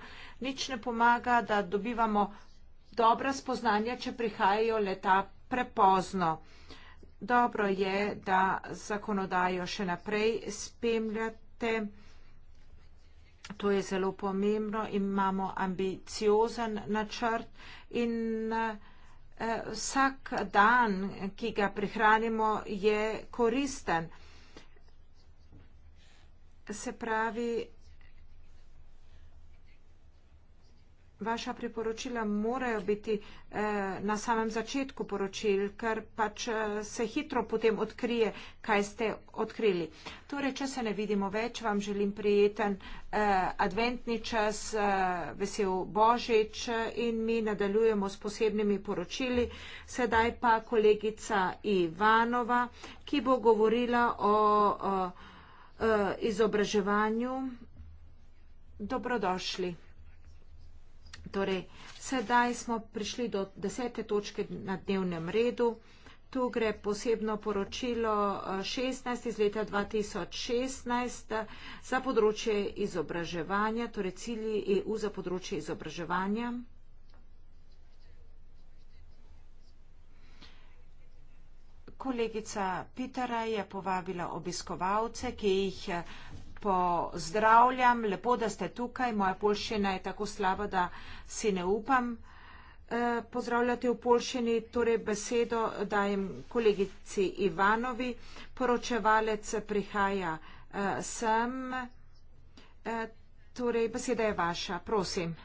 Nič ne pomaga, da dobivamo dobra spoznanja, če prihajajo leta prepozno. Dobro je, da zakonodajo še naprej spemljate načrte. To je zelo pomembno. Imamo ambiciozen načrt in eh, vsak dan, ki ga prihranimo, je koristen. Se pravi, vaša priporočila morajo biti eh, na samem začetku poročil, ker pač eh, se hitro potem odkrije, kaj ste odkrili. Torej, če se ne vidimo več, vam želim prijeten eh, adventni čas, eh, vesel Božič eh, in mi nadaljujemo s posebnimi poročili. Sedaj pa kolegica Ivanova, ki bo govorila o, o, o eh, izobraževanju. Dobrodošli. Torej, sedaj smo prišli do desete točke na dnevnem redu. Tu gre posebno poročilo 16 eh, iz leta 2016 eh, za področje izobraževanja, torej cilji EU za področje izobraževanja. Kolegica Pitara je povabila obiskovalce, ki jih eh, pozdravljam, lepo, da ste tukaj. Moja polščina je tako slaba, da si ne upam eh, pozdravljati v polščini. Torej besedo dajem kolegici Ivanovi. Poročevalec prihaja eh, sem. Eh, torej beseda je vaša. Prosim.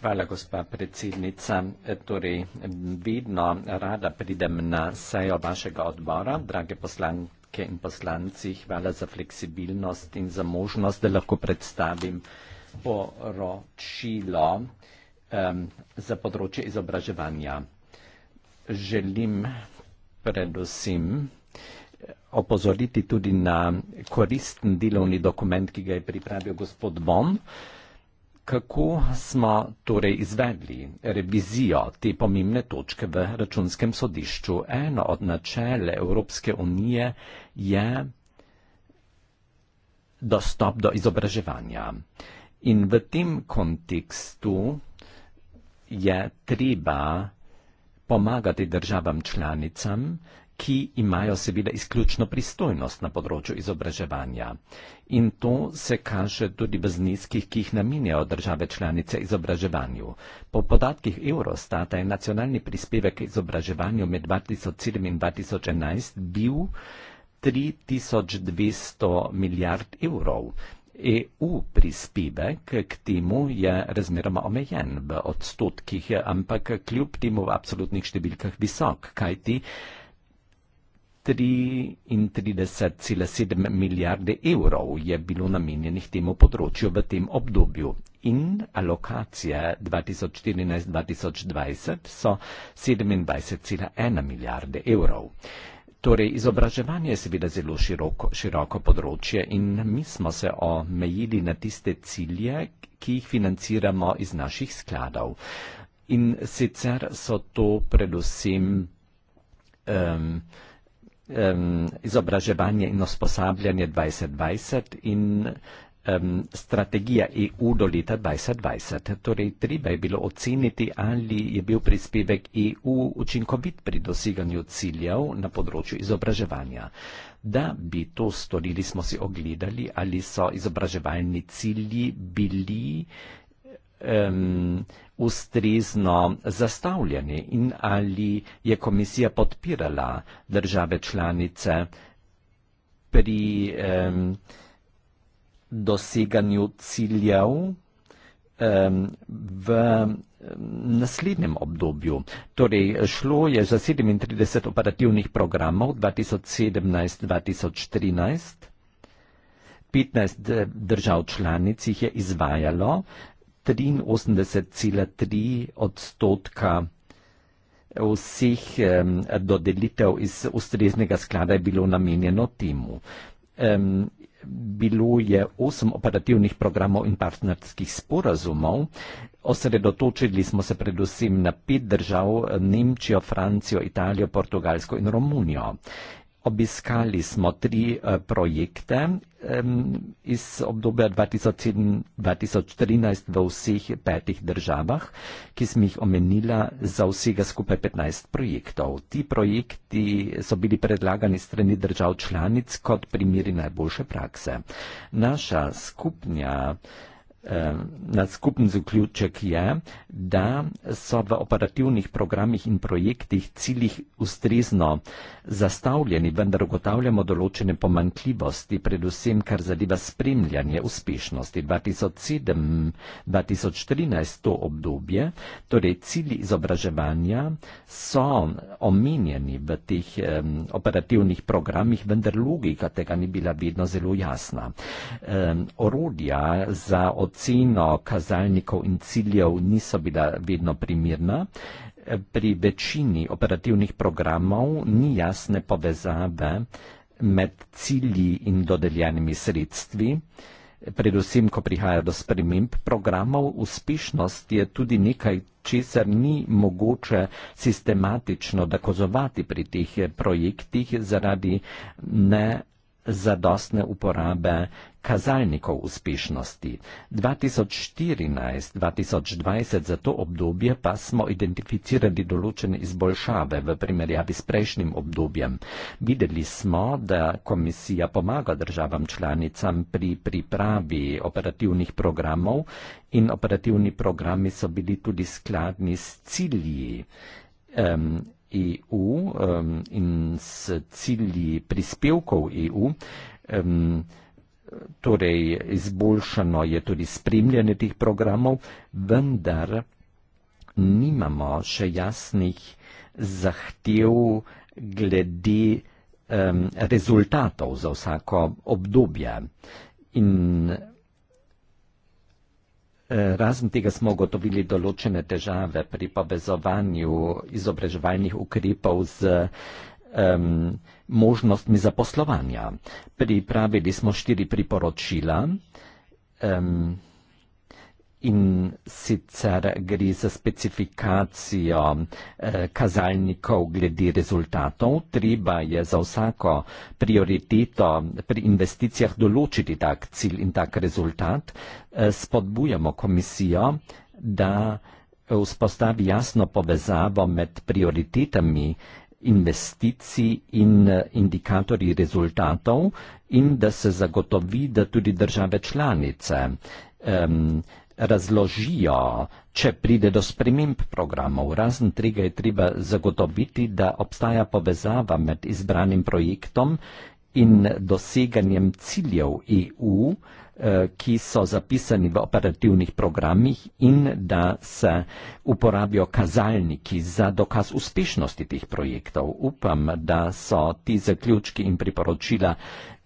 Hvala, gospa predsednica. Eh, torej, vedno rada pridem na sejo vašega odbora, drage poslanke poslanke in poslanci, hvala za fleksibilnost in za možnost, da lahko predstavim poročilo um, za področje izobraževanja. Želim predvsem eh, opozoriti tudi na koristen delovni dokument, ki ga je pripravil gospod Bom. Uh, Kako smo torej izvedli revizijo te pomembne točke v računskem sodišču? Eno od načel Evropske unije je dostop do izobraževanja. In v tem kontekstu je treba pomagati državam članicam, ki imajo seveda izključno pristojnost na področju izobraževanja. In to se kaže tudi v zniskih, ki jih namenjajo države članice izobraževanju. Po podatkih Eurostata je nacionalni prispevek izobraževanju med 2007 in 2011 bil 3200 milijard evrov. EU prispevek k temu je razmeroma omejen v odstotkih, ampak kljub temu v absolutnih številkah visok, kajti 33,7 milijarde evrov je bilo namenjenih temu področju v tem obdobju in alokacije 2014-2020 so 27,1 milijarde evrov. Torej, izobraževanje je seveda zelo široko, široko področje in mi smo se omejili na tiste cilje, ki jih financiramo iz naših skladov. In sicer so to predvsem um, um, izobraževanje in usposabljanje 2020 in um, strategija EU do leta 2020. Torej, treba je bilo oceniti, ali je bil prispevek EU učinkovit pri doseganju ciljev na področju izobraževanja. Da bi to storili, smo si ogledali, ali so izobraževalni cilji bili um, ustrezno zastavljeni in ali je komisija podpirala države članice pri um, doseganju ciljev um, v naslednjem obdobju. Torej, šlo je za 37 operativnih programov 2017-2013, 15 eh, držav članic jih je izvajalo, 83,3 odstotka vseh um, dodelitev iz ustreznega sklada je bilo namenjeno temu. Um, bilo je osem operativnih programov in partnerskih sporazumov. Osredotočili smo se predvsem na pet držav, Nemčijo, Francijo, Italijo, Portugalsko in Romunijo obiskali smo tri eh, projekte iz obdobja 2013 v vseh petih državah, ki sem jih omenila za vsega skupaj 15 projektov. Ti projekti so bili predlagani strani držav članic kot primiri najboljše prakse. Naša skupnja na skupen zaključek je, da so v operativnih programih in projektih ciljih ustrezno zastavljeni, vendar ugotavljamo določene pomankljivosti, predvsem kar zadeva spremljanje uspešnosti. 2007-2013 to obdobje, torej cilji izobraževanja so omenjeni v teh um, operativnih programih, vendar logika tega ni bila vedno zelo jasna. Um, orodja za odpravljanje oceno kazalnikov in ciljev niso bila vedno primirna. Pri večini operativnih programov ni jasne povezave med cilji in dodeljenimi sredstvi. Predvsem, ko prihaja do sprememb programov, uspešnost je tudi nekaj, česar ni mogoče sistematično dokazovati pri teh projektih zaradi ne zadostne uporabe kazalnikov uspešnosti. 2014-2020 za to obdobje pa smo identificirali določene izboljšave v primerjavi s prejšnjim obdobjem. Videli smo, da komisija pomaga državam članicam pri pripravi operativnih programov in operativni programi so bili tudi skladni s cilji. Um, EU um, in s cilji prispevkov EU um, torej izboljšano je tudi spremljanje teh programov, vendar nimamo še jasnih zahtev glede um, rezultatov za vsako obdobje. In e, Razen tega smo ugotovili določene težave pri povezovanju izobraževalnih ukrepov z uh, um, možnostmi zaposlovanja. Pripravili smo štiri priporočila um, in sicer gre za specifikacijo uh, kazalnikov glede rezultatov. Treba je za vsako prioriteto pri investicijah določiti tak cilj in tak rezultat. Uh, spodbujamo komisijo, da vzpostavi jasno povezavo med prioritetami investicij in eh, indikatorji rezultatov in da se zagotovi, da tudi države članice um, razložijo, če pride do sprememb programov. Razen tega je treba zagotoviti, da obstaja povezava med izbranim projektom in doseganjem ciljev EU, Eh, ki so zapisani v operativnih programih in da se uporabijo kazalniki za dokaz uspešnosti teh projektov. Upam, da so ti zaključki in priporočila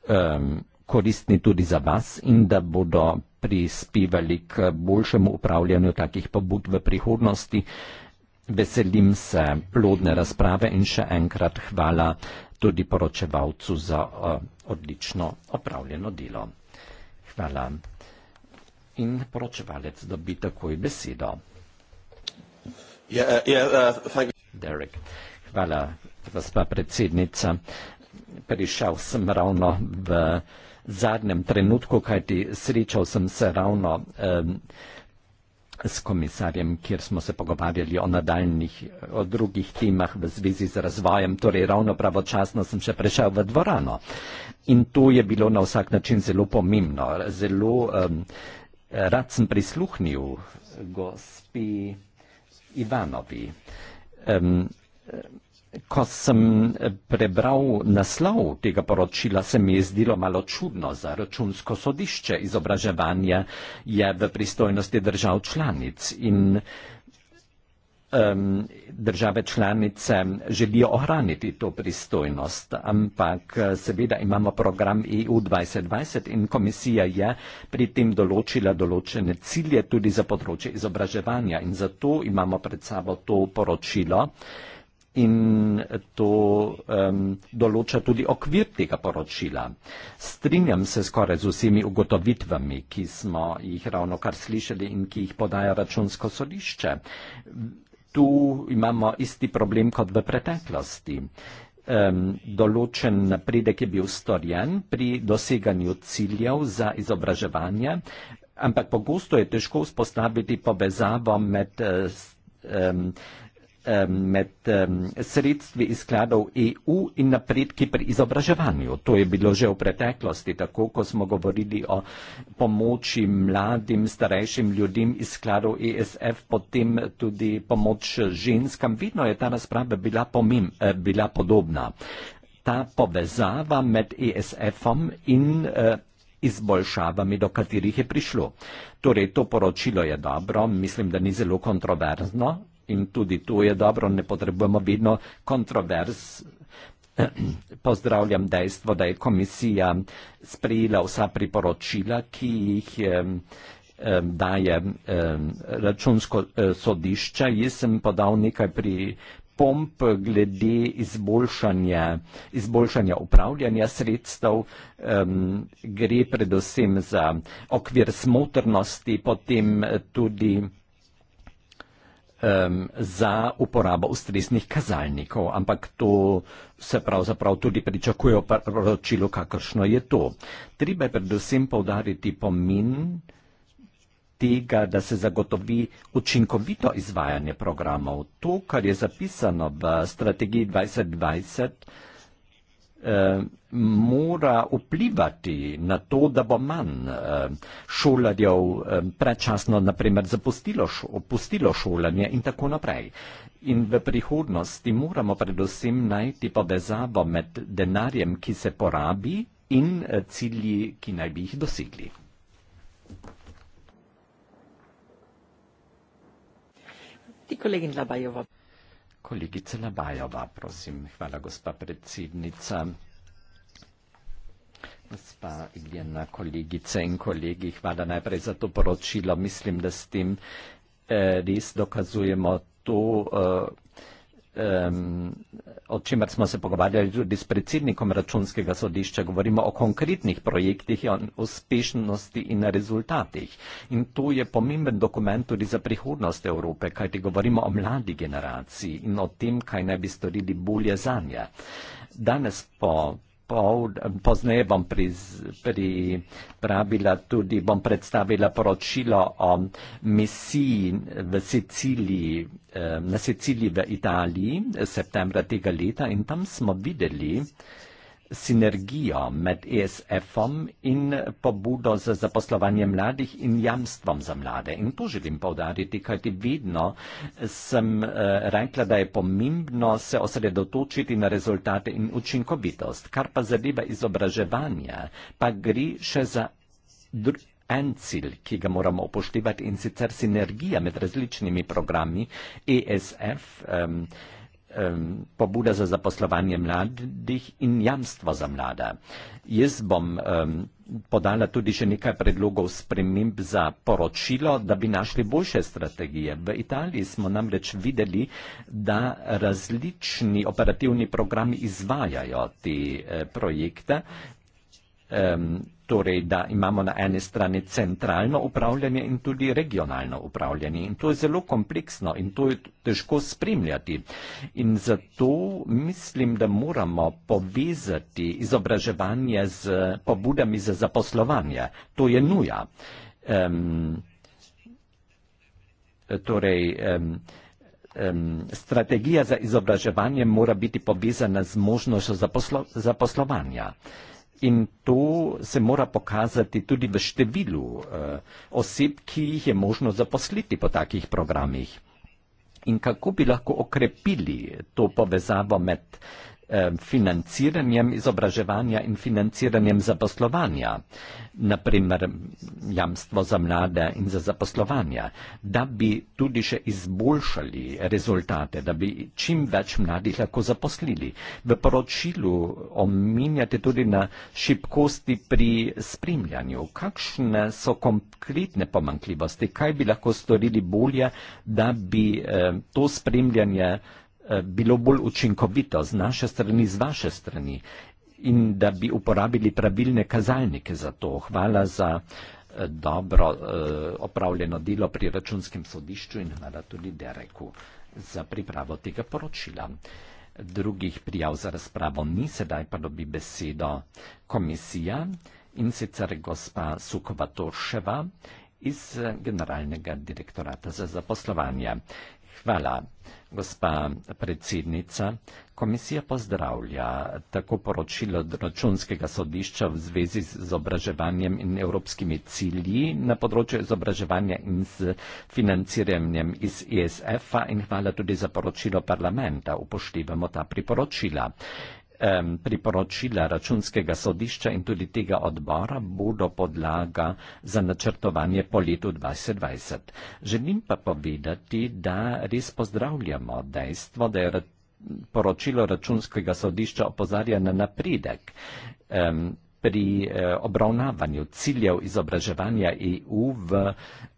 um, koristni tudi za vas in da bodo prispevali k boljšemu upravljanju takih pobud v prihodnosti. Veselim se plodne razprave in še enkrat hvala tudi poročevalcu za uh, odlično opravljeno delo vprašala. In poročevalec dobi takoj besedo. Yeah, yeah, uh, Derek, hvala, gospa predsednica. Prišel sem ravno v zadnjem trenutku, kajti srečal sem se ravno. Um, s komisarjem, kjer smo se pogovarjali o nadaljnih, o drugih temah v zvezi z razvojem, torej ravno pravočasno sem še prešel v dvorano. In to je bilo na vsak način zelo pomembno. Zelo um, rad sem prisluhnil gospi Ivanovi. Um, Ko sem eh, prebral naslov tega poročila, se mi je zdelo malo čudno. Za računsko sodišče izobraževanje je v pristojnosti držav članic in um, države članice želijo ohraniti to pristojnost, ampak eh, seveda imamo program EU 2020 in komisija je pri tem določila določene cilje tudi za področje izobraževanja in zato imamo pred sabo to poročilo in to um, določa tudi okvir tega poročila. Strinjam se skoraj z vsemi ugotovitvami, ki smo jih ravno kar slišali in ki jih podaja računsko sodišče. Tu imamo isti problem kot v preteklosti. Um, določen napredek je bil storjen pri doseganju ciljev za izobraževanje, ampak pogosto je težko vzpostaviti povezavo med um, Eh, med eh, sredstvi iz skladov EU in napredki pri izobraževanju. To je bilo že v preteklosti, tako ko smo govorili o pomoči mladim, starejšim ljudem iz skladov ESF, potem tudi pomoč ženskam. Vidno je ta razprava bila, pomim, eh, bila podobna. Ta povezava med ESF-om in izboljšavami, do katerih je prišlo. Torej, to poročilo je dobro, mislim, da ni zelo kontroverzno, in tudi tu je dobro, ne potrebujemo vedno kontrovers. Pozdravljam dejstvo, da je komisija sprejela vsa priporočila, ki jih daje računsko e, sodišče. Jaz sem podal nekaj pri pomp glede izboljšanja, izboljšanja upravljanja sredstev. Um, gre predvsem za okvir smotrnosti, potem tudi um, za uporabo ustreznih kazalnikov, ampak to se pravzaprav tudi pričakuje v poročilu, kakršno je to. Treba je predvsem povdariti pomin tega, da se zagotovi učinkovito izvajanje programov. To, kar je zapisano v strategiji 2020, eh, mora vplivati na to, da bo manj eh, šolarjev eh, predčasno, naprimer, zapustilo šolanje in tako naprej. In v prihodnosti moramo predvsem najti povezavo med denarjem, ki se porabi, in eh, cilji, ki naj bi jih dosegli. Ti kolegin Labajovo. Kolegica Nabajova, prosim. Hvala, gospa predsednica. Gospa Iljena, kolegice in kolegi, hvala najprej za to poročilo. Mislim, da s tem eh, res dokazujemo to, eh, um, o čemer smo se pogovarjali tudi s predsednikom računskega sodišča, govorimo o konkretnih projektih in uspešnosti in rezultatih. In to je pomemben dokument tudi za prihodnost Evrope, kajti govorimo o mladi generaciji in o tem, kaj naj bi storili bolje za nje. Danes po. Pozneje bom pripravila pri tudi, bom predstavila poročilo o misiji v Siciliji Ehm, na Siciliji v Italiji septembra tega leta in tam smo videli sinergijo med ESF-om in pobudo za zaposlovanje mladih in jamstvom za mlade. In to želim povdariti, kajti vidno sem eh, rekla, da je pomembno se osredotočiti na rezultate in učinkovitost, kar pa zadeva izobraževanje, pa gre še za en cilj, ki ga moramo upoštevati in sicer sinergija med različnimi programi ESF, um, um, pobuda za zaposlovanje mladih in jamstva za mlada. Jaz bom um, podala tudi še nekaj predlogov sprememb za poročilo, da bi našli boljše strategije. V Italiji smo namreč videli, da različni operativni programi izvajajo te eh, projekte, um, torej, da imamo na eni strani centralno upravljanje in tudi regionalno upravljanje. In to je zelo kompleksno in to je težko spremljati. In zato mislim, da moramo povezati izobraževanje z pobudami za zaposlovanje. To je nuja. Um, torej, um, um, strategija za izobraževanje mora biti povezana z možnostjo zaposlo zaposlovanja. In to se mora pokazati tudi v številu uh, oseb, ki jih je možno zaposliti po takih programih. In kako bi lahko okrepili to povezavo med financiranjem izobraževanja in financiranjem zaposlovanja, naprimer jamstvo za mlade in za zaposlovanja, da bi tudi še izboljšali rezultate, da bi čim več mladih lahko zaposlili. V poročilu omenjate tudi na šibkosti pri spremljanju. Kakšne so konkretne pomankljivosti, kaj bi lahko storili bolje, da bi eh, to spremljanje eh, Eh, bilo bolj učinkovito z naše strani, z vaše strani in da bi uporabili pravilne kazalnike za to. Hvala za eh, dobro eh, opravljeno delo pri računskem sodišču in hvala tudi Dereku za pripravo tega poročila. Drugih prijav za razpravo ni, sedaj pa dobi besedo komisija in sicer gospa Sukova Torševa iz Generalnega direktorata za zaposlovanje. Hvala. Gospa predsednica, komisija pozdravlja tako poročilo računskega sodišča v zvezi z izobraževanjem in evropskimi cilji na področju izobraževanja in z financiranjem iz ESF-a in hvala tudi za poročilo parlamenta. Upoštevamo ta priporočila um, priporočila računskega sodišča in tudi tega odbora bodo podlaga za načrtovanje po letu 2020. Želim pa povedati, da res pozdravljamo dejstvo, da je poročilo računskega sodišča opozarja na napredek. Um, pri eh, obravnavanju ciljev izobraževanja EU v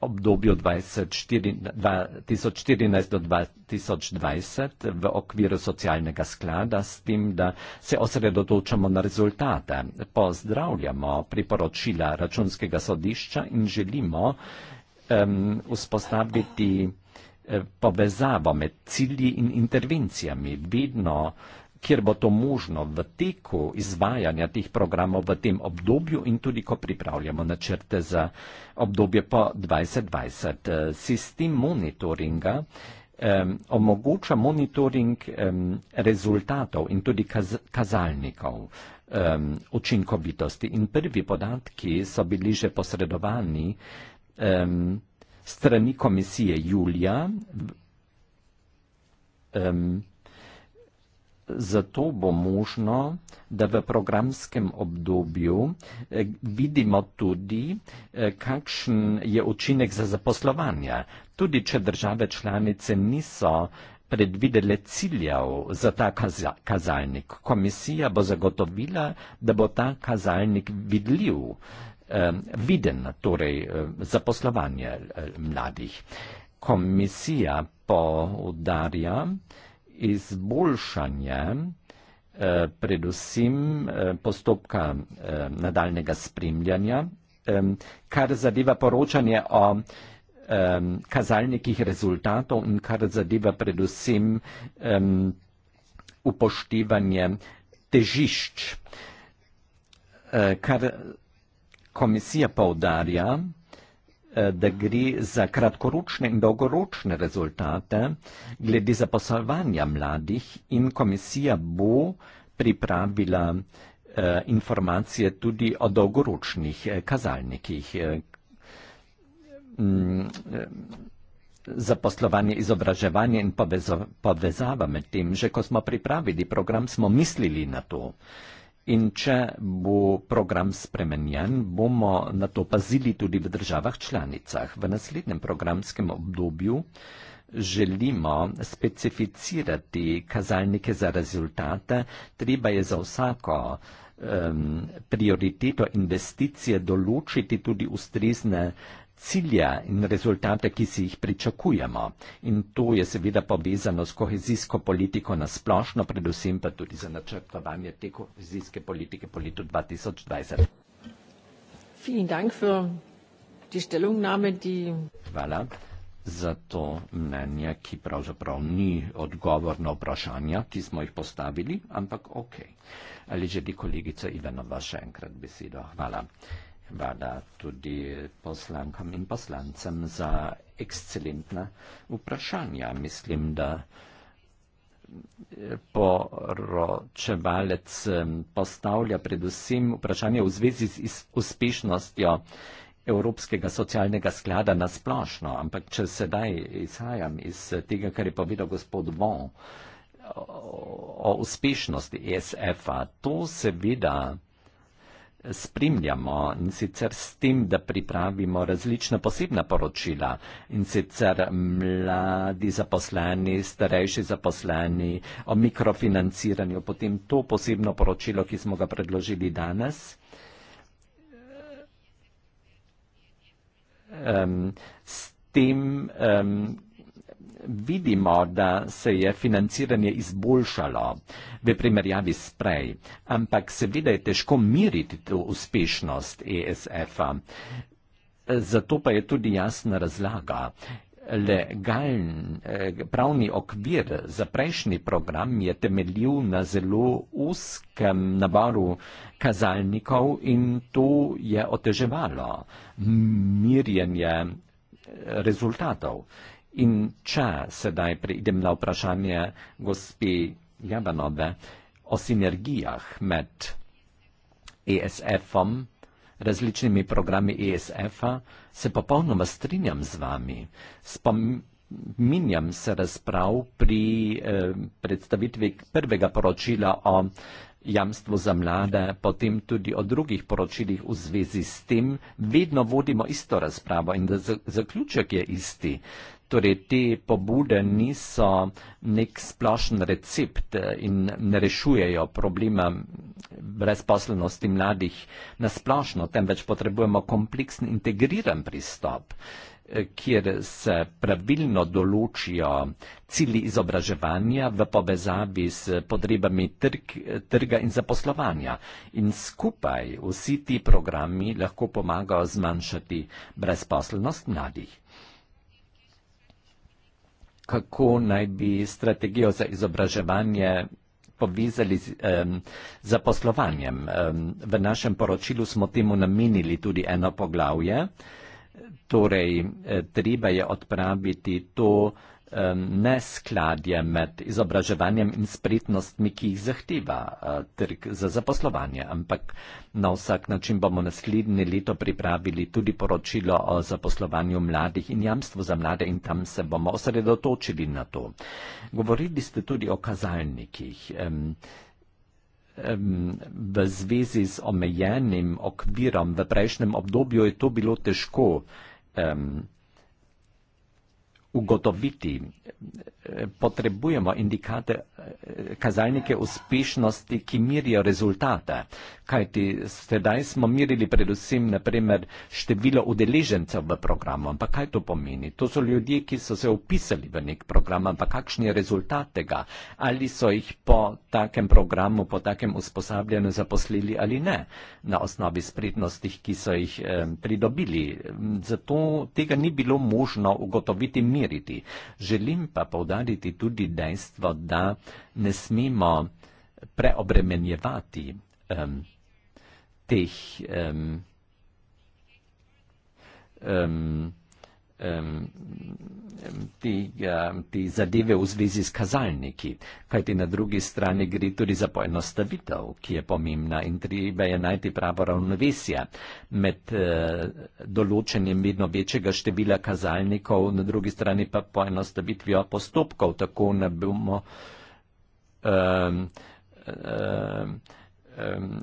obdobju 2014 do 2020 v okviru socialnega sklada s tem, da se osredotočamo na rezultate. Pozdravljamo priporočila računskega sodišča in želimo um, vzpostaviti eh, povezavo med cilji in intervencijami. Vedno kjer bo to možno v teku izvajanja teh programov v tem obdobju in tudi, ko pripravljamo načrte za obdobje po 2020. Eh, sistem monitoringa um, omogoča monitoring um, rezultatov in tudi kaz kazalnikov um, učinkovitosti. In prvi podatki so bili že posredovani um, strani komisije Julija. Um, zato bo možno, da v programskem obdobju eh, vidimo tudi, eh, kakšen je učinek za zaposlovanje. Tudi če države članice niso predvidele ciljev za ta kazalnik, komisija bo zagotovila, da bo ta kazalnik vidljiv, eh, viden, torej zaposlovanje mladih. Komisija poudarja, izboljšanje eh, predvsem eh, postopka eh, nadaljnega spremljanja, kar zadeva poročanje o kazalnikih rezultatov in kar zadeva predvsem upoštevanje težišč. Kar komisija poudarja, Eh, da gre za kratkoročne in dolgoročne rezultate glede zaposlovanja mladih in komisija bo pripravila eh, informacije tudi o dolgoročnih eh, kazalnikih. Zaposlovanje, izobraževanje in povezava med tem, že ko smo pripravili program, smo mislili na to. In če bo program spremenjen, bomo na to pazili tudi v državah članicah. V naslednjem programskem obdobju želimo specificirati kazalnike za rezultate, treba je za vsako um, prioriteto investicije določiti tudi ustrezne uh, cilje in rezultate, ki si jih pričakujemo. In to je seveda povezano s kohezijsko politiko na splošno, predvsem pa tudi za načrtovanje te kohezijske politike po letu 2020. Hvala za to mnenje, ki pravzaprav ni odgovor na vprašanja, ki smo jih postavili, ampak ok. Ali želi kolegica Ivanova še enkrat besedo? Hvala vada tudi poslankam in poslancem za ekscelentna vprašanja. Mislim, da poročevalec postavlja predvsem vprašanje v zvezi z uspešnostjo Evropskega socialnega sklada na splošno, ampak če sedaj izhajam iz tega, kar je povedal gospod Von o uspešnosti ESF-a, to seveda spremljamo in sicer s tem, da pripravimo različna posebna poročila in sicer mladi zaposleni, starejši zaposleni o mikrofinanciranju, potem to posebno poročilo, ki smo ga predložili danes. Ehm, s tem, ehm, vidimo, da se je financiranje izboljšalo v primerjavi s prej, ampak seveda je težko miriti to uspešnost ESF-a. Zato pa je tudi jasna razlaga. Legalen eh, pravni okvir za prejšnji program je temeljil na zelo uskem naboru kazalnikov in to je oteževalo mirjenje eh, rezultatov. In če sedaj preidem na vprašanje gospe Jabanove o sinergijah med ESF-om, različnimi programi ESF-a, se popolnoma strinjam z vami. Spominjam se razprav pri eh, predstavitvi prvega poročila o eh, jamstvo za mlade, potem tudi o drugih poročilih v zvezi s tem, vedno vodimo isto razpravo in da zaključek je isti. Torej, te pobude niso nek splošen recept eh, in ne rešujejo problema brezposlenosti mladih na splošno, temveč potrebujemo kompleksen integriran pristop kjer se pravilno določijo cilji izobraževanja v povezavi s potrebami trg, trga in zaposlovanja. In skupaj vsi ti programi lahko pomagajo zmanjšati brezposelnost mladih. Kako naj bi strategijo za izobraževanje povezali z eh, zaposlovanjem. Eh, v našem poročilu smo temu namenili tudi eno poglavje. Eh, torej eh, treba je odpraviti to eh, neskladje med izobraževanjem in spretnostmi, ki jih zahteva eh, trg za zaposlovanje. Ampak na vsak način bomo naslednje leto pripravili tudi poročilo o zaposlovanju mladih in jamstvu za mlade in tam se bomo osredotočili na to. Govorili ste tudi o kazalnikih v zvezi z omejenim okvirom v prejšnjem obdobju je to bilo težko um, ugotoviti potrebujemo indikate, eh, kazalnike uspešnosti, ki mirijo rezultate. Kajti sedaj smo mirili predvsem naprimer število udeležencev v programu, ampak kaj to pomeni? To so ljudje, ki so se upisali v nek program, ampak kakšen je rezultat tega? Ali so jih po takem programu, po takem usposabljanju zaposlili ali ne na osnovi spretnosti, ki so jih eh, pridobili? Zato tega ni bilo možno ugotoviti, meriti. Želim pa povdariti, poudariti tudi dejstvo, da ne smemo preobremenjevati um, teh um, um, Ti, ti zadeve v zvezi s kazalniki, kajti na drugi strani gre tudi za poenostavitev, ki je pomembna in treba je najti pravo ravnovesje med eh, določenjem vedno večjega števila kazalnikov, na drugi strani pa poenostavitvijo postopkov, tako ne bomo. Um, um, um,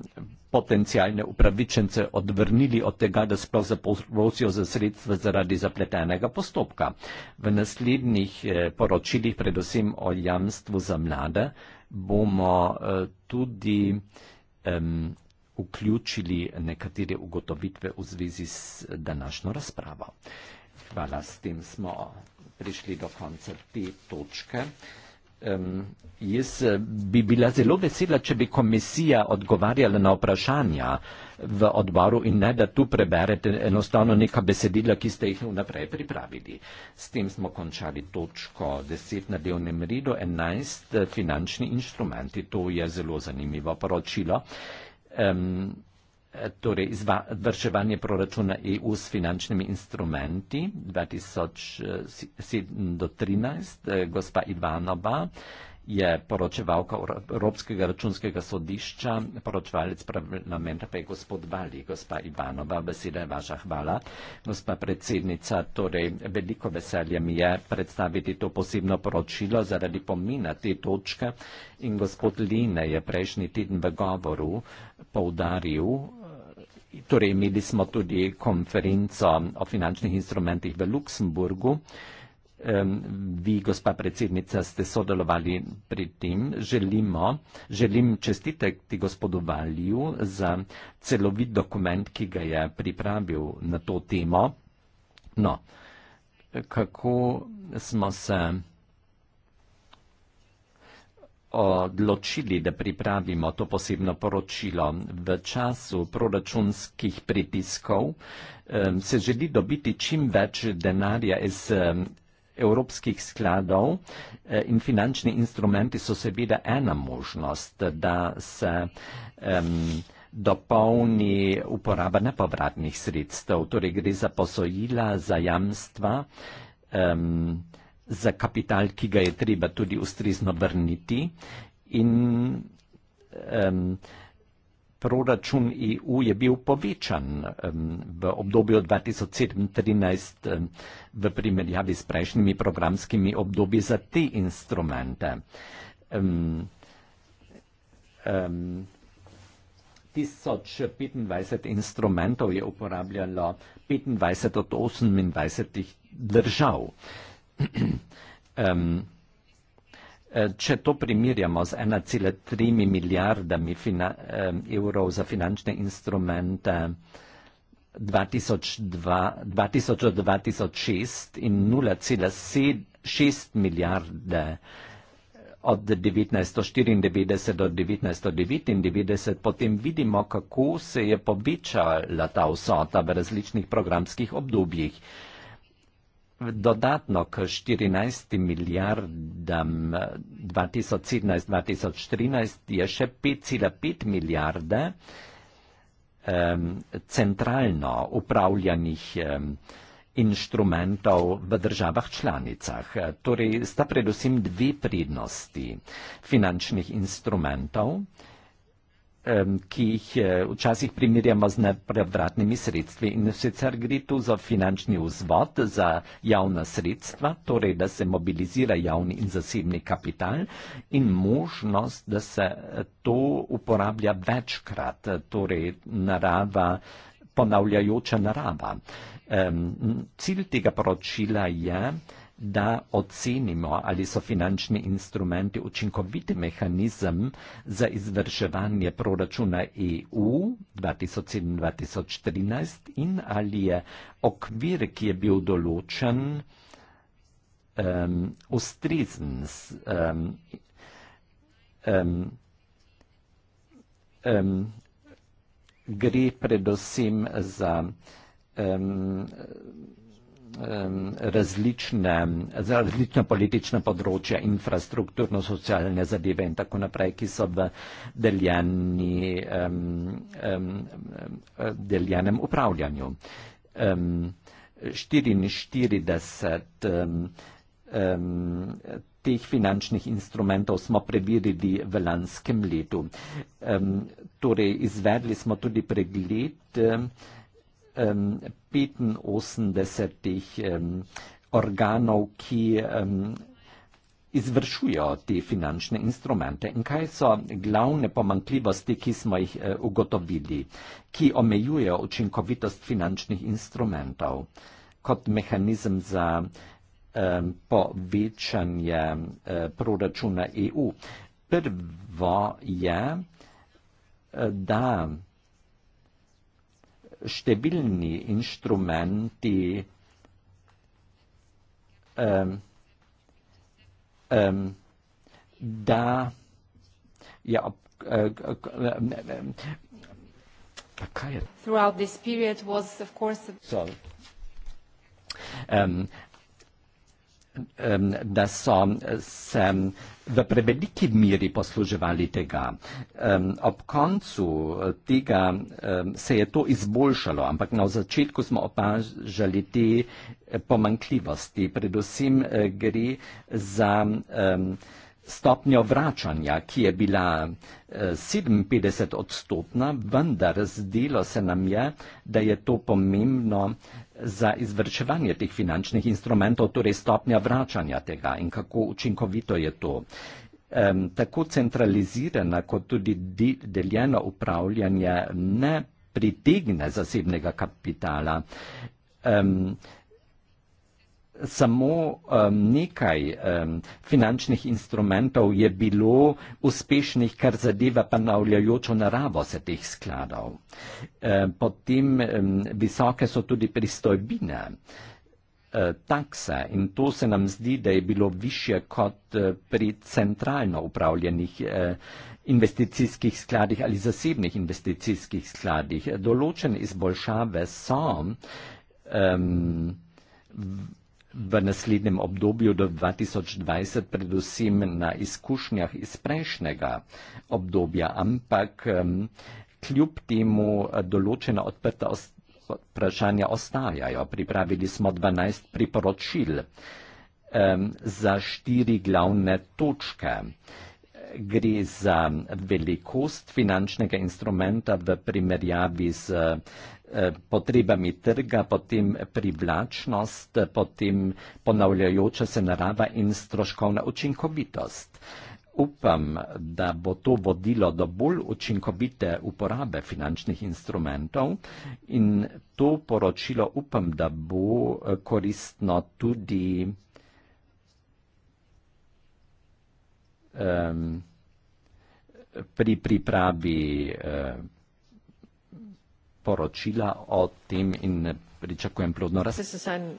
potencijalne upravičence odvrnili od tega, da sploh zaprosijo za sredstva zaradi zapletenega postopka. V naslednjih eh, poročilih, predvsem o jamstvu za mlade, bomo eh, tudi um, vključili nekatere ugotovitve v zvezi s eh, današnjo razpravo. Hvala, s tem smo prišli do konca te točke. Um, jaz eh, bi bila zelo vesela, če bi komisija odgovarjala na vprašanja v odboru in ne, da tu preberete enostavno neka besedila, ki ste jih vnaprej pripravili. S tem smo končali točko 10 na delnem redu, 11 eh, finančni inštrumenti. To je zelo zanimivo poročilo. Um, torej izvrševanje proračuna EU s finančnimi instrumenti 2007-2013. Eh, eh, gospa Ivanova je poročevalka Evropskega računskega sodišča, poročevalec parlamenta pa je gospod Vali. Gospa Ivanova, beseda je vaša hvala. Gospa predsednica, torej veliko veselje mi je predstaviti to posebno poročilo zaradi pomina te točke in gospod Line je prejšnji teden v govoru poudaril, torej imeli smo tudi konferenco o finančnih instrumentih v Luksemburgu. Vi, gospa predsednica, ste sodelovali pri tem. Želimo, želim čestiteti gospodu Valju za celovit dokument, ki ga je pripravil na to temo. No, kako smo se odločili, da pripravimo to posebno poročilo v času proračunskih pritiskov, se želi dobiti čim več denarja iz evropskih skladov eh, in finančni instrumenti so seveda ena možnost, da se um, dopolni uporaba nepovratnih sredstev, torej gre za posojila, za jamstva. Um, za kapital, ki ga je treba tudi ustrezno vrniti. In um, proračun EU je bil povečan um, v obdobju 2007-2013 um, v primerjavi s prejšnjimi programskimi obdobji za te instrumente. Um, um, 1025 instrumentov je uporabljalo 25 od 28 držav um, Če to primirjamo z 1,3 milijardami fina, eh, evrov za finančne instrumente 2002-2006 in 0,6 milijarde od 1994 do 1999, potem vidimo, kako se je povečala ta vsota v različnih programskih obdobjih dodatno k 14 milijardam 2017-2013 je še 5,5 milijarde um, centralno upravljanih um, inštrumentov v državah članicah. Torej sta predvsem dve prednosti finančnih instrumentov ki jih eh, včasih primerjamo z nepravratnimi sredstvi. In sicer gre tu za finančni vzvod, za javna sredstva, torej da se mobilizira javni in zasebni kapital in možnost, da se eh, to uporablja večkrat, eh, torej narava, ponavljajoča narava. Cilj tega poročila je, da ocenimo, ali so finančni instrumenti učinkoviti mehanizem za izvrševanje proračuna EU 2007-2013 in ali je okvir, ki je bil določen, um, ustrezen. S, um, um, um, gre predvsem za um, različne, za različna politična področja, infrastrukturno, socialne zadeve in tako naprej, ki so v deljeni, um, um, deljenem upravljanju. Um, 44 um, um, teh finančnih instrumentov smo prebirili v lanskem letu. Um, torej, izvedli smo tudi pregled. Um, ähm, bieten Osten desertich ähm, organov, ki ähm, izvršujejo te finančne instrumente. In kaj so glavne pomankljivosti, ki smo jih eh, ugotovili, ki omejujejo učinkovitost finančnih instrumentov kot mehanizem za eh, povečanje eh, proračuna EU? Prvo je, eh, da številni inštrumenti um, um, da ja, uh, uh, uh, uh, uh, uh, uh, kaj je? Throughout this period was of course a... so, um, um, da so se v preveliki miri posluževali tega. Um, ob koncu eh, tega um, se je to izboljšalo, ampak na začetku smo opažali te eh, pomankljivosti. Predvsem uh, gre za um, Stopnjo vračanja, ki je bila 57 eh, odstotna, vendar zdelo se nam je, da je to pomembno za izvrševanje teh finančnih instrumentov, torej stopnja vračanja tega in kako učinkovito je to. Um, tako centralizirana kot tudi deljeno upravljanje ne pritegne zasebnega kapitala. Um, samo um, nekaj um, finančnih instrumentov je bilo uspešnih, kar zadeva ponavljajočo naravo se teh skladov. E, potem um, visoke so tudi pristojbine, e, takse in to se nam zdi, da je bilo više kot uh, pri centralno upravljenih e, investicijskih skladih ali zasebnih investicijskih skladih. Določene izboljšave so. Um, v naslednjem obdobju do 2020, predvsem na izkušnjah iz prejšnjega obdobja, ampak um, kljub temu določena odprta ost vprašanja ostajajo. Pripravili smo 12 priporočil um, za štiri glavne točke. Gre za velikost finančnega instrumenta v primerjavi z uh, Eh, potrebami trga, potem privlačnost, potem ponavljajoča se narava in stroškovna učinkovitost. Upam, da bo to vodilo do bolj učinkovite uporabe finančnih instrumentov in to poročilo upam, da bo eh, koristno tudi um, pri pripravi um, poročila o tem in pričakujem plodno razpravo.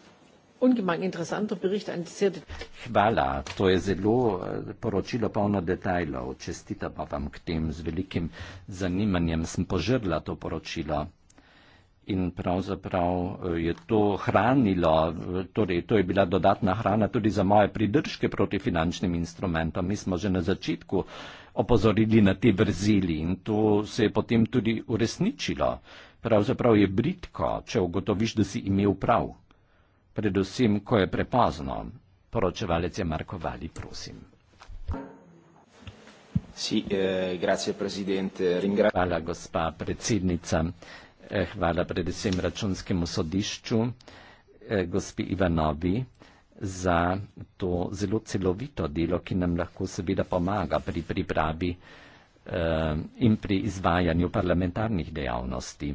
Hvala, to je zelo eh, poročilo polno detajlov. Čestitam vam k tem z velikim zanimanjem. Sem požrla to poročilo. In pravzaprav eh, je to hranilo, eh, torej to je bila dodatna hrana tudi za moje pridržke proti finančnim instrumentom. Mi smo že na začetku opozorili na te vrzeli in to se je potem tudi uresničilo pravzaprav je britko, če ugotoviš, da si imel prav. Predvsem, ko je prepozno, poročevalec je markovali, prosim. Si, eh, grazie, Ringra... Hvala, gospa predsednica. Eh, hvala predvsem računskemu sodišču, eh, gospi Ivanovi, za to zelo celovito delo, ki nam lahko seveda pomaga pri pripravi. Pri Ehm, in pri izvajanju parlamentarnih dejavnosti.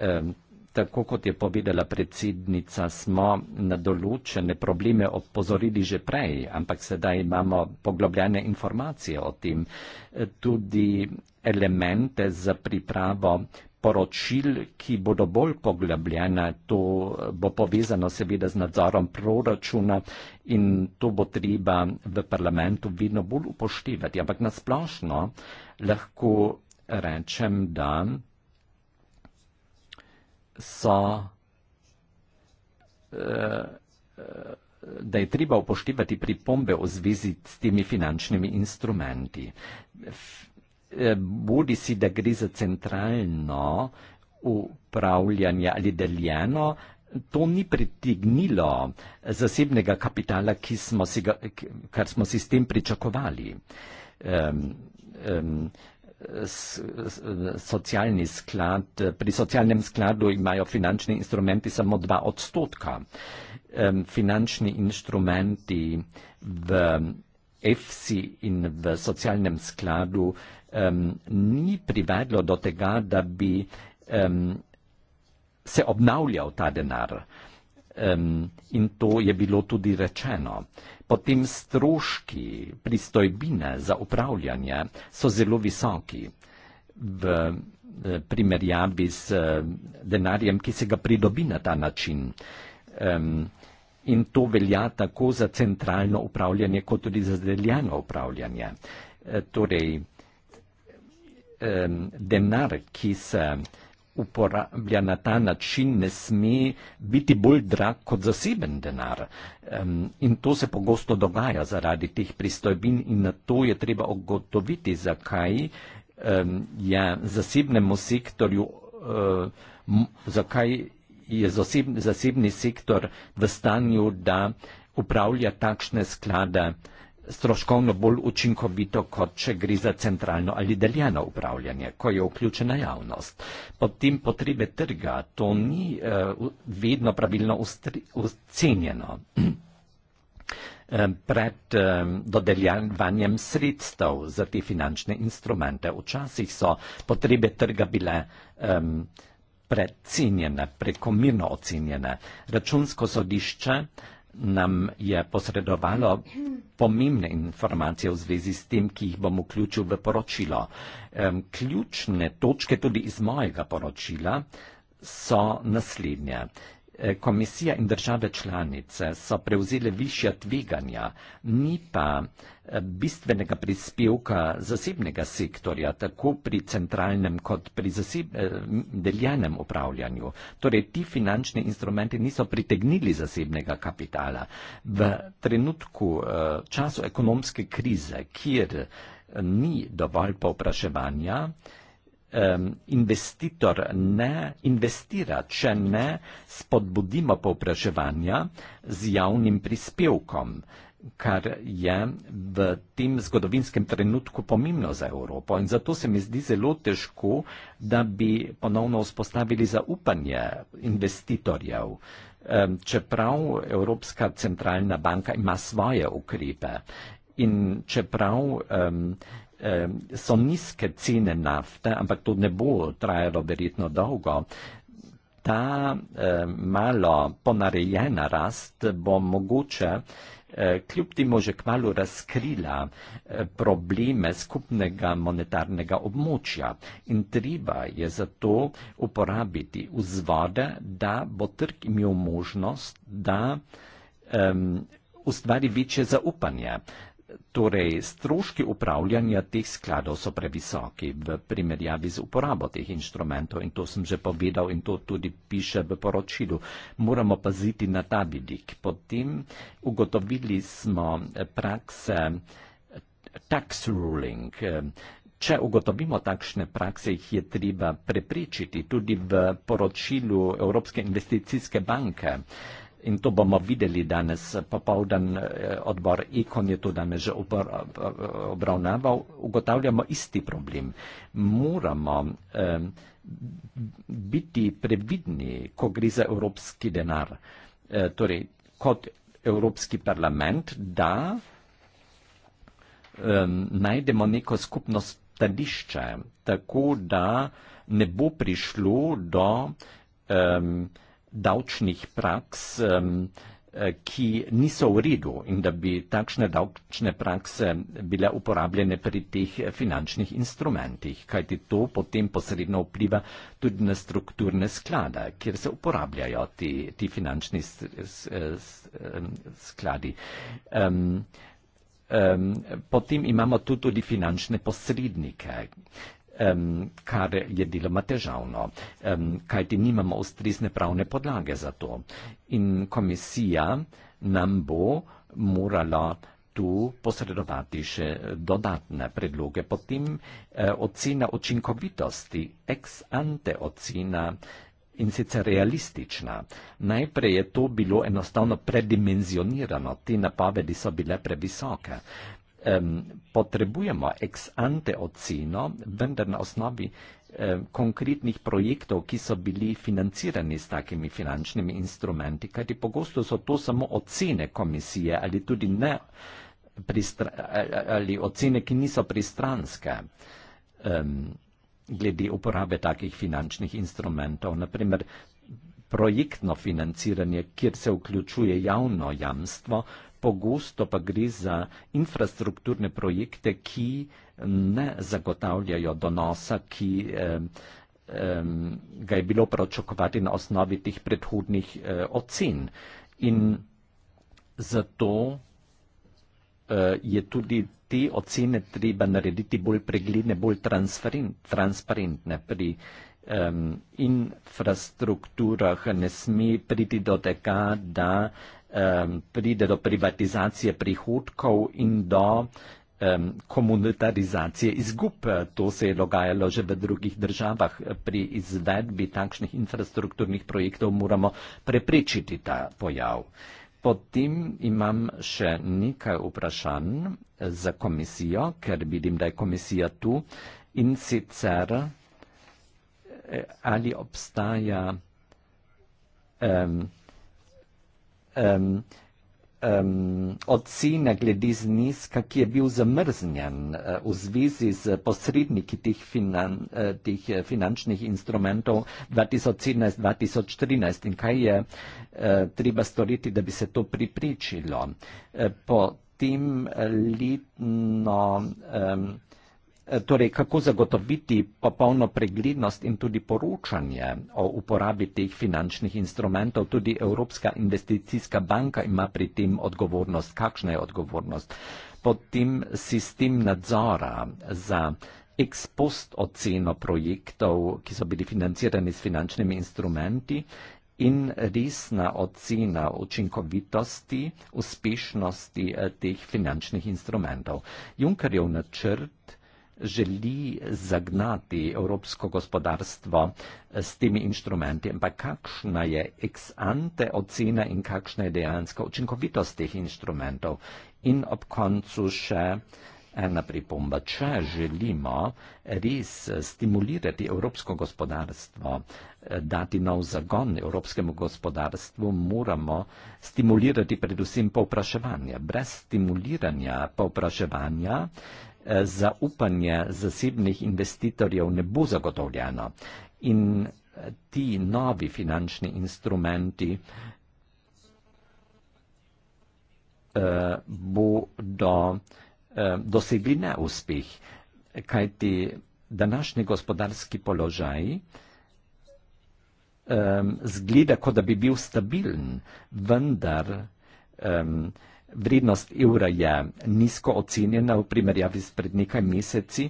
Ehm, tako kot je povedala predsednica, smo na določene probleme opozorili že prej, ampak sedaj imamo poglobljene informacije o tem, e, tudi elemente za pripravo poročil, ki bodo bolj poglobljena, to e, bo povezano seveda z nadzorom proračuna in to bo treba v parlamentu vedno bolj upoštevati. Ampak nasplošno lahko rečem dan, so, eh, da je treba upoštevati pripombe v zvezi s temi finančnimi instrumenti. Eh, bodi si, da gre za centralno upravljanje ali deljeno, to ni pritegnilo zasebnega kapitala, ki smo si ga, kar smo si s tem pričakovali um, socialni sklad, eh, pri socialnem skladu imajo finančni instrumenti samo dva odstotka. Um, finančni instrumenti v EFSI in v socialnem skladu um, ni privedlo do tega, da bi um, se obnavljal ta denar. Um, in to je bilo tudi rečeno potem stroški, pristojbine za upravljanje so zelo visoki v eh, primerjavi s eh, denarjem, ki se ga pridobi na ta način. In to velja tako za centralno upravljanje, kot tudi za deljeno upravljanje. Eh, torej, denar, ki se uporablja na ta način, ne sme biti bolj drag kot zaseben denar. Um, in to se pogosto dogaja zaradi teh pristojbin in na to je treba ogotoviti, zakaj um, je zasebnemu sektorju, um, zakaj je zaseb, zasebni sektor v stanju, da upravlja takšne sklade stroškovno bolj učinkovito, kot če gre za centralno ali deljeno upravljanje, ko je vključena javnost. Potem potrebe trga, to ni uh, vedno pravilno ocenjeno. Eh, pred eh, dodeljanjem sredstev za te finančne instrumente. Včasih so potrebe trga bile um, precenjene, prekomirno ocenjene. Računsko sodišče uh, nam je posredovalo pomembne informacije v zvezi s tem, ki jih bom vključil v poročilo. Um, ključne točke tudi iz mojega poročila so naslednje. E, komisija in države članice so prevzele višja tveganja, ni pa bistvenega prispevka zasebnega sektorja, tako pri centralnem kot pri zaseb, eh, deljenem upravljanju. Torej, ti finančni instrumenti niso pritegnili zasebnega kapitala. V trenutku eh, času ekonomske krize, kjer eh, ni dovolj povpraševanja, investitor ne investira, če ne spodbudimo povpraševanja z javnim prispevkom kar je v tem zgodovinskem trenutku pomembno za Evropo. In zato se mi zdi zelo težko, da bi ponovno vzpostavili zaupanje investitorjev, čeprav Evropska centralna banka ima svoje ukrepe in čeprav um, um, so nizke cene nafte, ampak to ne bo trajalo verjetno dolgo. Ta eh, malo ponarejena rast bo mogoče eh, Eh, kljub temu že kmalo razkrila eh, probleme skupnega monetarnega območja in treba je zato uporabiti vzvode, da bo trg imel možnost, da um, ustvari večje zaupanje. Torej, stroški upravljanja teh skladov so previsoki v primerjavi z uporabo teh inštrumentov in to sem že povedal in to tudi piše v poročilu. Moramo paziti na ta vidik. Potem ugotovili smo eh, prakse eh, tax ruling. Eh, če ugotovimo takšne prakse, jih je treba preprečiti tudi v poročilu Evropske investicijske banke. In to bomo videli danes, popovdan eh, odbor ikon je to danes že obravnaval, ugotavljamo isti problem. Moramo eh, biti previdni, ko gre za evropski denar. Eh, torej, kot Evropski parlament, da eh, najdemo neko skupno stališče, tako da ne bo prišlo do. Eh, davčnih praks, eh, ki niso v redu in da bi takšne davčne prakse bile uporabljene pri teh eh, finančnih instrumentih, kajti to potem posredno vpliva tudi na strukturne sklade, kjer se uporabljajo ti, ti finančni skladi. Um, um, potem imamo tu tudi finančne posrednike um, kar je deloma težavno, um, kajti nimamo ustrezne pravne podlage za to. In komisija nam bo morala tu posredovati še dodatne predloge. Potem eh, ocena učinkovitosti, ex ante ocena in sicer realistična. Najprej je to bilo enostavno predimenzionirano, te napovedi so bile previsoke potrebujemo ex ante oceno, vendar na osnovi eh, konkretnih projektov, ki so bili financirani s takimi finančnimi instrumenti, kajti pogosto so to samo ocene komisije ali tudi ne, ali ocene, ki niso pristranske eh, glede uporabe takih finančnih instrumentov. Naprimer, projektno financiranje, kjer se vključuje javno jamstvo, pogosto pa gre za infrastrukturne projekte, ki ne zagotavljajo donosa, ki um, ga je bilo pročakovati na osnovi teh predhodnih uh, ocen. In zato eh, je tudi te ocene treba narediti bolj pregledne, bolj transparentne. Pri um, infrastrukturah ne sme priti do tega, da uh, um, pride do privatizacije prihodkov in do um, komunitarizacije izgub. To se je dogajalo že v drugih državah. Pri izvedbi takšnih infrastrukturnih projektov moramo preprečiti ta pojav. Potem imam še nekaj vprašanj eh, za komisijo, ker vidim, da je komisija tu in sicer eh, ali obstaja um, um, um, ocene glede zniska, ki je bil zamrznjen uh, v zvezi z posredniki teh, finan, uh, teh eh, finančnih instrumentov 2017-2013 in kaj je uh, treba storiti, da bi se to pripričilo. Uh, po tem letno um, Eh, torej, kako zagotoviti popolno preglednost in tudi poročanje o uporabi teh finančnih instrumentov. Tudi Evropska investicijska banka ima pri tem odgovornost. Kakšna je odgovornost? Potem sistem nadzora za ex post oceno projektov, ki so bili financirani s finančnimi instrumenti in resna ocena učinkovitosti, uspešnosti eh, teh finančnih instrumentov. Junkerjev načrt, želi zagnati evropsko gospodarstvo eh, s temi inštrumenti, ampak kakšna je ex ante ocena in kakšna je dejansko učinkovitost teh inštrumentov. In ob koncu še ena pripomba. Če želimo res eh, stimulirati evropsko gospodarstvo, eh, dati nov zagon evropskemu gospodarstvu, moramo stimulirati predvsem povpraševanje. Brez stimuliranja povpraševanja eh, zaupanje zasebnih investitorjev ne bo zagotovljeno in eh, ti novi finančni instrumenti eh, bodo eh, dosegli neuspeh, kajti današnji gospodarski položaj zgleda, kot da bi bil stabiln, vendar vsega, Vrednost evra je nizko ocenjena v primerjavi s pred nekaj meseci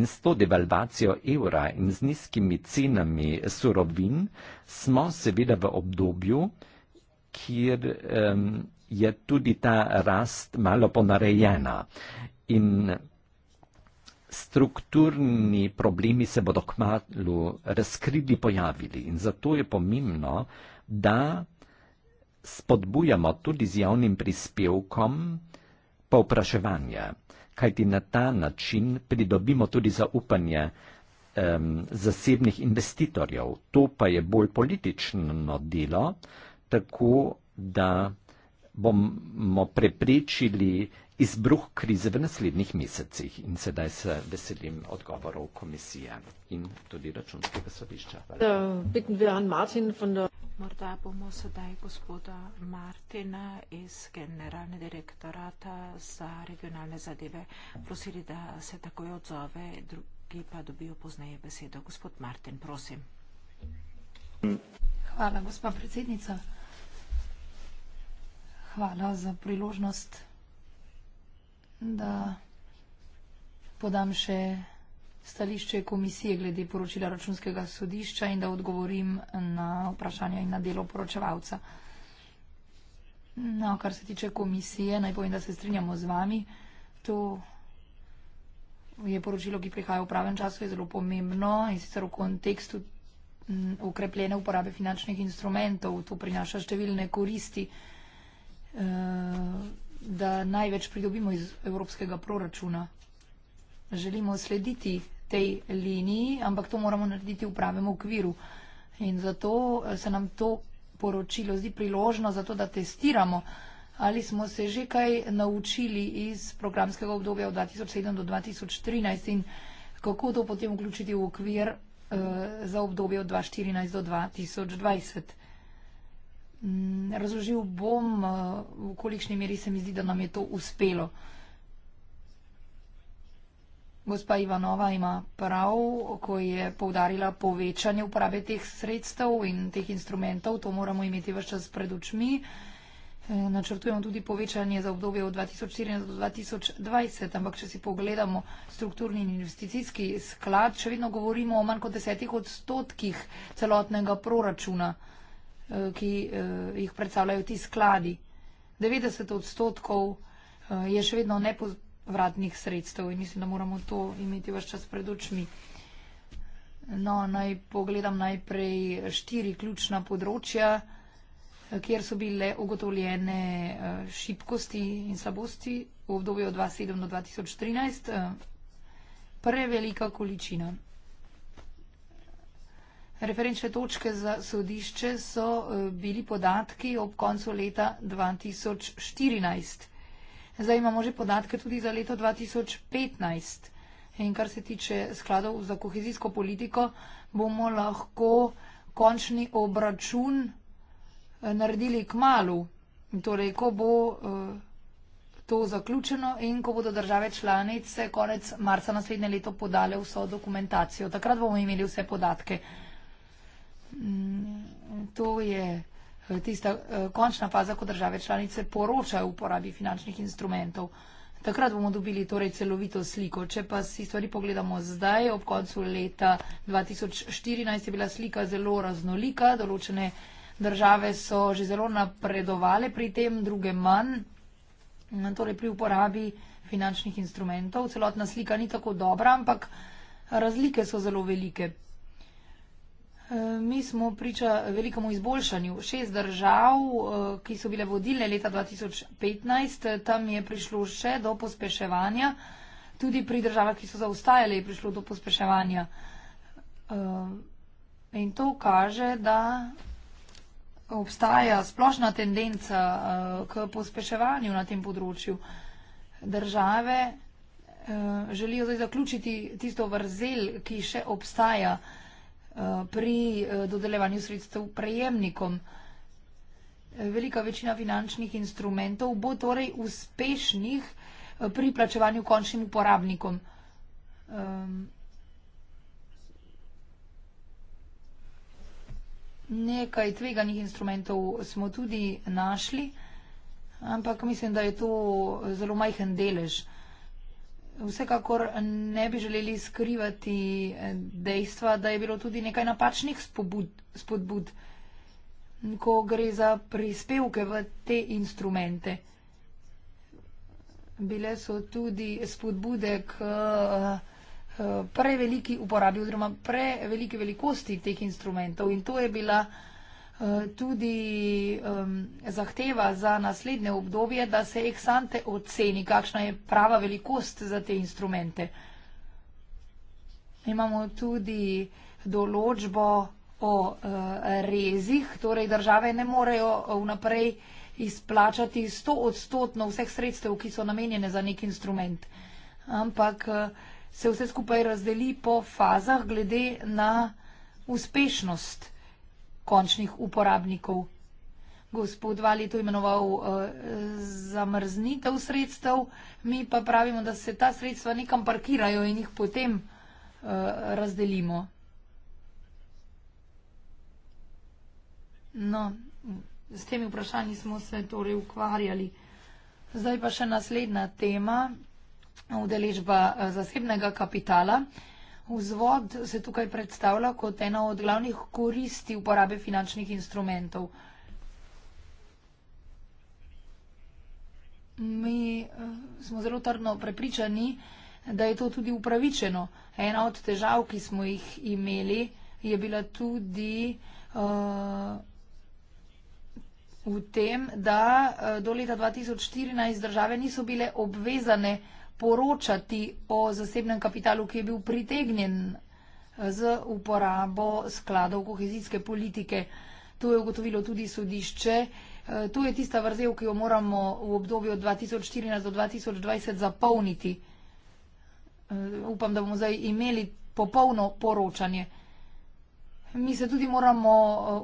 in s to devalvacijo evra in z nizkimi cenami surovin smo seveda v obdobju, kjer um, je tudi ta rast malo ponarejena in strukturni problemi se bodo kmalo razkrili, pojavili in zato je pomembno, da spodbujamo tudi z javnim prispevkom povpraševanja, kajti na ta način pridobimo tudi zaupanje um, zasebnih investitorjev. To pa je bolj politično delo, tako da bomo preprečili izbruh krize v naslednjih mesecih. In sedaj se veselim odgovorov komisije in tudi računskega sodišča. Hvala. Uh, Morda bomo sedaj gospoda Martina iz Generalne direktorata za regionalne zadeve prosili, da se takoj odzove, drugi pa dobijo poznaje besedo. Gospod Martin, prosim. Hvala, gospa predsednica. Hvala za priložnost, da podam še stališče komisije glede poročila računskega sodišča in da odgovorim na vprašanja in na delo poročevalca. No, kar se tiče komisije, naj povem, da se strinjamo z vami. To je poročilo, ki prihaja v pravem času, je zelo pomembno in sicer v kontekstu ukrepljene uporabe finančnih instrumentov. To prinaša številne koristi, eh, da največ pridobimo iz evropskega proračuna želimo slediti tej liniji, ampak to moramo narediti v pravem okviru. In zato eh, se nam to poročilo zdi priložno, zato da testiramo, ali smo se že kaj naučili iz programskega obdobja od 2007 do 2013 in kako to potem vključiti v okvir eh, za obdobje od 2014 do 2020. Mm, razložil bom, eh, v kolikšni meri se mi zdi, da nam je to uspelo. Eh, Gospa Ivanova ima prav, ko je povdarila povečanje uporabe teh sredstev in teh instrumentov. To moramo imeti vse čas pred očmi. E, načrtujemo tudi povečanje za obdobje od 2014 do 2020, ampak če si pogledamo strukturni in investicijski sklad, še vedno govorimo o manj kot desetih odstotkih celotnega proračuna, e, ki e, jih predstavljajo ti skladi. 90 odstotkov je še vedno nepozornost vratnih sredstev in mislim, da moramo to imeti vse čas pred očmi. No, naj pogledam najprej štiri ključna področja, kjer so bile ugotovljene eh, šibkosti in slabosti v obdobju od 2007 do 2013. Eh, prevelika količina. Referenčne točke za sodišče so eh, bili podatki ob koncu leta 2014. Zdaj imamo že podatke tudi za leto 2015. In kar se tiče skladov za kohezijsko politiko, bomo lahko končni obračun eh, naredili k malu. Torej, ko bo eh, to zaključeno in ko bodo države članice konec marca naslednje leto podale vso dokumentacijo. Takrat bomo imeli vse podatke. Mm, to je tista eh, končna faza, ko države članice poročajo o uporabi finančnih instrumentov. Takrat bomo dobili torej celovito sliko. Če pa si stvari pogledamo zdaj, ob koncu leta 2014 je bila slika zelo raznolika, določene države so že zelo napredovale pri tem, druge manj, torej pri uporabi finančnih instrumentov. Celotna slika ni tako dobra, ampak razlike so zelo velike. Eh, mi smo priča velikemu izboljšanju. Šest držav, eh, ki so bile vodilne leta 2015, eh, tam je prišlo še do pospeševanja. Tudi pri državah, ki so zaostajale, je prišlo do pospeševanja. In to kaže, da obstaja splošna tendenca k pospeševanju na tem področju. Države želijo zdaj zaključiti tisto vrzel, ki še obstaja. Eh, pri eh, dodelevanju sredstev prejemnikom. Velika večina finančnih instrumentov bo torej uspešnih eh, pri plačevanju končnim uporabnikom. Ehm, nekaj tveganih instrumentov smo tudi našli, ampak mislim, da je to zelo majhen delež. Vsekakor ne bi želeli skrivati eh, dejstva, da je bilo tudi nekaj napačnih spobud, spodbud, ko gre za prispevke v te instrumente. Bile so tudi spodbude k eh, eh, preveliki uporabi oziroma preveliki velikosti teh instrumentov in to je bila uh, tudi um, zahteva za naslednje obdobje, da se eksante oceni, kakšna je prava velikost za te instrumente. Imamo tudi določbo o uh, rezih, torej države ne morejo eh, vnaprej izplačati 100 odstotno vseh sredstev, ki so namenjene za nek instrument. Ampak uh, se vse skupaj razdeli po fazah glede na uspešnost končnih uporabnikov. Gospod Vali je to imenoval uh, zamrznitev sredstev, mi pa pravimo, da se ta sredstva nekam parkirajo in jih potem uh, razdelimo. No, s temi vprašanji smo se torej ukvarjali. Zdaj pa še naslednja tema, udeležba eh, zasebnega kapitala. Uh, Vzvod se tukaj predstavlja kot ena od glavnih koristi uporabe finančnih instrumentov. Mi eh, smo zelo trdno prepričani, da je to tudi upravičeno. Ena od težav, ki smo jih imeli, je bila tudi uh, v tem, da eh, do leta 2014 države niso bile obvezane poročati o zasebnem kapitalu, ki je bil pritegnjen eh, z uporabo skladov kohezijske politike. To je ugotovilo tudi sodišče. Eh, to je tista vrzel, ki jo moramo v obdobju od 2014 do 2020 zapolniti. Eh, upam, da bomo zdaj imeli popolno poročanje. Mi se tudi moramo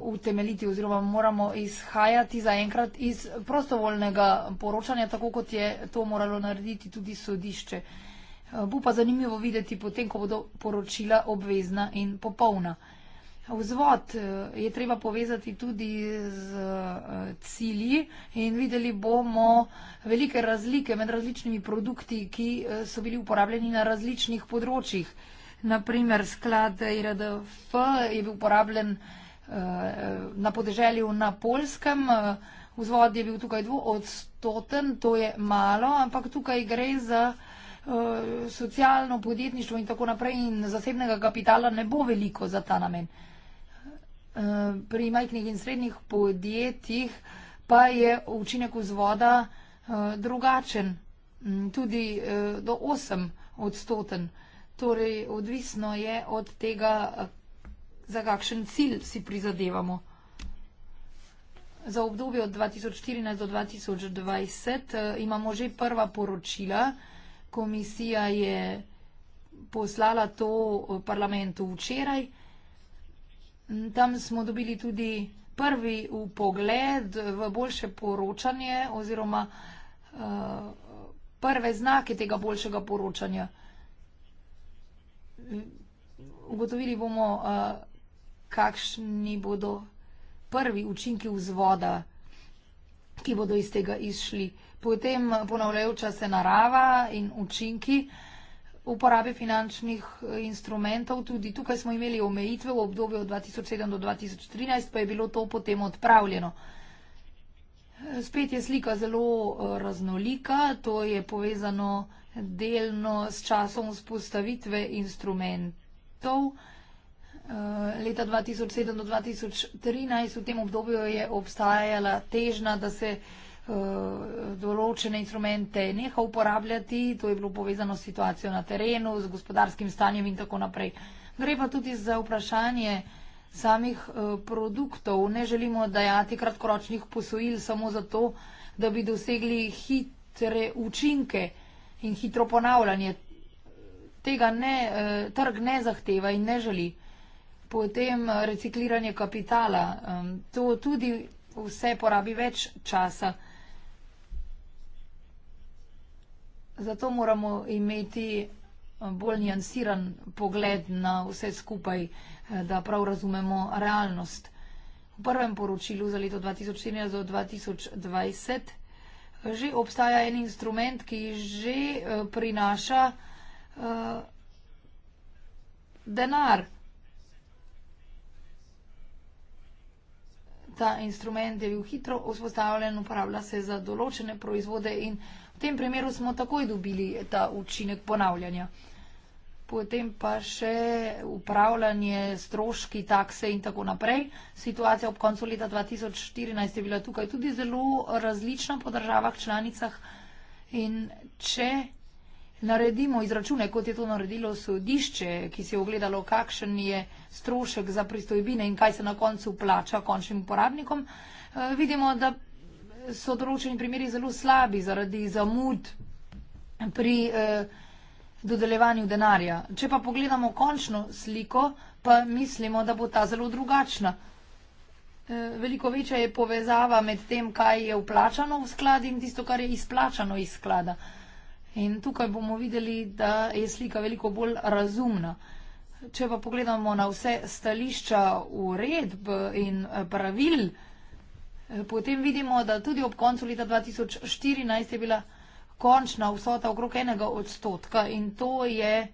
eh, utemeljiti oziroma moramo izhajati zaenkrat iz prostovoljnega poročanja, tako kot je to moralo narediti tudi sodišče. Eh, bo pa zanimivo videti potem, ko bodo poročila obvezna in popolna. Vzvod eh, je treba povezati tudi z cilji in videli bomo velike razlike med različnimi produkti, ki so bili uporabljeni na različnih področjih. Na primer, sklad IRDF je bil uporabljen eh, na podeželju na Polskem, eh, vzvod je bil tukaj dvoodstoten, to je malo, ampak tukaj gre za eh, socialno podjetništvo in tako naprej in zasebnega kapitala ne bo veliko za ta namen. Pri majhnih in srednjih podjetjih pa je učinek vzvoda drugačen, mm, tudi do 8 odstoten. Torej, odvisno je od tega, za kakšen cilj si prizadevamo. Za obdobje od 2014 do 2020 eh, imamo že prva poročila. Komisija je poslala to eh, parlamentu včeraj. Mm, tam smo dobili tudi prvi upogled eh, v boljše poročanje oziroma prve znake tega boljšega poročanja ugotovili bomo, uh, kakšni bodo prvi učinki vzvoda, ki bodo iz tega izšli. Potem uh, ponavljajoča se narava in učinki uporabe finančnih uh, instrumentov. Tudi tukaj smo imeli omejitve v obdobju od 2007 do 2013, pa je bilo to potem odpravljeno. Spet je slika zelo raznolika, to je povezano delno s časom vzpostavitve instrumentov. Eh, leta 2007 do 2013 v tem obdobju je obstajala težna, da se eh, določene instrumente neha uporabljati. To je bilo povezano s situacijo na terenu, z gospodarskim stanjem in tako naprej. Gre pa tudi za vprašanje samih eh, produktov. Ne želimo dajati kratkoročnih posojil samo zato, da bi dosegli hitre učinke in hitro ponavljanje. Tega ne, eh, trg ne zahteva in ne želi. Potem eh, recikliranje kapitala. To tudi vse porabi več časa. Zato moramo imeti eh, bolj njansiran pogled na vse skupaj, da prav razumemo realnost. V prvem poročilu za leto 2014-2020 že obstaja en instrument, ki že eh, prinaša eh, denar. Ta instrument je bil hitro vzpostavljen, uporablja se za določene proizvode in v tem primeru smo takoj dobili ta učinek ponavljanja potem pa še upravljanje, stroški, takse in tako naprej. Situacija ob koncu leta 2014 je bila tukaj tudi zelo različna po državah članicah in če naredimo izračune, kot je to naredilo sodišče, ki se je ogledalo, kakšen je strošek za pristojbine in kaj se na koncu plača končnim uporabnikom, eh, vidimo, da so določeni primeri zelo slabi zaradi zamud pri eh, dodeljevanju denarja. Če pa pogledamo končno sliko, pa mislimo, da bo ta zelo drugačna. E, veliko večja je povezava med tem, kaj je vplačano v sklad in tisto, kar je izplačano iz sklada. In tukaj bomo videli, da je slika veliko bolj razumna. Če pa pogledamo na vse stališča uredb in e, pravil, e, potem vidimo, da tudi ob koncu leta 2014 je bila končna vsota okrog enega odstotka in to je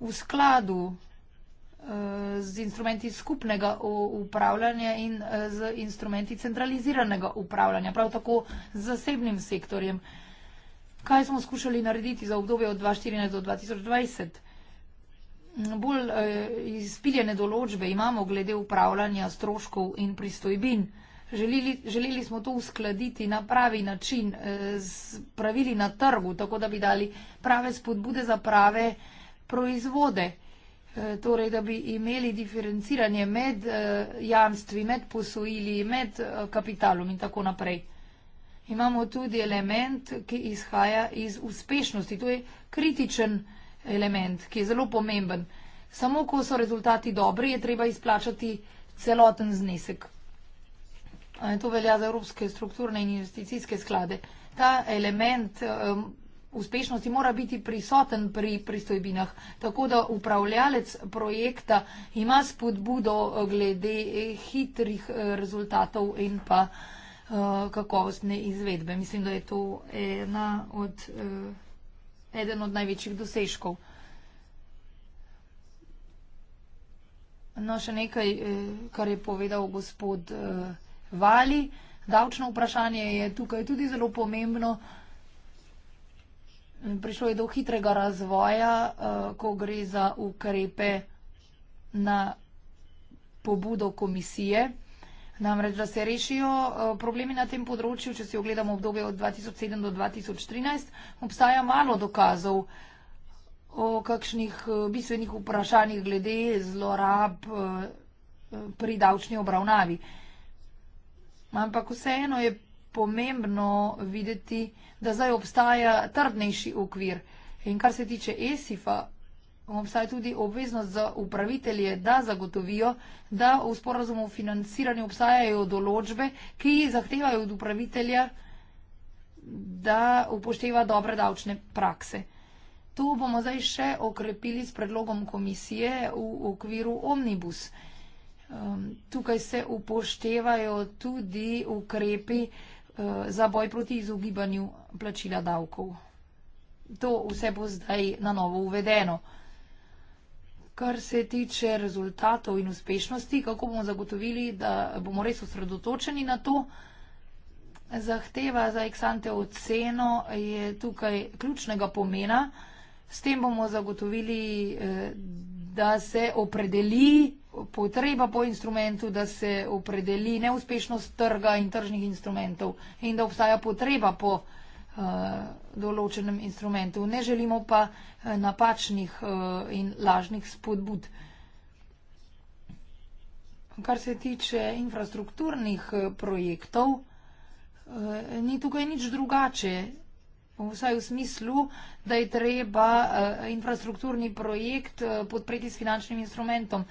v skladu eh, z instrumenti skupnega upravljanja in eh, z instrumenti centraliziranega upravljanja, prav tako z zasebnim sektorjem. Kaj smo skušali narediti za obdobje od 2014 do 2020? Bolj eh, izpiljene določbe imamo glede upravljanja stroškov in pristojbin. Želili, želeli smo to uskladiti na pravi način eh, z pravili na trgu, tako da bi dali prave spodbude za prave proizvode. Eh, torej, da bi imeli diferenciranje med eh, jamstvi, med posojili, med kapitalom in tako naprej. Imamo tudi element, ki izhaja iz uspešnosti. To je kritičen element, ki je zelo pomemben. Samo ko so rezultati dobri, je treba izplačati celoten znesek. To velja za evropske strukturne in investicijske sklade. Ta element um, uspešnosti mora biti prisoten pri pristojbinah, tako da upravljalec projekta ima spodbudo glede eh, hitrih eh, rezultatov in pa uh, kakovostne izvedbe. Mislim, da je to ena od, uh, eden od največjih dosežkov. No, še nekaj, kar je povedal gospod. Uh, vali. Davčno vprašanje je tukaj tudi zelo pomembno. Prišlo je do hitrega razvoja, eh, ko gre za ukrepe na pobudo komisije. Namreč, da se rešijo eh, problemi na tem področju, če si ogledamo obdobje od 2007 do 2013, obstaja malo dokazov o kakšnih eh, bistvenih vprašanjih glede zlorab pri davčni obravnavi. Ampak vseeno je pomembno videti, da zdaj obstaja trdnejši ukvir. In kar se tiče ESIF-a, obstaja tudi obveznost za upravitelje, da zagotovijo, da v sporazumu o financiranju obstajajo določbe, ki zahtevajo od upravitelja, da upošteva dobre davčne prakse. To bomo zdaj še okrepili s predlogom komisije v okviru Omnibus. Um, tukaj se upoštevajo tudi ukrepi uh, za boj proti izogibanju plačila davkov. To vse bo zdaj na novo uvedeno. Kar se tiče rezultatov in uspešnosti, kako bomo zagotovili, da bomo res osredotočeni na to, zahteva za eksante oceno je tukaj ključnega pomena. S tem bomo zagotovili, eh, da se opredeli potreba po instrumentu, da se opredeli neuspešnost trga in tržnih instrumentov in da obstaja potreba po uh, določenem instrumentu. Ne želimo pa eh, napačnih uh, in lažnih spodbud. Kar se tiče infrastrukturnih projektov, ni tukaj nič drugače vsaj v smislu, da je treba eh, infrastrukturni projekt eh, podpreti s finančnim instrumentom.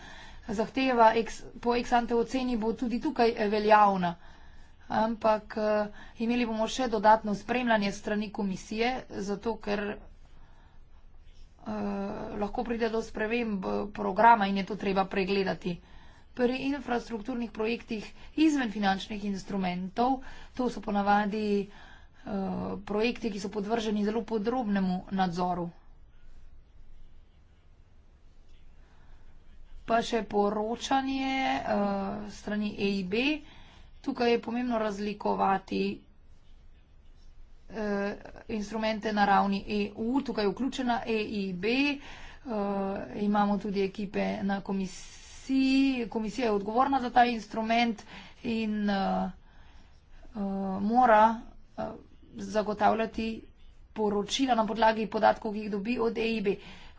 Zahteva po ex-ante oceni bo tudi tukaj eh, veljavna. Ampak imeli bomo še dodatno spremljanje strani komisije, zato ker lahko pride do sprememb programa in je to treba pregledati. Pri infrastrukturnih projektih izven finančnih instrumentov, to so ponavadi. Eh, projekti, ki so podvrženi zelo podrobnemu nadzoru. Pa še poročanje uh, strani EIB. Tukaj je pomembno razlikovati uh, instrumente na ravni EU. Tukaj je vključena EIB. Uh, imamo tudi ekipe na komisiji. Komisija je odgovorna za ta instrument in uh, uh, mora. Uh, zagotavljati poročila na podlagi podatkov, ki jih dobi od EIB.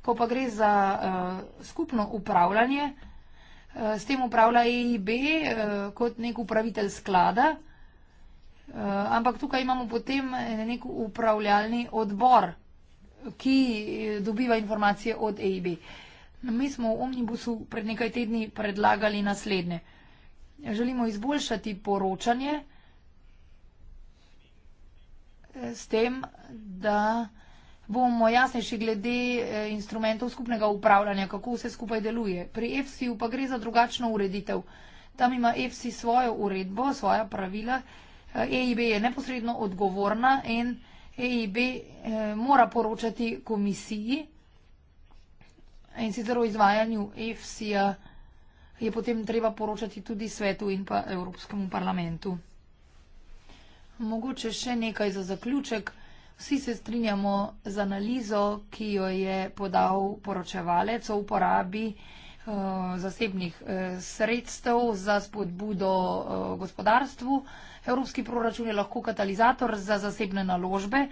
Ko pa gre za uh, skupno upravljanje, uh, s tem upravlja EIB uh, eh, kot nek upravitelj sklada, uh, ampak tukaj imamo potem nek upravljalni odbor, ki dobiva informacije od EIB. Mi smo v Omnibusu pred nekaj tedni predlagali naslednje. Želimo izboljšati poročanje s tem, da bomo jasnejši glede eh, instrumentov skupnega upravljanja, kako vse skupaj deluje. Pri EFSI-ju pa gre za drugačno ureditev. Tam ima EFSI svojo uredbo, svoja pravila. EIB eh, e je neposredno odgovorna in EIB eh, mora poročati komisiji in sicer o izvajanju EFSI-ja je potem treba poročati tudi svetu in pa Evropskemu parlamentu. Mogoče še nekaj za zaključek. Vsi se strinjamo z analizo, ki jo je podal poročevalec o uporabi uh, zasebnih uh, sredstev za spodbudo uh, gospodarstvu. Evropski proračun je lahko katalizator za zasebne naložbe.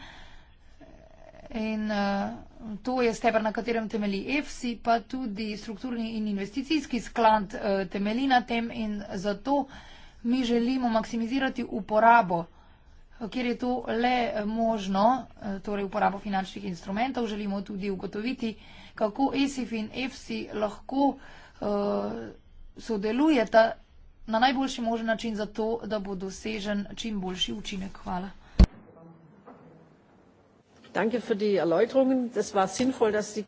In uh, to je stebr, na katerem temeli EFSI, pa tudi strukturni in investicijski sklad uh, temeli na tem in zato mi želimo maksimizirati uporabo uh, Ker je to le eh, možno, eh, torej uporabo finančnih instrumentov, želimo tudi ugotoviti, kako ESIF in EFSI lahko uh, sodelujeta na najboljši možen način za to, da bo dosežen čim boljši učinek. Hvala. Danke für die Erläuterungen. Das war sinnvoll, dass Sie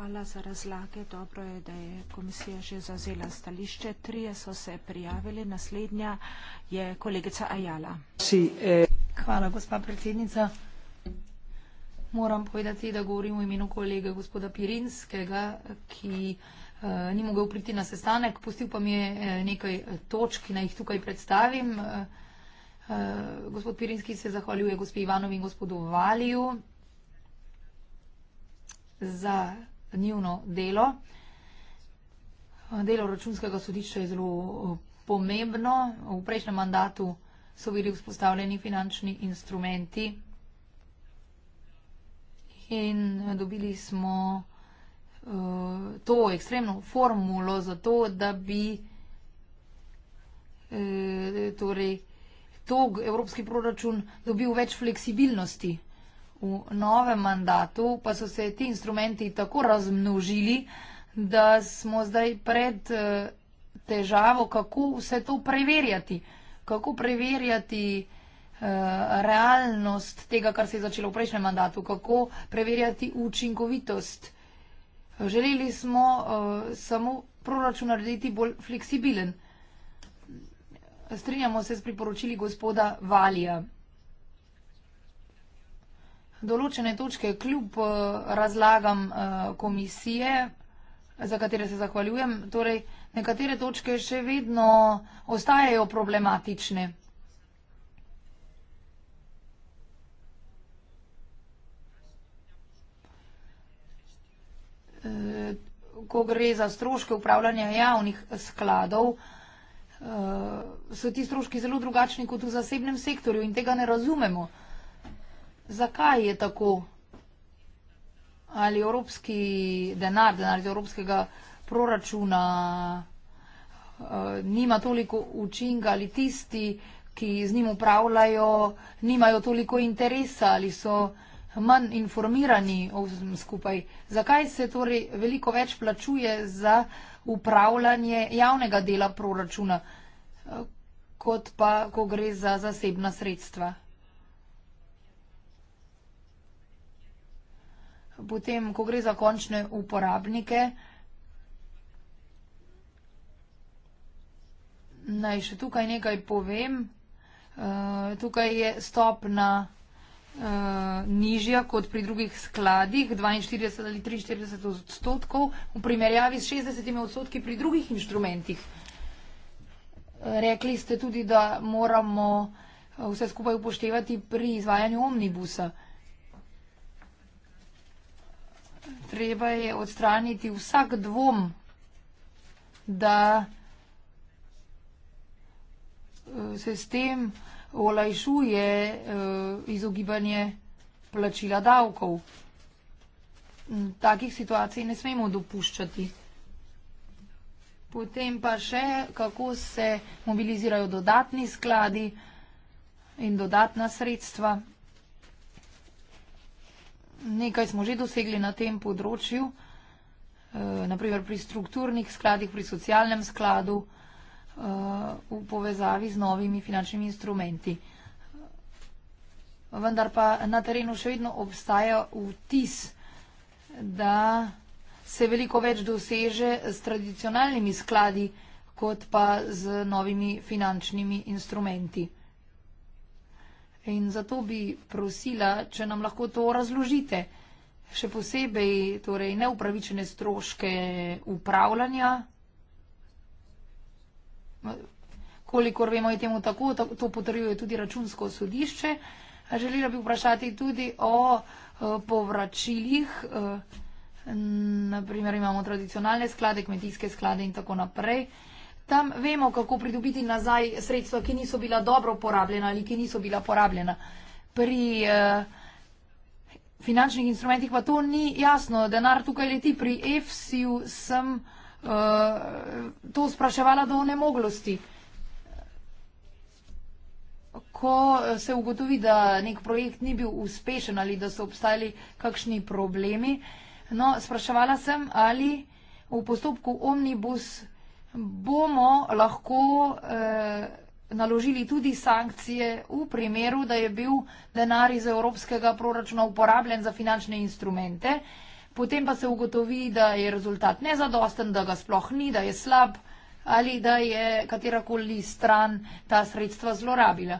Hvala za razlage. Dobro je, da je komisija že zazela stališče. Trije so se prijavili. Naslednja je kolegica Ajala. Eh, Hvala, gospa predsednica. Moram povedati, da govorim v imenu kolega gospoda Pirinskega, ki uh, ni mogel priti na sestanek. Pustil pa mi je eh, nekaj točk, ki naj jih tukaj predstavim. Uh, gospod Pirinski se zahvaljuje gospod Ivanovi in gospodu Valiju za njihovo delo. Delo računskega sodišča je zelo eh, pomembno. V prejšnjem mandatu so bili vzpostavljeni finančni instrumenti in eh, dobili smo uh, to ekstremno formulo za to, da bi uh, torej, tog evropski proračun dobil več fleksibilnosti. V novem mandatu pa so se ti instrumenti tako razmnožili, da smo zdaj pred eh, težavo, kako vse to preverjati. Kako preverjati eh, realnost tega, kar se je začelo v prejšnjem mandatu, kako preverjati učinkovitost. Želeli smo uh, samo proračun narediti bolj fleksibilen. Strinjamo se s priporočili gospoda Valija določene točke kljub eh, razlagam eh, komisije, za katere se zahvaljujem, torej nekatere točke še vedno ostajajo problematične. Eh, ko gre za stroške upravljanja javnih skladov, so ti stroški zelo drugačni kot v zasebnem sektorju in tega ne razumemo. Zakaj je tako? Ali evropski denar, denar iz evropskega proračuna eh, nima toliko učinka ali tisti, ki z njim upravljajo, nimajo toliko interesa ali so manj informirani o vsem skupaj. Zakaj se torej veliko več plačuje za upravljanje javnega dela proračuna, eh, kot pa, ko gre za zasebna sredstva? potem, ko gre za končne uporabnike, naj še tukaj nekaj povem. Eh, tukaj je stopna eh, nižja kot pri drugih skladih, 42 ali 43 odstotkov, v primerjavi s 60 odstotki pri drugih inštrumentih. Rekli ste tudi, da moramo eh, vse skupaj upoštevati pri izvajanju omnibusa treba je odstraniti vsak dvom, da se s tem olajšuje e, izogibanje plačila davkov. Mm, takih situacij ne smemo dopuščati. Potem pa še, kako se mobilizirajo dodatni skladi in dodatna sredstva nekaj smo že dosegli na tem področju, eh, naprimer pri strukturnih skladih, pri socialnem skladu, eh, v povezavi z novimi finančnimi instrumenti. Vendar pa na terenu še vedno obstaja vtis, da se veliko več doseže s tradicionalnimi skladi, kot pa z novimi finančnimi instrumenti. In zato bi prosila, če nam lahko to razložite. Še posebej torej, neupravičene stroške upravljanja. Kolikor vemo, je temu tako, to potrjuje tudi računsko sodišče. Želela bi vprašati tudi o povračilih. E, Naprimer imamo tradicionalne sklade, kmetijske sklade in tako naprej tam vemo, kako pridobiti nazaj sredstva, ki niso bila dobro porabljena ali ki niso bila porabljena. Pri uh, finančnih instrumentih pa to ni jasno. Denar tukaj leti. Pri EFSI-ju sem uh, to spraševala do nemoglosti. Ko se ugotovi, da nek projekt ni bil uspešen ali da so obstajali kakšni problemi, no, spraševala sem, ali v postopku omnibus bomo lahko eh, naložili tudi sankcije v primeru, da je bil denar iz evropskega proračuna uporabljen za finančne instrumente, potem pa se ugotovi, da je rezultat nezadosten, da ga sploh ni, da je slab ali da je katerakoli stran ta sredstva zlorabila.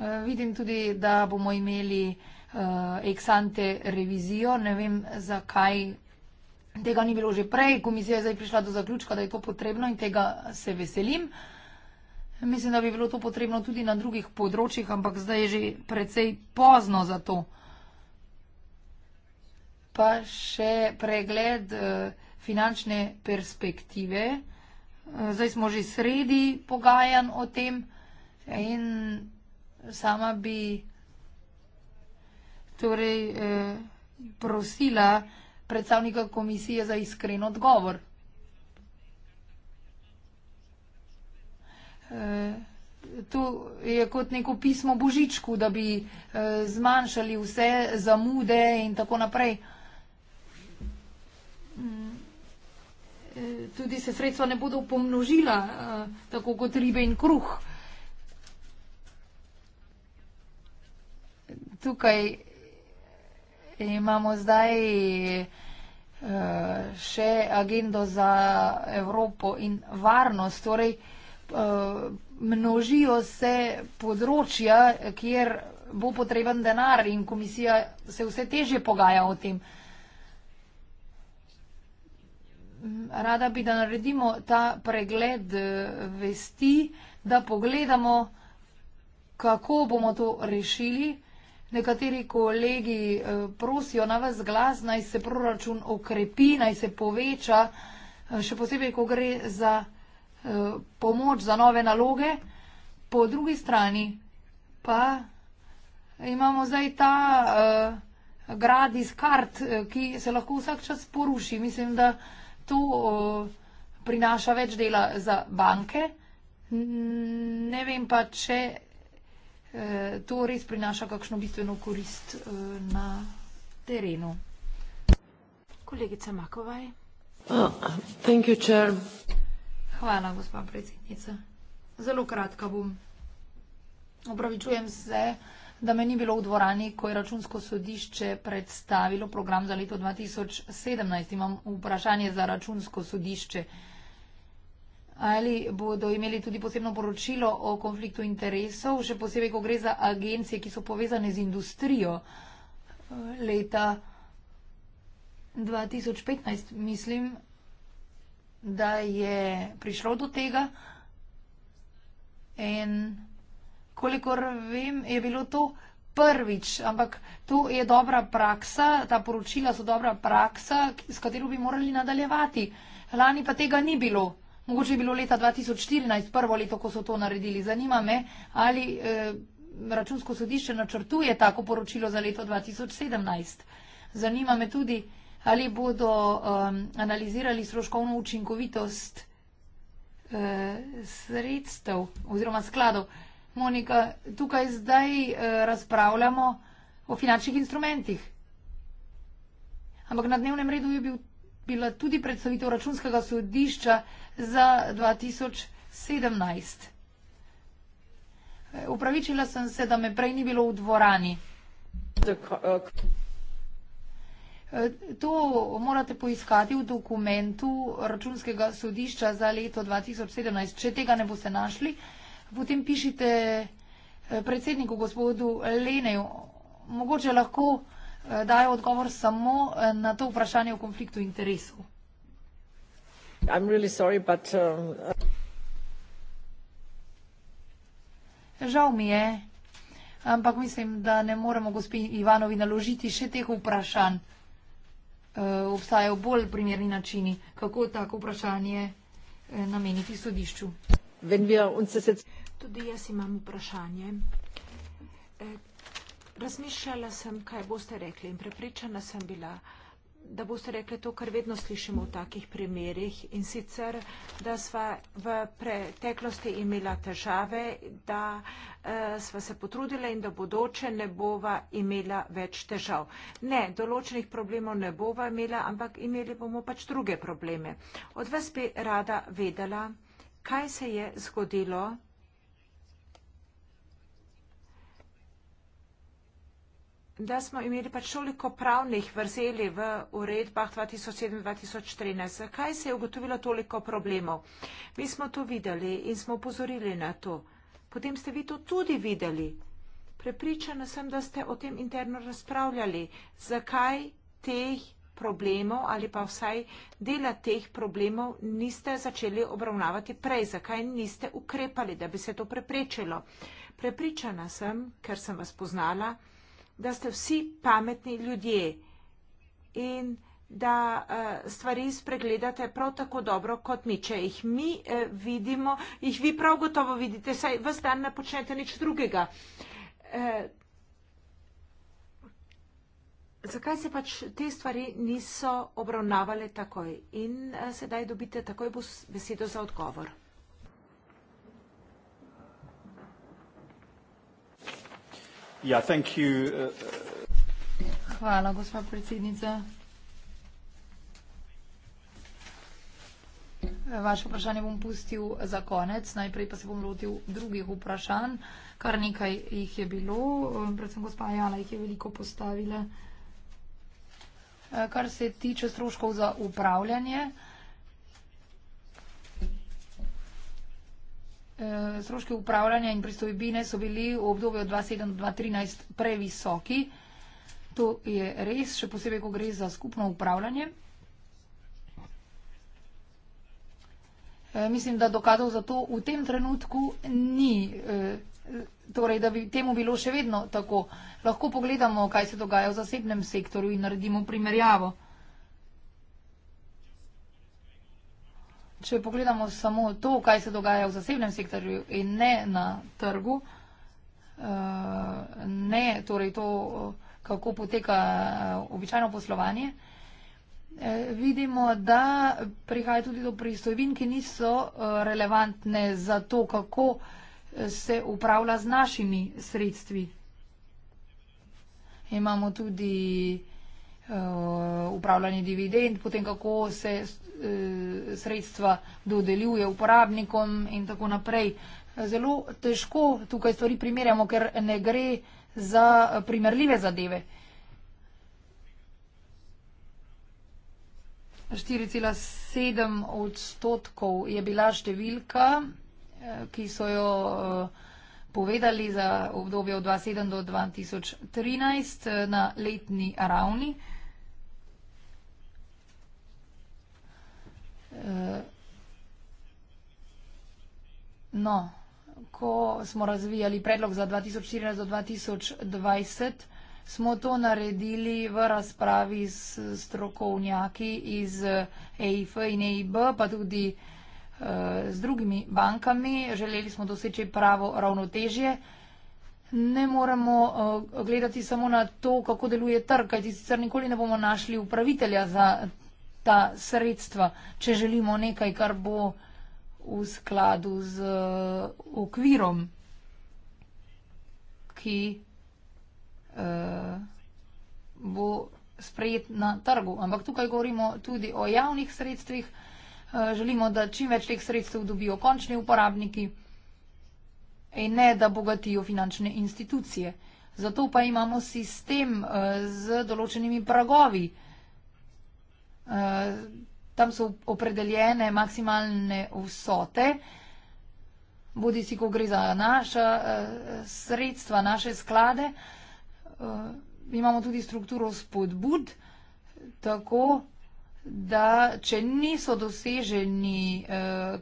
Eh, vidim tudi, da bomo imeli eh, eksante revizijo, ne vem zakaj tega ni bilo že prej, komisija je zdaj prišla do zaključka, da je to potrebno in tega se veselim. Mislim, da bi bilo to potrebno tudi na drugih področjih, ampak zdaj je že precej pozno za to. Pa še pregled eh, finančne perspektive. Eh, zdaj smo že sredi pogajan o tem in sama bi torej eh, prosila, predstavnika komisije za iskren odgovor. E, to je kot neko pismo Božičku, da bi e, zmanjšali vse zamude in tako naprej. Mm. E, tudi se sredstva ne bodo pomnožila, tako kot ribe in kruh. Tukaj imamo zdaj eh, še agendo za Evropo in varnost. Torej, eh, množijo se področja, kjer bo potreben denar in komisija se vse teže pogaja o tem. Rada bi, da naredimo ta pregled eh, vesti, da pogledamo, kako bomo to rešili. Nekateri kolegi eh, prosijo na vas glas, naj se proračun okrepi, naj se poveča, eh, še posebej, ko gre za eh, pomoč za nove naloge. Po drugi strani pa imamo zdaj ta uh, grad iz kart, ki se lahko vsak čas poruši. Mislim, da to uh, prinaša več dela za banke. N ne vem pa, če Eh, to res prinaša kakšno bistveno korist eh, na terenu. Kolegica Makovaj. Oh, Hvala, gospa predsednica. Zelo kratka bom. Opravičujem se, da me ni bilo v dvorani, ko je računsko sodišče predstavilo program za leto 2017. Imam vprašanje za računsko sodišče ali bodo imeli tudi posebno poročilo o konfliktu interesov, še posebej, ko gre za agencije, ki so povezane z industrijo leta 2015. Mislim, da je prišlo do tega in kolikor vem, je bilo to prvič, ampak to je dobra praksa, ta poročila so dobra praksa, s katero bi morali nadaljevati. Lani pa tega ni bilo. Mogoče je bilo leta 2014 prvo leto, ko so to naredili. Zanima me, ali eh, računsko sodišče načrtuje tako poročilo za leto 2017. Zanima me tudi, ali bodo eh, analizirali stroškovno učinkovitost eh, sredstev oziroma skladov. Monika, tukaj zdaj eh, razpravljamo o finančnih instrumentih. Ampak na dnevnem redu je bil, bila tudi predstavitev računskega sodišča za 2017. Upravičila sem se, da me prej ni bilo v dvorani. To morate poiskati v dokumentu računskega sodišča za leto 2017. Če tega ne boste našli, potem pišite eh, predsedniku gospodu Leneju. Mogoče lahko eh, dajo odgovor samo eh, na to vprašanje o konfliktu interesov. I'm really sorry, but, um, uh, Žal mi je, ampak mislim, da ne moremo gospi Ivanovi naložiti še teh vprašanj. Uh, obstajajo bolj primerni načini, kako tako vprašanje uh, nameniti sodišču. Tudi jaz imam vprašanje. Eh, razmišljala sem, kaj boste rekli in prepričana sem bila, eh, da boste rekli to, kar vedno slišimo v takih primerjih in sicer, da sva v preteklosti imela težave, da uh, sva se potrudila in da bodoče ne bova imela več težav. Ne, določenih problemov ne bova imela, ampak imeli bomo pač druge probleme. Od vas bi rada vedela, kaj se je zgodilo da smo imeli pač toliko pravnih vrzeli v uredbah 2007-2013. Zakaj se je ugotovilo toliko problemov? Mi smo to videli in smo upozorili na to. Potem ste vi to tudi videli. Prepričana sem, da ste o tem interno razpravljali. Zakaj teh problemov ali pa vsaj dela teh problemov niste začeli obravnavati prej? Zakaj niste ukrepali, da bi se to preprečilo? Prepričana sem, ker sem vas poznala, da ste vsi pametni ljudje in da eh, stvari spregledate prav tako dobro kot mi. Če jih mi eh, vidimo, jih vi prav gotovo vidite, saj vse dan ne počnete nič drugega. Eh, zakaj se pač te stvari niso obravnavale takoj? In sedaj dobite takoj besedo za odgovor. Ja, thank you. Uh, uh, Hvala, gospa predsednica. Vaše vprašanje bom pustil za konec, najprej pa se bom lotil drugih vprašanj. Kar nekaj jih je bilo, um, predvsem gospa Jala jih je veliko postavila. Eh, kar se tiče stroškov za upravljanje, Eh, stroški upravljanja in pristojbine so bili v obdobju 2007-2013 previsoki. To je res, še posebej, ko gre za skupno upravljanje. Eh, mislim, da dokazov za to v tem trenutku ni, eh, torej, da bi temu bilo še vedno tako. Lahko pogledamo, kaj se dogaja v zasebnem sektorju in naredimo primerjavo. če pogledamo samo to, kaj se dogaja v zasebnem sektorju in ne na trgu, eh, ne torej to, eh, kako poteka eh, običajno poslovanje, vidimo, da prihaja tudi do pristojbin, ki niso relevantne za to, kako se upravlja z našimi sredstvi. Imamo tudi upravljanje dividend, potem kako se Eh, sredstva dodeljuje uporabnikom in tako naprej. Zelo težko tukaj stvari primerjamo, ker ne gre za primerljive zadeve. 4,7 odstotkov je bila številka, eh, ki so jo eh, povedali za obdobje od 2007 do 2013 na letni ravni. Uh, no, ko smo razvijali predlog za 2014 do 2020, smo to naredili v razpravi s strokovnjaki iz EIF eh, e in EIB, pa tudi uh, z drugimi bankami. Želeli smo doseči pravo ravnotežje. Ne moramo uh, gledati samo na to, kako deluje trg, kajti sicer nikoli ne bomo našli upravitelja za ta sredstva, če želimo nekaj, kar bo v skladu z uh, okvirom, ki eh, bo sprejet na trgu. Ampak tukaj govorimo tudi o javnih sredstvih. Eh, želimo, da čim več teh sredstev dobijo končni uporabniki in ne, da bogatijo finančne institucije. Zato pa imamo sistem eh, z določenimi pragovi, eh, Eh, tam so opredeljene maksimalne vsote, bodi si, ko gre za naša eh, sredstva, naše sklade. Eh, imamo tudi strukturo spodbud, tako da če niso doseženi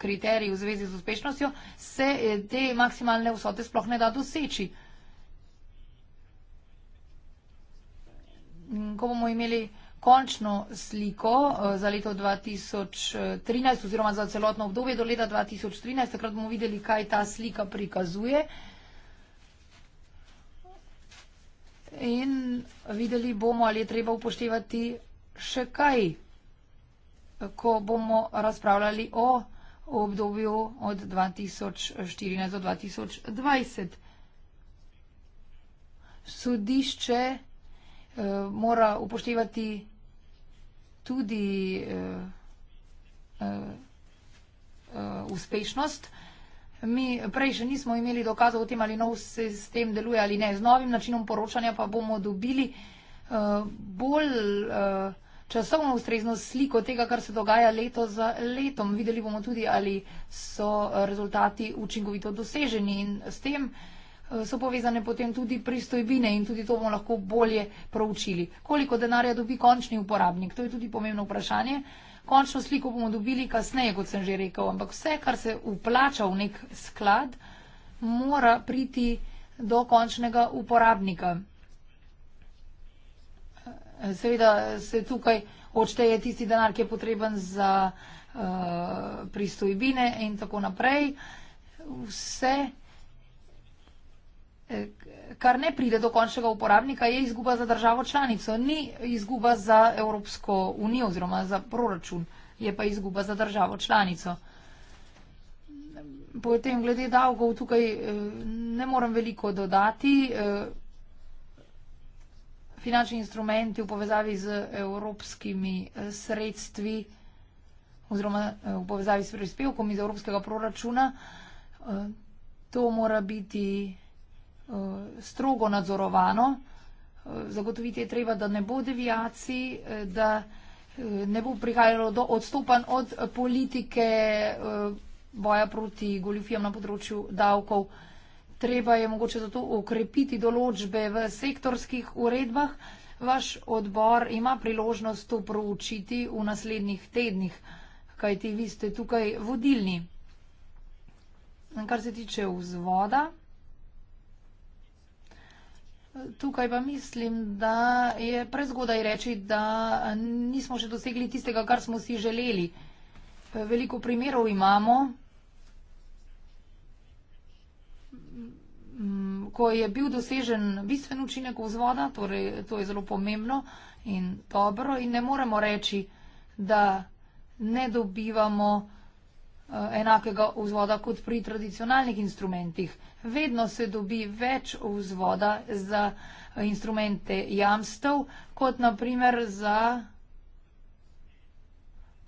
kriteriji v zvezi z uspešnostjo, se te maksimalne vsote sploh ne da doseči. Ko bomo imeli vsote, končno sliko eh, za leto 2013 oziroma za celotno obdobje do leta 2013. Takrat bomo videli, kaj ta slika prikazuje. In videli bomo, ali je treba upoštevati še kaj, ko bomo razpravljali o obdobju od 2014 do 2020. Sodišče eh, mora upoštevati tudi uh, uh, uspešnost. Mi prej še nismo imeli dokazov o tem, ali nov sistem deluje ali ne. Z novim načinom poročanja pa bomo dobili uh, bolj uh, časovno ustrezno sliko tega, kar se dogaja leto za letom. Videli bomo tudi, ali so rezultati učinkovito doseženi in s tem uh, Eh, so povezane potem tudi pristojbine in tudi to bomo lahko bolje proučili. Koliko denarja dobi končni uporabnik? To je tudi pomembno vprašanje. Končno sliko bomo dobili kasneje, kot sem že rekel, ampak vse, kar se uplača v nek sklad, mora priti do končnega uporabnika. Eh, seveda se tukaj odšteje tisti denar, ki je potreben za uh, pristojbine in tako naprej. Vse. Eh, kar ne pride do končnega uporabnika, je izguba za državo članico, ni izguba za Evropsko unijo oziroma za proračun, je pa izguba za državo članico. Potem glede davkov tukaj eh, ne moram veliko dodati. Eh, finančni instrumenti v povezavi z evropskimi sredstvi oziroma v povezavi s prispevkom iz evropskega proračuna, to mora biti Eh, strogo nadzorovano. Eh, zagotoviti je treba, da ne bo devijacij, eh, da ne bo prihajalo do odstopanj od politike boja proti goljufijam na področju davkov. Treba je mogoče zato ukrepiti določbe v sektorskih uredbah. Vaš odbor ima priložnost to proučiti v naslednjih tednih, kajti vi ste tukaj vodilni. Kar se tiče vzvoda. Tukaj pa mislim, da je prezgodaj reči, da nismo še dosegli tistega, kar smo si želeli. Veliko primerov imamo, ko je bil dosežen bistven učinek vzvoda, torej to je zelo pomembno in dobro in ne moremo reči, da ne dobivamo. Eh, enakega vzvoda kot pri tradicionalnih instrumentih. Vedno se dobi več vzvoda za instrumente jamstev, kot naprimer za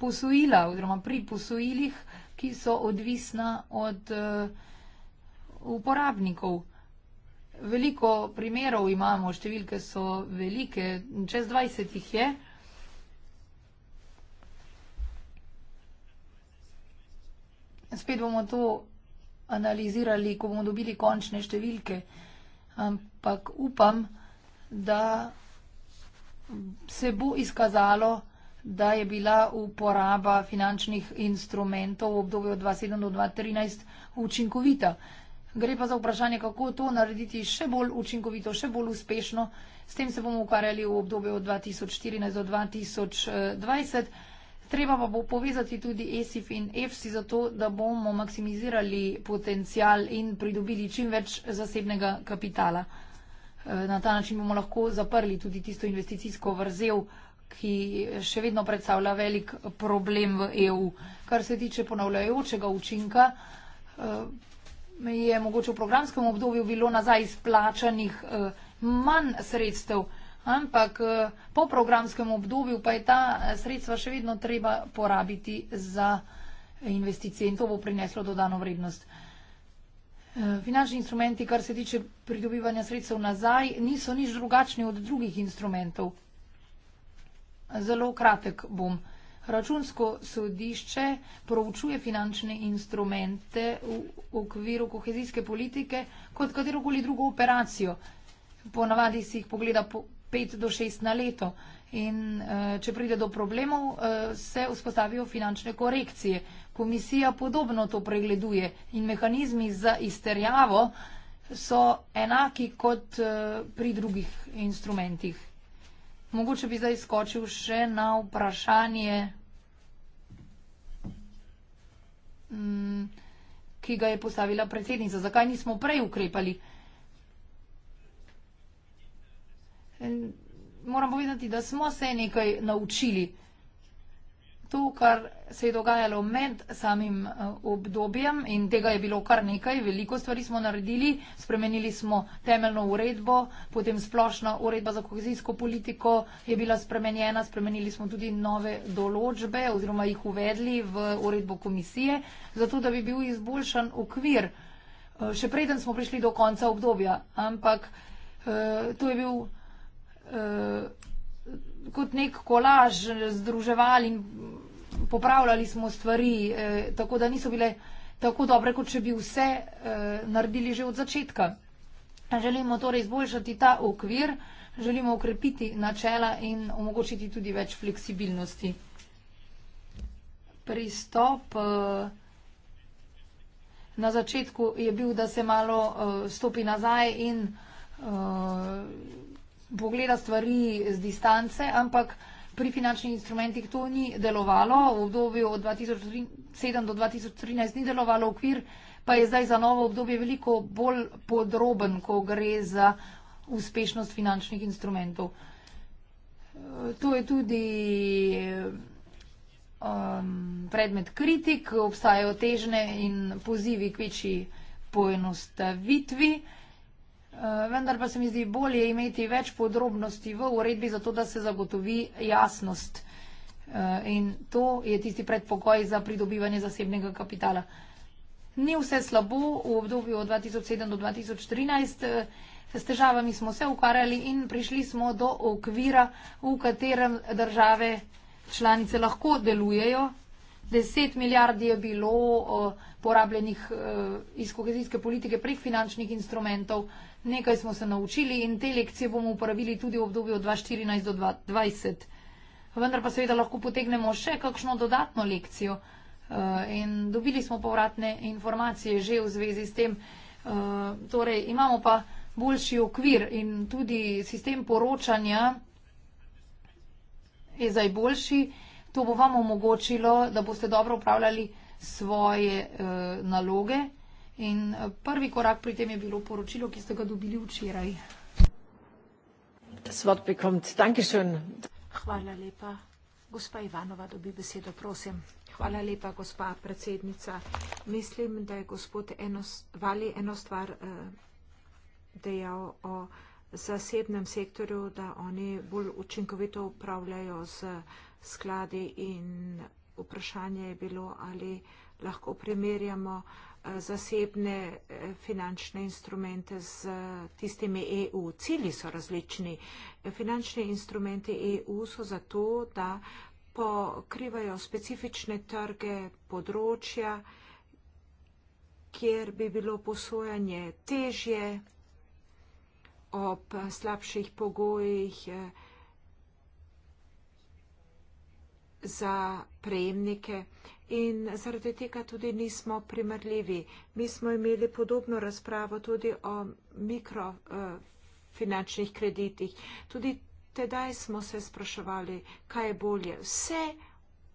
posojila oziroma pri posojilih, ki so odvisna od uh, uporabnikov. Veliko primerov imamo, številke so velike, čez 20 jih je. spet bomo to analizirali, ko bomo dobili končne številke. Ampak upam, da se bo izkazalo, da je bila uporaba finančnih instrumentov v obdobju 2007 do 2013 učinkovita. Gre pa za vprašanje, kako to narediti še bolj učinkovito, še bolj uspešno. S tem se bomo ukvarjali v obdobju od 2014 do 2020. Treba pa bo povezati tudi ESIF in EFSI zato, da bomo maksimizirali potencial in pridobili čim več zasebnega kapitala. E, na ta način bomo lahko zaprli tudi tisto investicijsko vrzel, ki še vedno predstavlja velik problem v EU. Kar se tiče ponavljajočega učinka, e, je mogoče v programskem obdobju bilo nazaj izplačanih e, manj sredstev ampak eh, po programskem obdobju pa je ta eh, sredstva še vedno treba porabiti za investicije in to bo prineslo dodano vrednost. Eh, finančni instrumenti, kar se tiče pridobivanja sredstev nazaj, niso nič drugačni od drugih instrumentov. Zelo kratek bom. Računsko sodišče proučuje finančne instrumente v okviru kohezijske politike kot katerokoli drugo operacijo. Ponavadi si jih pogleda pet do šest na leto. In uh, če pride do problemov, uh, se vzpostavijo finančne korekcije. Komisija podobno to pregleduje in mehanizmi za izterjavo so enaki kot uh, pri drugih instrumentih. Mogoče bi zdaj skočil še na vprašanje, um, ki ga je postavila predsednica. Zakaj nismo prej ukrepali? Uh, Moram povedati, da smo se nekaj naučili. To, kar se je dogajalo med samim eh, obdobjem in tega je bilo kar nekaj, veliko stvari smo naredili, spremenili smo temeljno uredbo, potem splošna uredba za kohezijsko politiko je bila spremenjena, spremenili smo tudi nove določbe oziroma jih uvedli v uredbo komisije, zato da bi bil izboljšan okvir. Eh, še preden smo prišli do konca obdobja, ampak eh, to je bil uh, kot nek kolaž združevali in popravljali smo stvari, uh, tako da niso bile tako dobre, kot če bi vse uh, naredili že od začetka. Želimo torej izboljšati ta okvir, želimo ukrepiti načela in omogočiti tudi več fleksibilnosti. Pristop uh, na začetku je bil, da se malo uh, stopi nazaj in uh, pogleda stvari z distance, ampak pri finančnih instrumentih to ni delovalo. V obdobju od 2007 do 2013 ni delovalo okvir, pa je zdaj za novo obdobje veliko bolj podroben, ko gre za uspešnost finančnih instrumentov. To je tudi um, predmet kritik, obstajajo težne in pozivi k večji poenostavitvi. Eh, vendar pa se mi zdi bolje imeti več podrobnosti v uredbi, zato da se zagotovi jasnost. Eh, in to je tisti predpogoj za pridobivanje zasebnega kapitala. Ni vse slabo v obdobju od 2007 do 2013. Eh, s težavami smo se ukvarjali in prišli smo do okvira, v katerem države članice lahko delujejo. 10 milijard je bilo porabljenih iz kohezijske politike prek finančnih instrumentov, nekaj smo se naučili in te lekcije bomo uporabili tudi v obdobju 2014 do 2020. Vendar pa seveda lahko potegnemo še kakšno dodatno lekcijo eh, in dobili smo povratne informacije že v zvezi s tem. Eh, torej, imamo pa boljši okvir in tudi sistem poročanja je zdaj boljši. To bo vam omogočilo, da boste dobro upravljali svoje eh, naloge In eh, prvi korak pri tem je bilo poročilo, ki ste ga dobili včeraj. Hvala lepa. Gospa Ivanova dobi besedo, prosim. Hvala lepa, gospa predsednica. Mislim, da je gospod Enos, Vali eno stvar eh, dejal o zasebnem sektorju, da oni bolj učinkovito upravljajo z eh, skladi in vprašanje je bilo, ali lahko primerjamo eh, zasebne eh, finančne instrumente z eh, tistimi EU. Cilji so različni. Finančni instrumenti EU so zato, da pokrivajo specifične trge, področja, kjer bi bilo posojanje težje ob slabših pogojih eh, za prejemnike in zaradi tega tudi nismo primerljivi. Mi smo imeli podobno razpravo tudi o mikrofinančnih eh, kreditih. Tudi tedaj smo se spraševali, kaj je bolje. Vse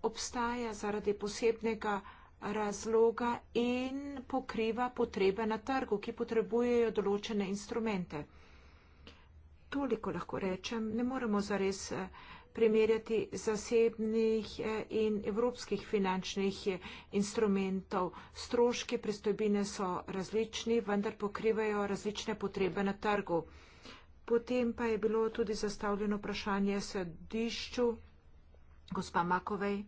obstaja zaradi posebnega razloga in pokriva potrebe na trgu, ki potrebujejo določene instrumente. Toliko lahko rečem, ne moremo zares. Uh, primerjati zasebnih eh, in evropskih finančnih eh, instrumentov. Stroški pristojbine so različni, vendar pokrivajo različne potrebe na trgu. Potem pa je bilo tudi zastavljeno vprašanje sodišču, gospa Makovej.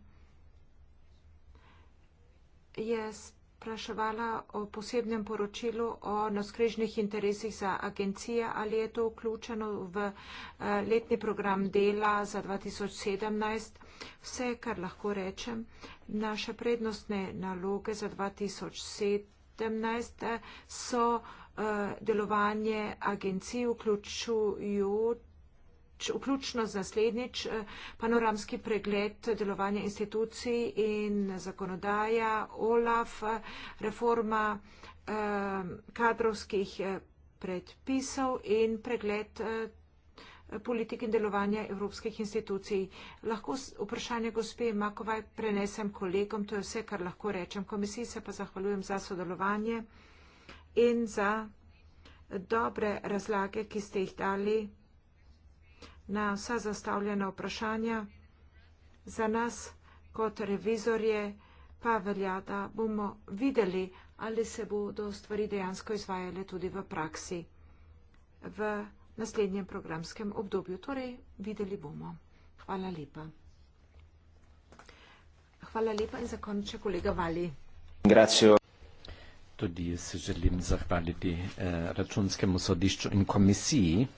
Jaz spraševala o posebnem poročilu o naskrižnih interesih za agencije, ali je to vključeno v eh, letni program dela za 2017. Vse, kar lahko rečem, naše prednostne naloge za 2017 eh, so eh, delovanje agencij, vključujoč vključno z naslednjič eh, panoramski pregled delovanja institucij in zakonodaja, OLAF, eh, reforma eh, kadrovskih predpisov in pregled politik in delovanja evropskih institucij. Lahko vprašanje gospe Makovaj prenesem kolegom, to je vse, kar lahko rečem. Komisiji se pa zahvaljujem za sodelovanje in za dobre razlage, ki ste jih dali na vsa zastavljena vprašanja. Za nas kot revizorje pa velja, da bomo videli, ali se bodo stvari dejansko izvajale tudi v praksi v naslednjem programskem obdobju. Torej, videli bomo. Hvala lepa. Hvala lepa in zakonče kolega Vali. Gracijo. Tudi jaz se želim zahvaliti eh, računskemu sodišču in komisiji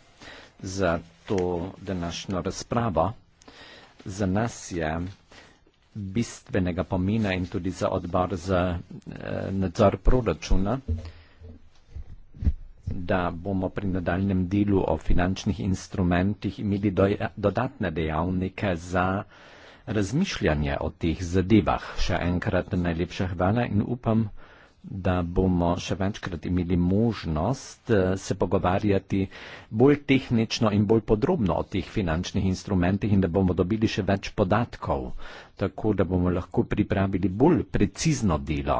za to današnjo razpravo. Za nas je bistvenega pomena in tudi za odbor za eh, nadzor proračuna, da bomo pri nadaljem delu o finančnih instrumentih imeli doja, dodatne dejavnike za razmišljanje o teh zadevah. Še enkrat najlepša hvala in upam, da bomo še večkrat imeli možnost eh, se pogovarjati bolj tehnično in bolj podrobno o teh finančnih instrumentih in da bomo dobili še več podatkov, tako da bomo lahko pripravili bolj precizno delo.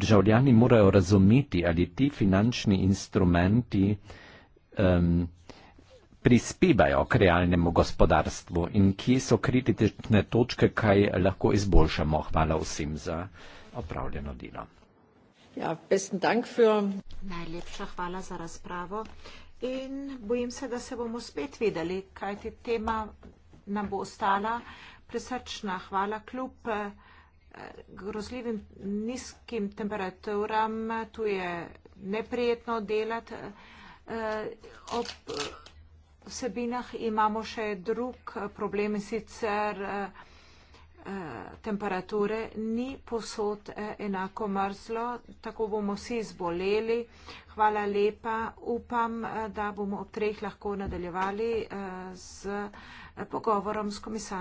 Državljani morajo razumeti, ali ti finančni instrumenti um, prispevajo k realnemu gospodarstvu in kje so kritične točke, kaj lahko izboljšamo. Hvala vsem za opravljeno delo. Ja, besten Dank für. Najlepša hvala za razpravo in bojim se, da se bomo spet videli, kaj ti tema nam bo ostala. Presrčna hvala kljub eh, grozljivim nizkim temperaturam, tu je neprijetno delati. Eh, ob eh, vsebinah imamo še drug problem, sicer Eh, temperature ni posod eh, enako mrzlo, tako bomo vsi zboleli. Hvala lepa, upam, eh, da bomo ob treh lahko nadaljevali z pogovorom s komisarjem.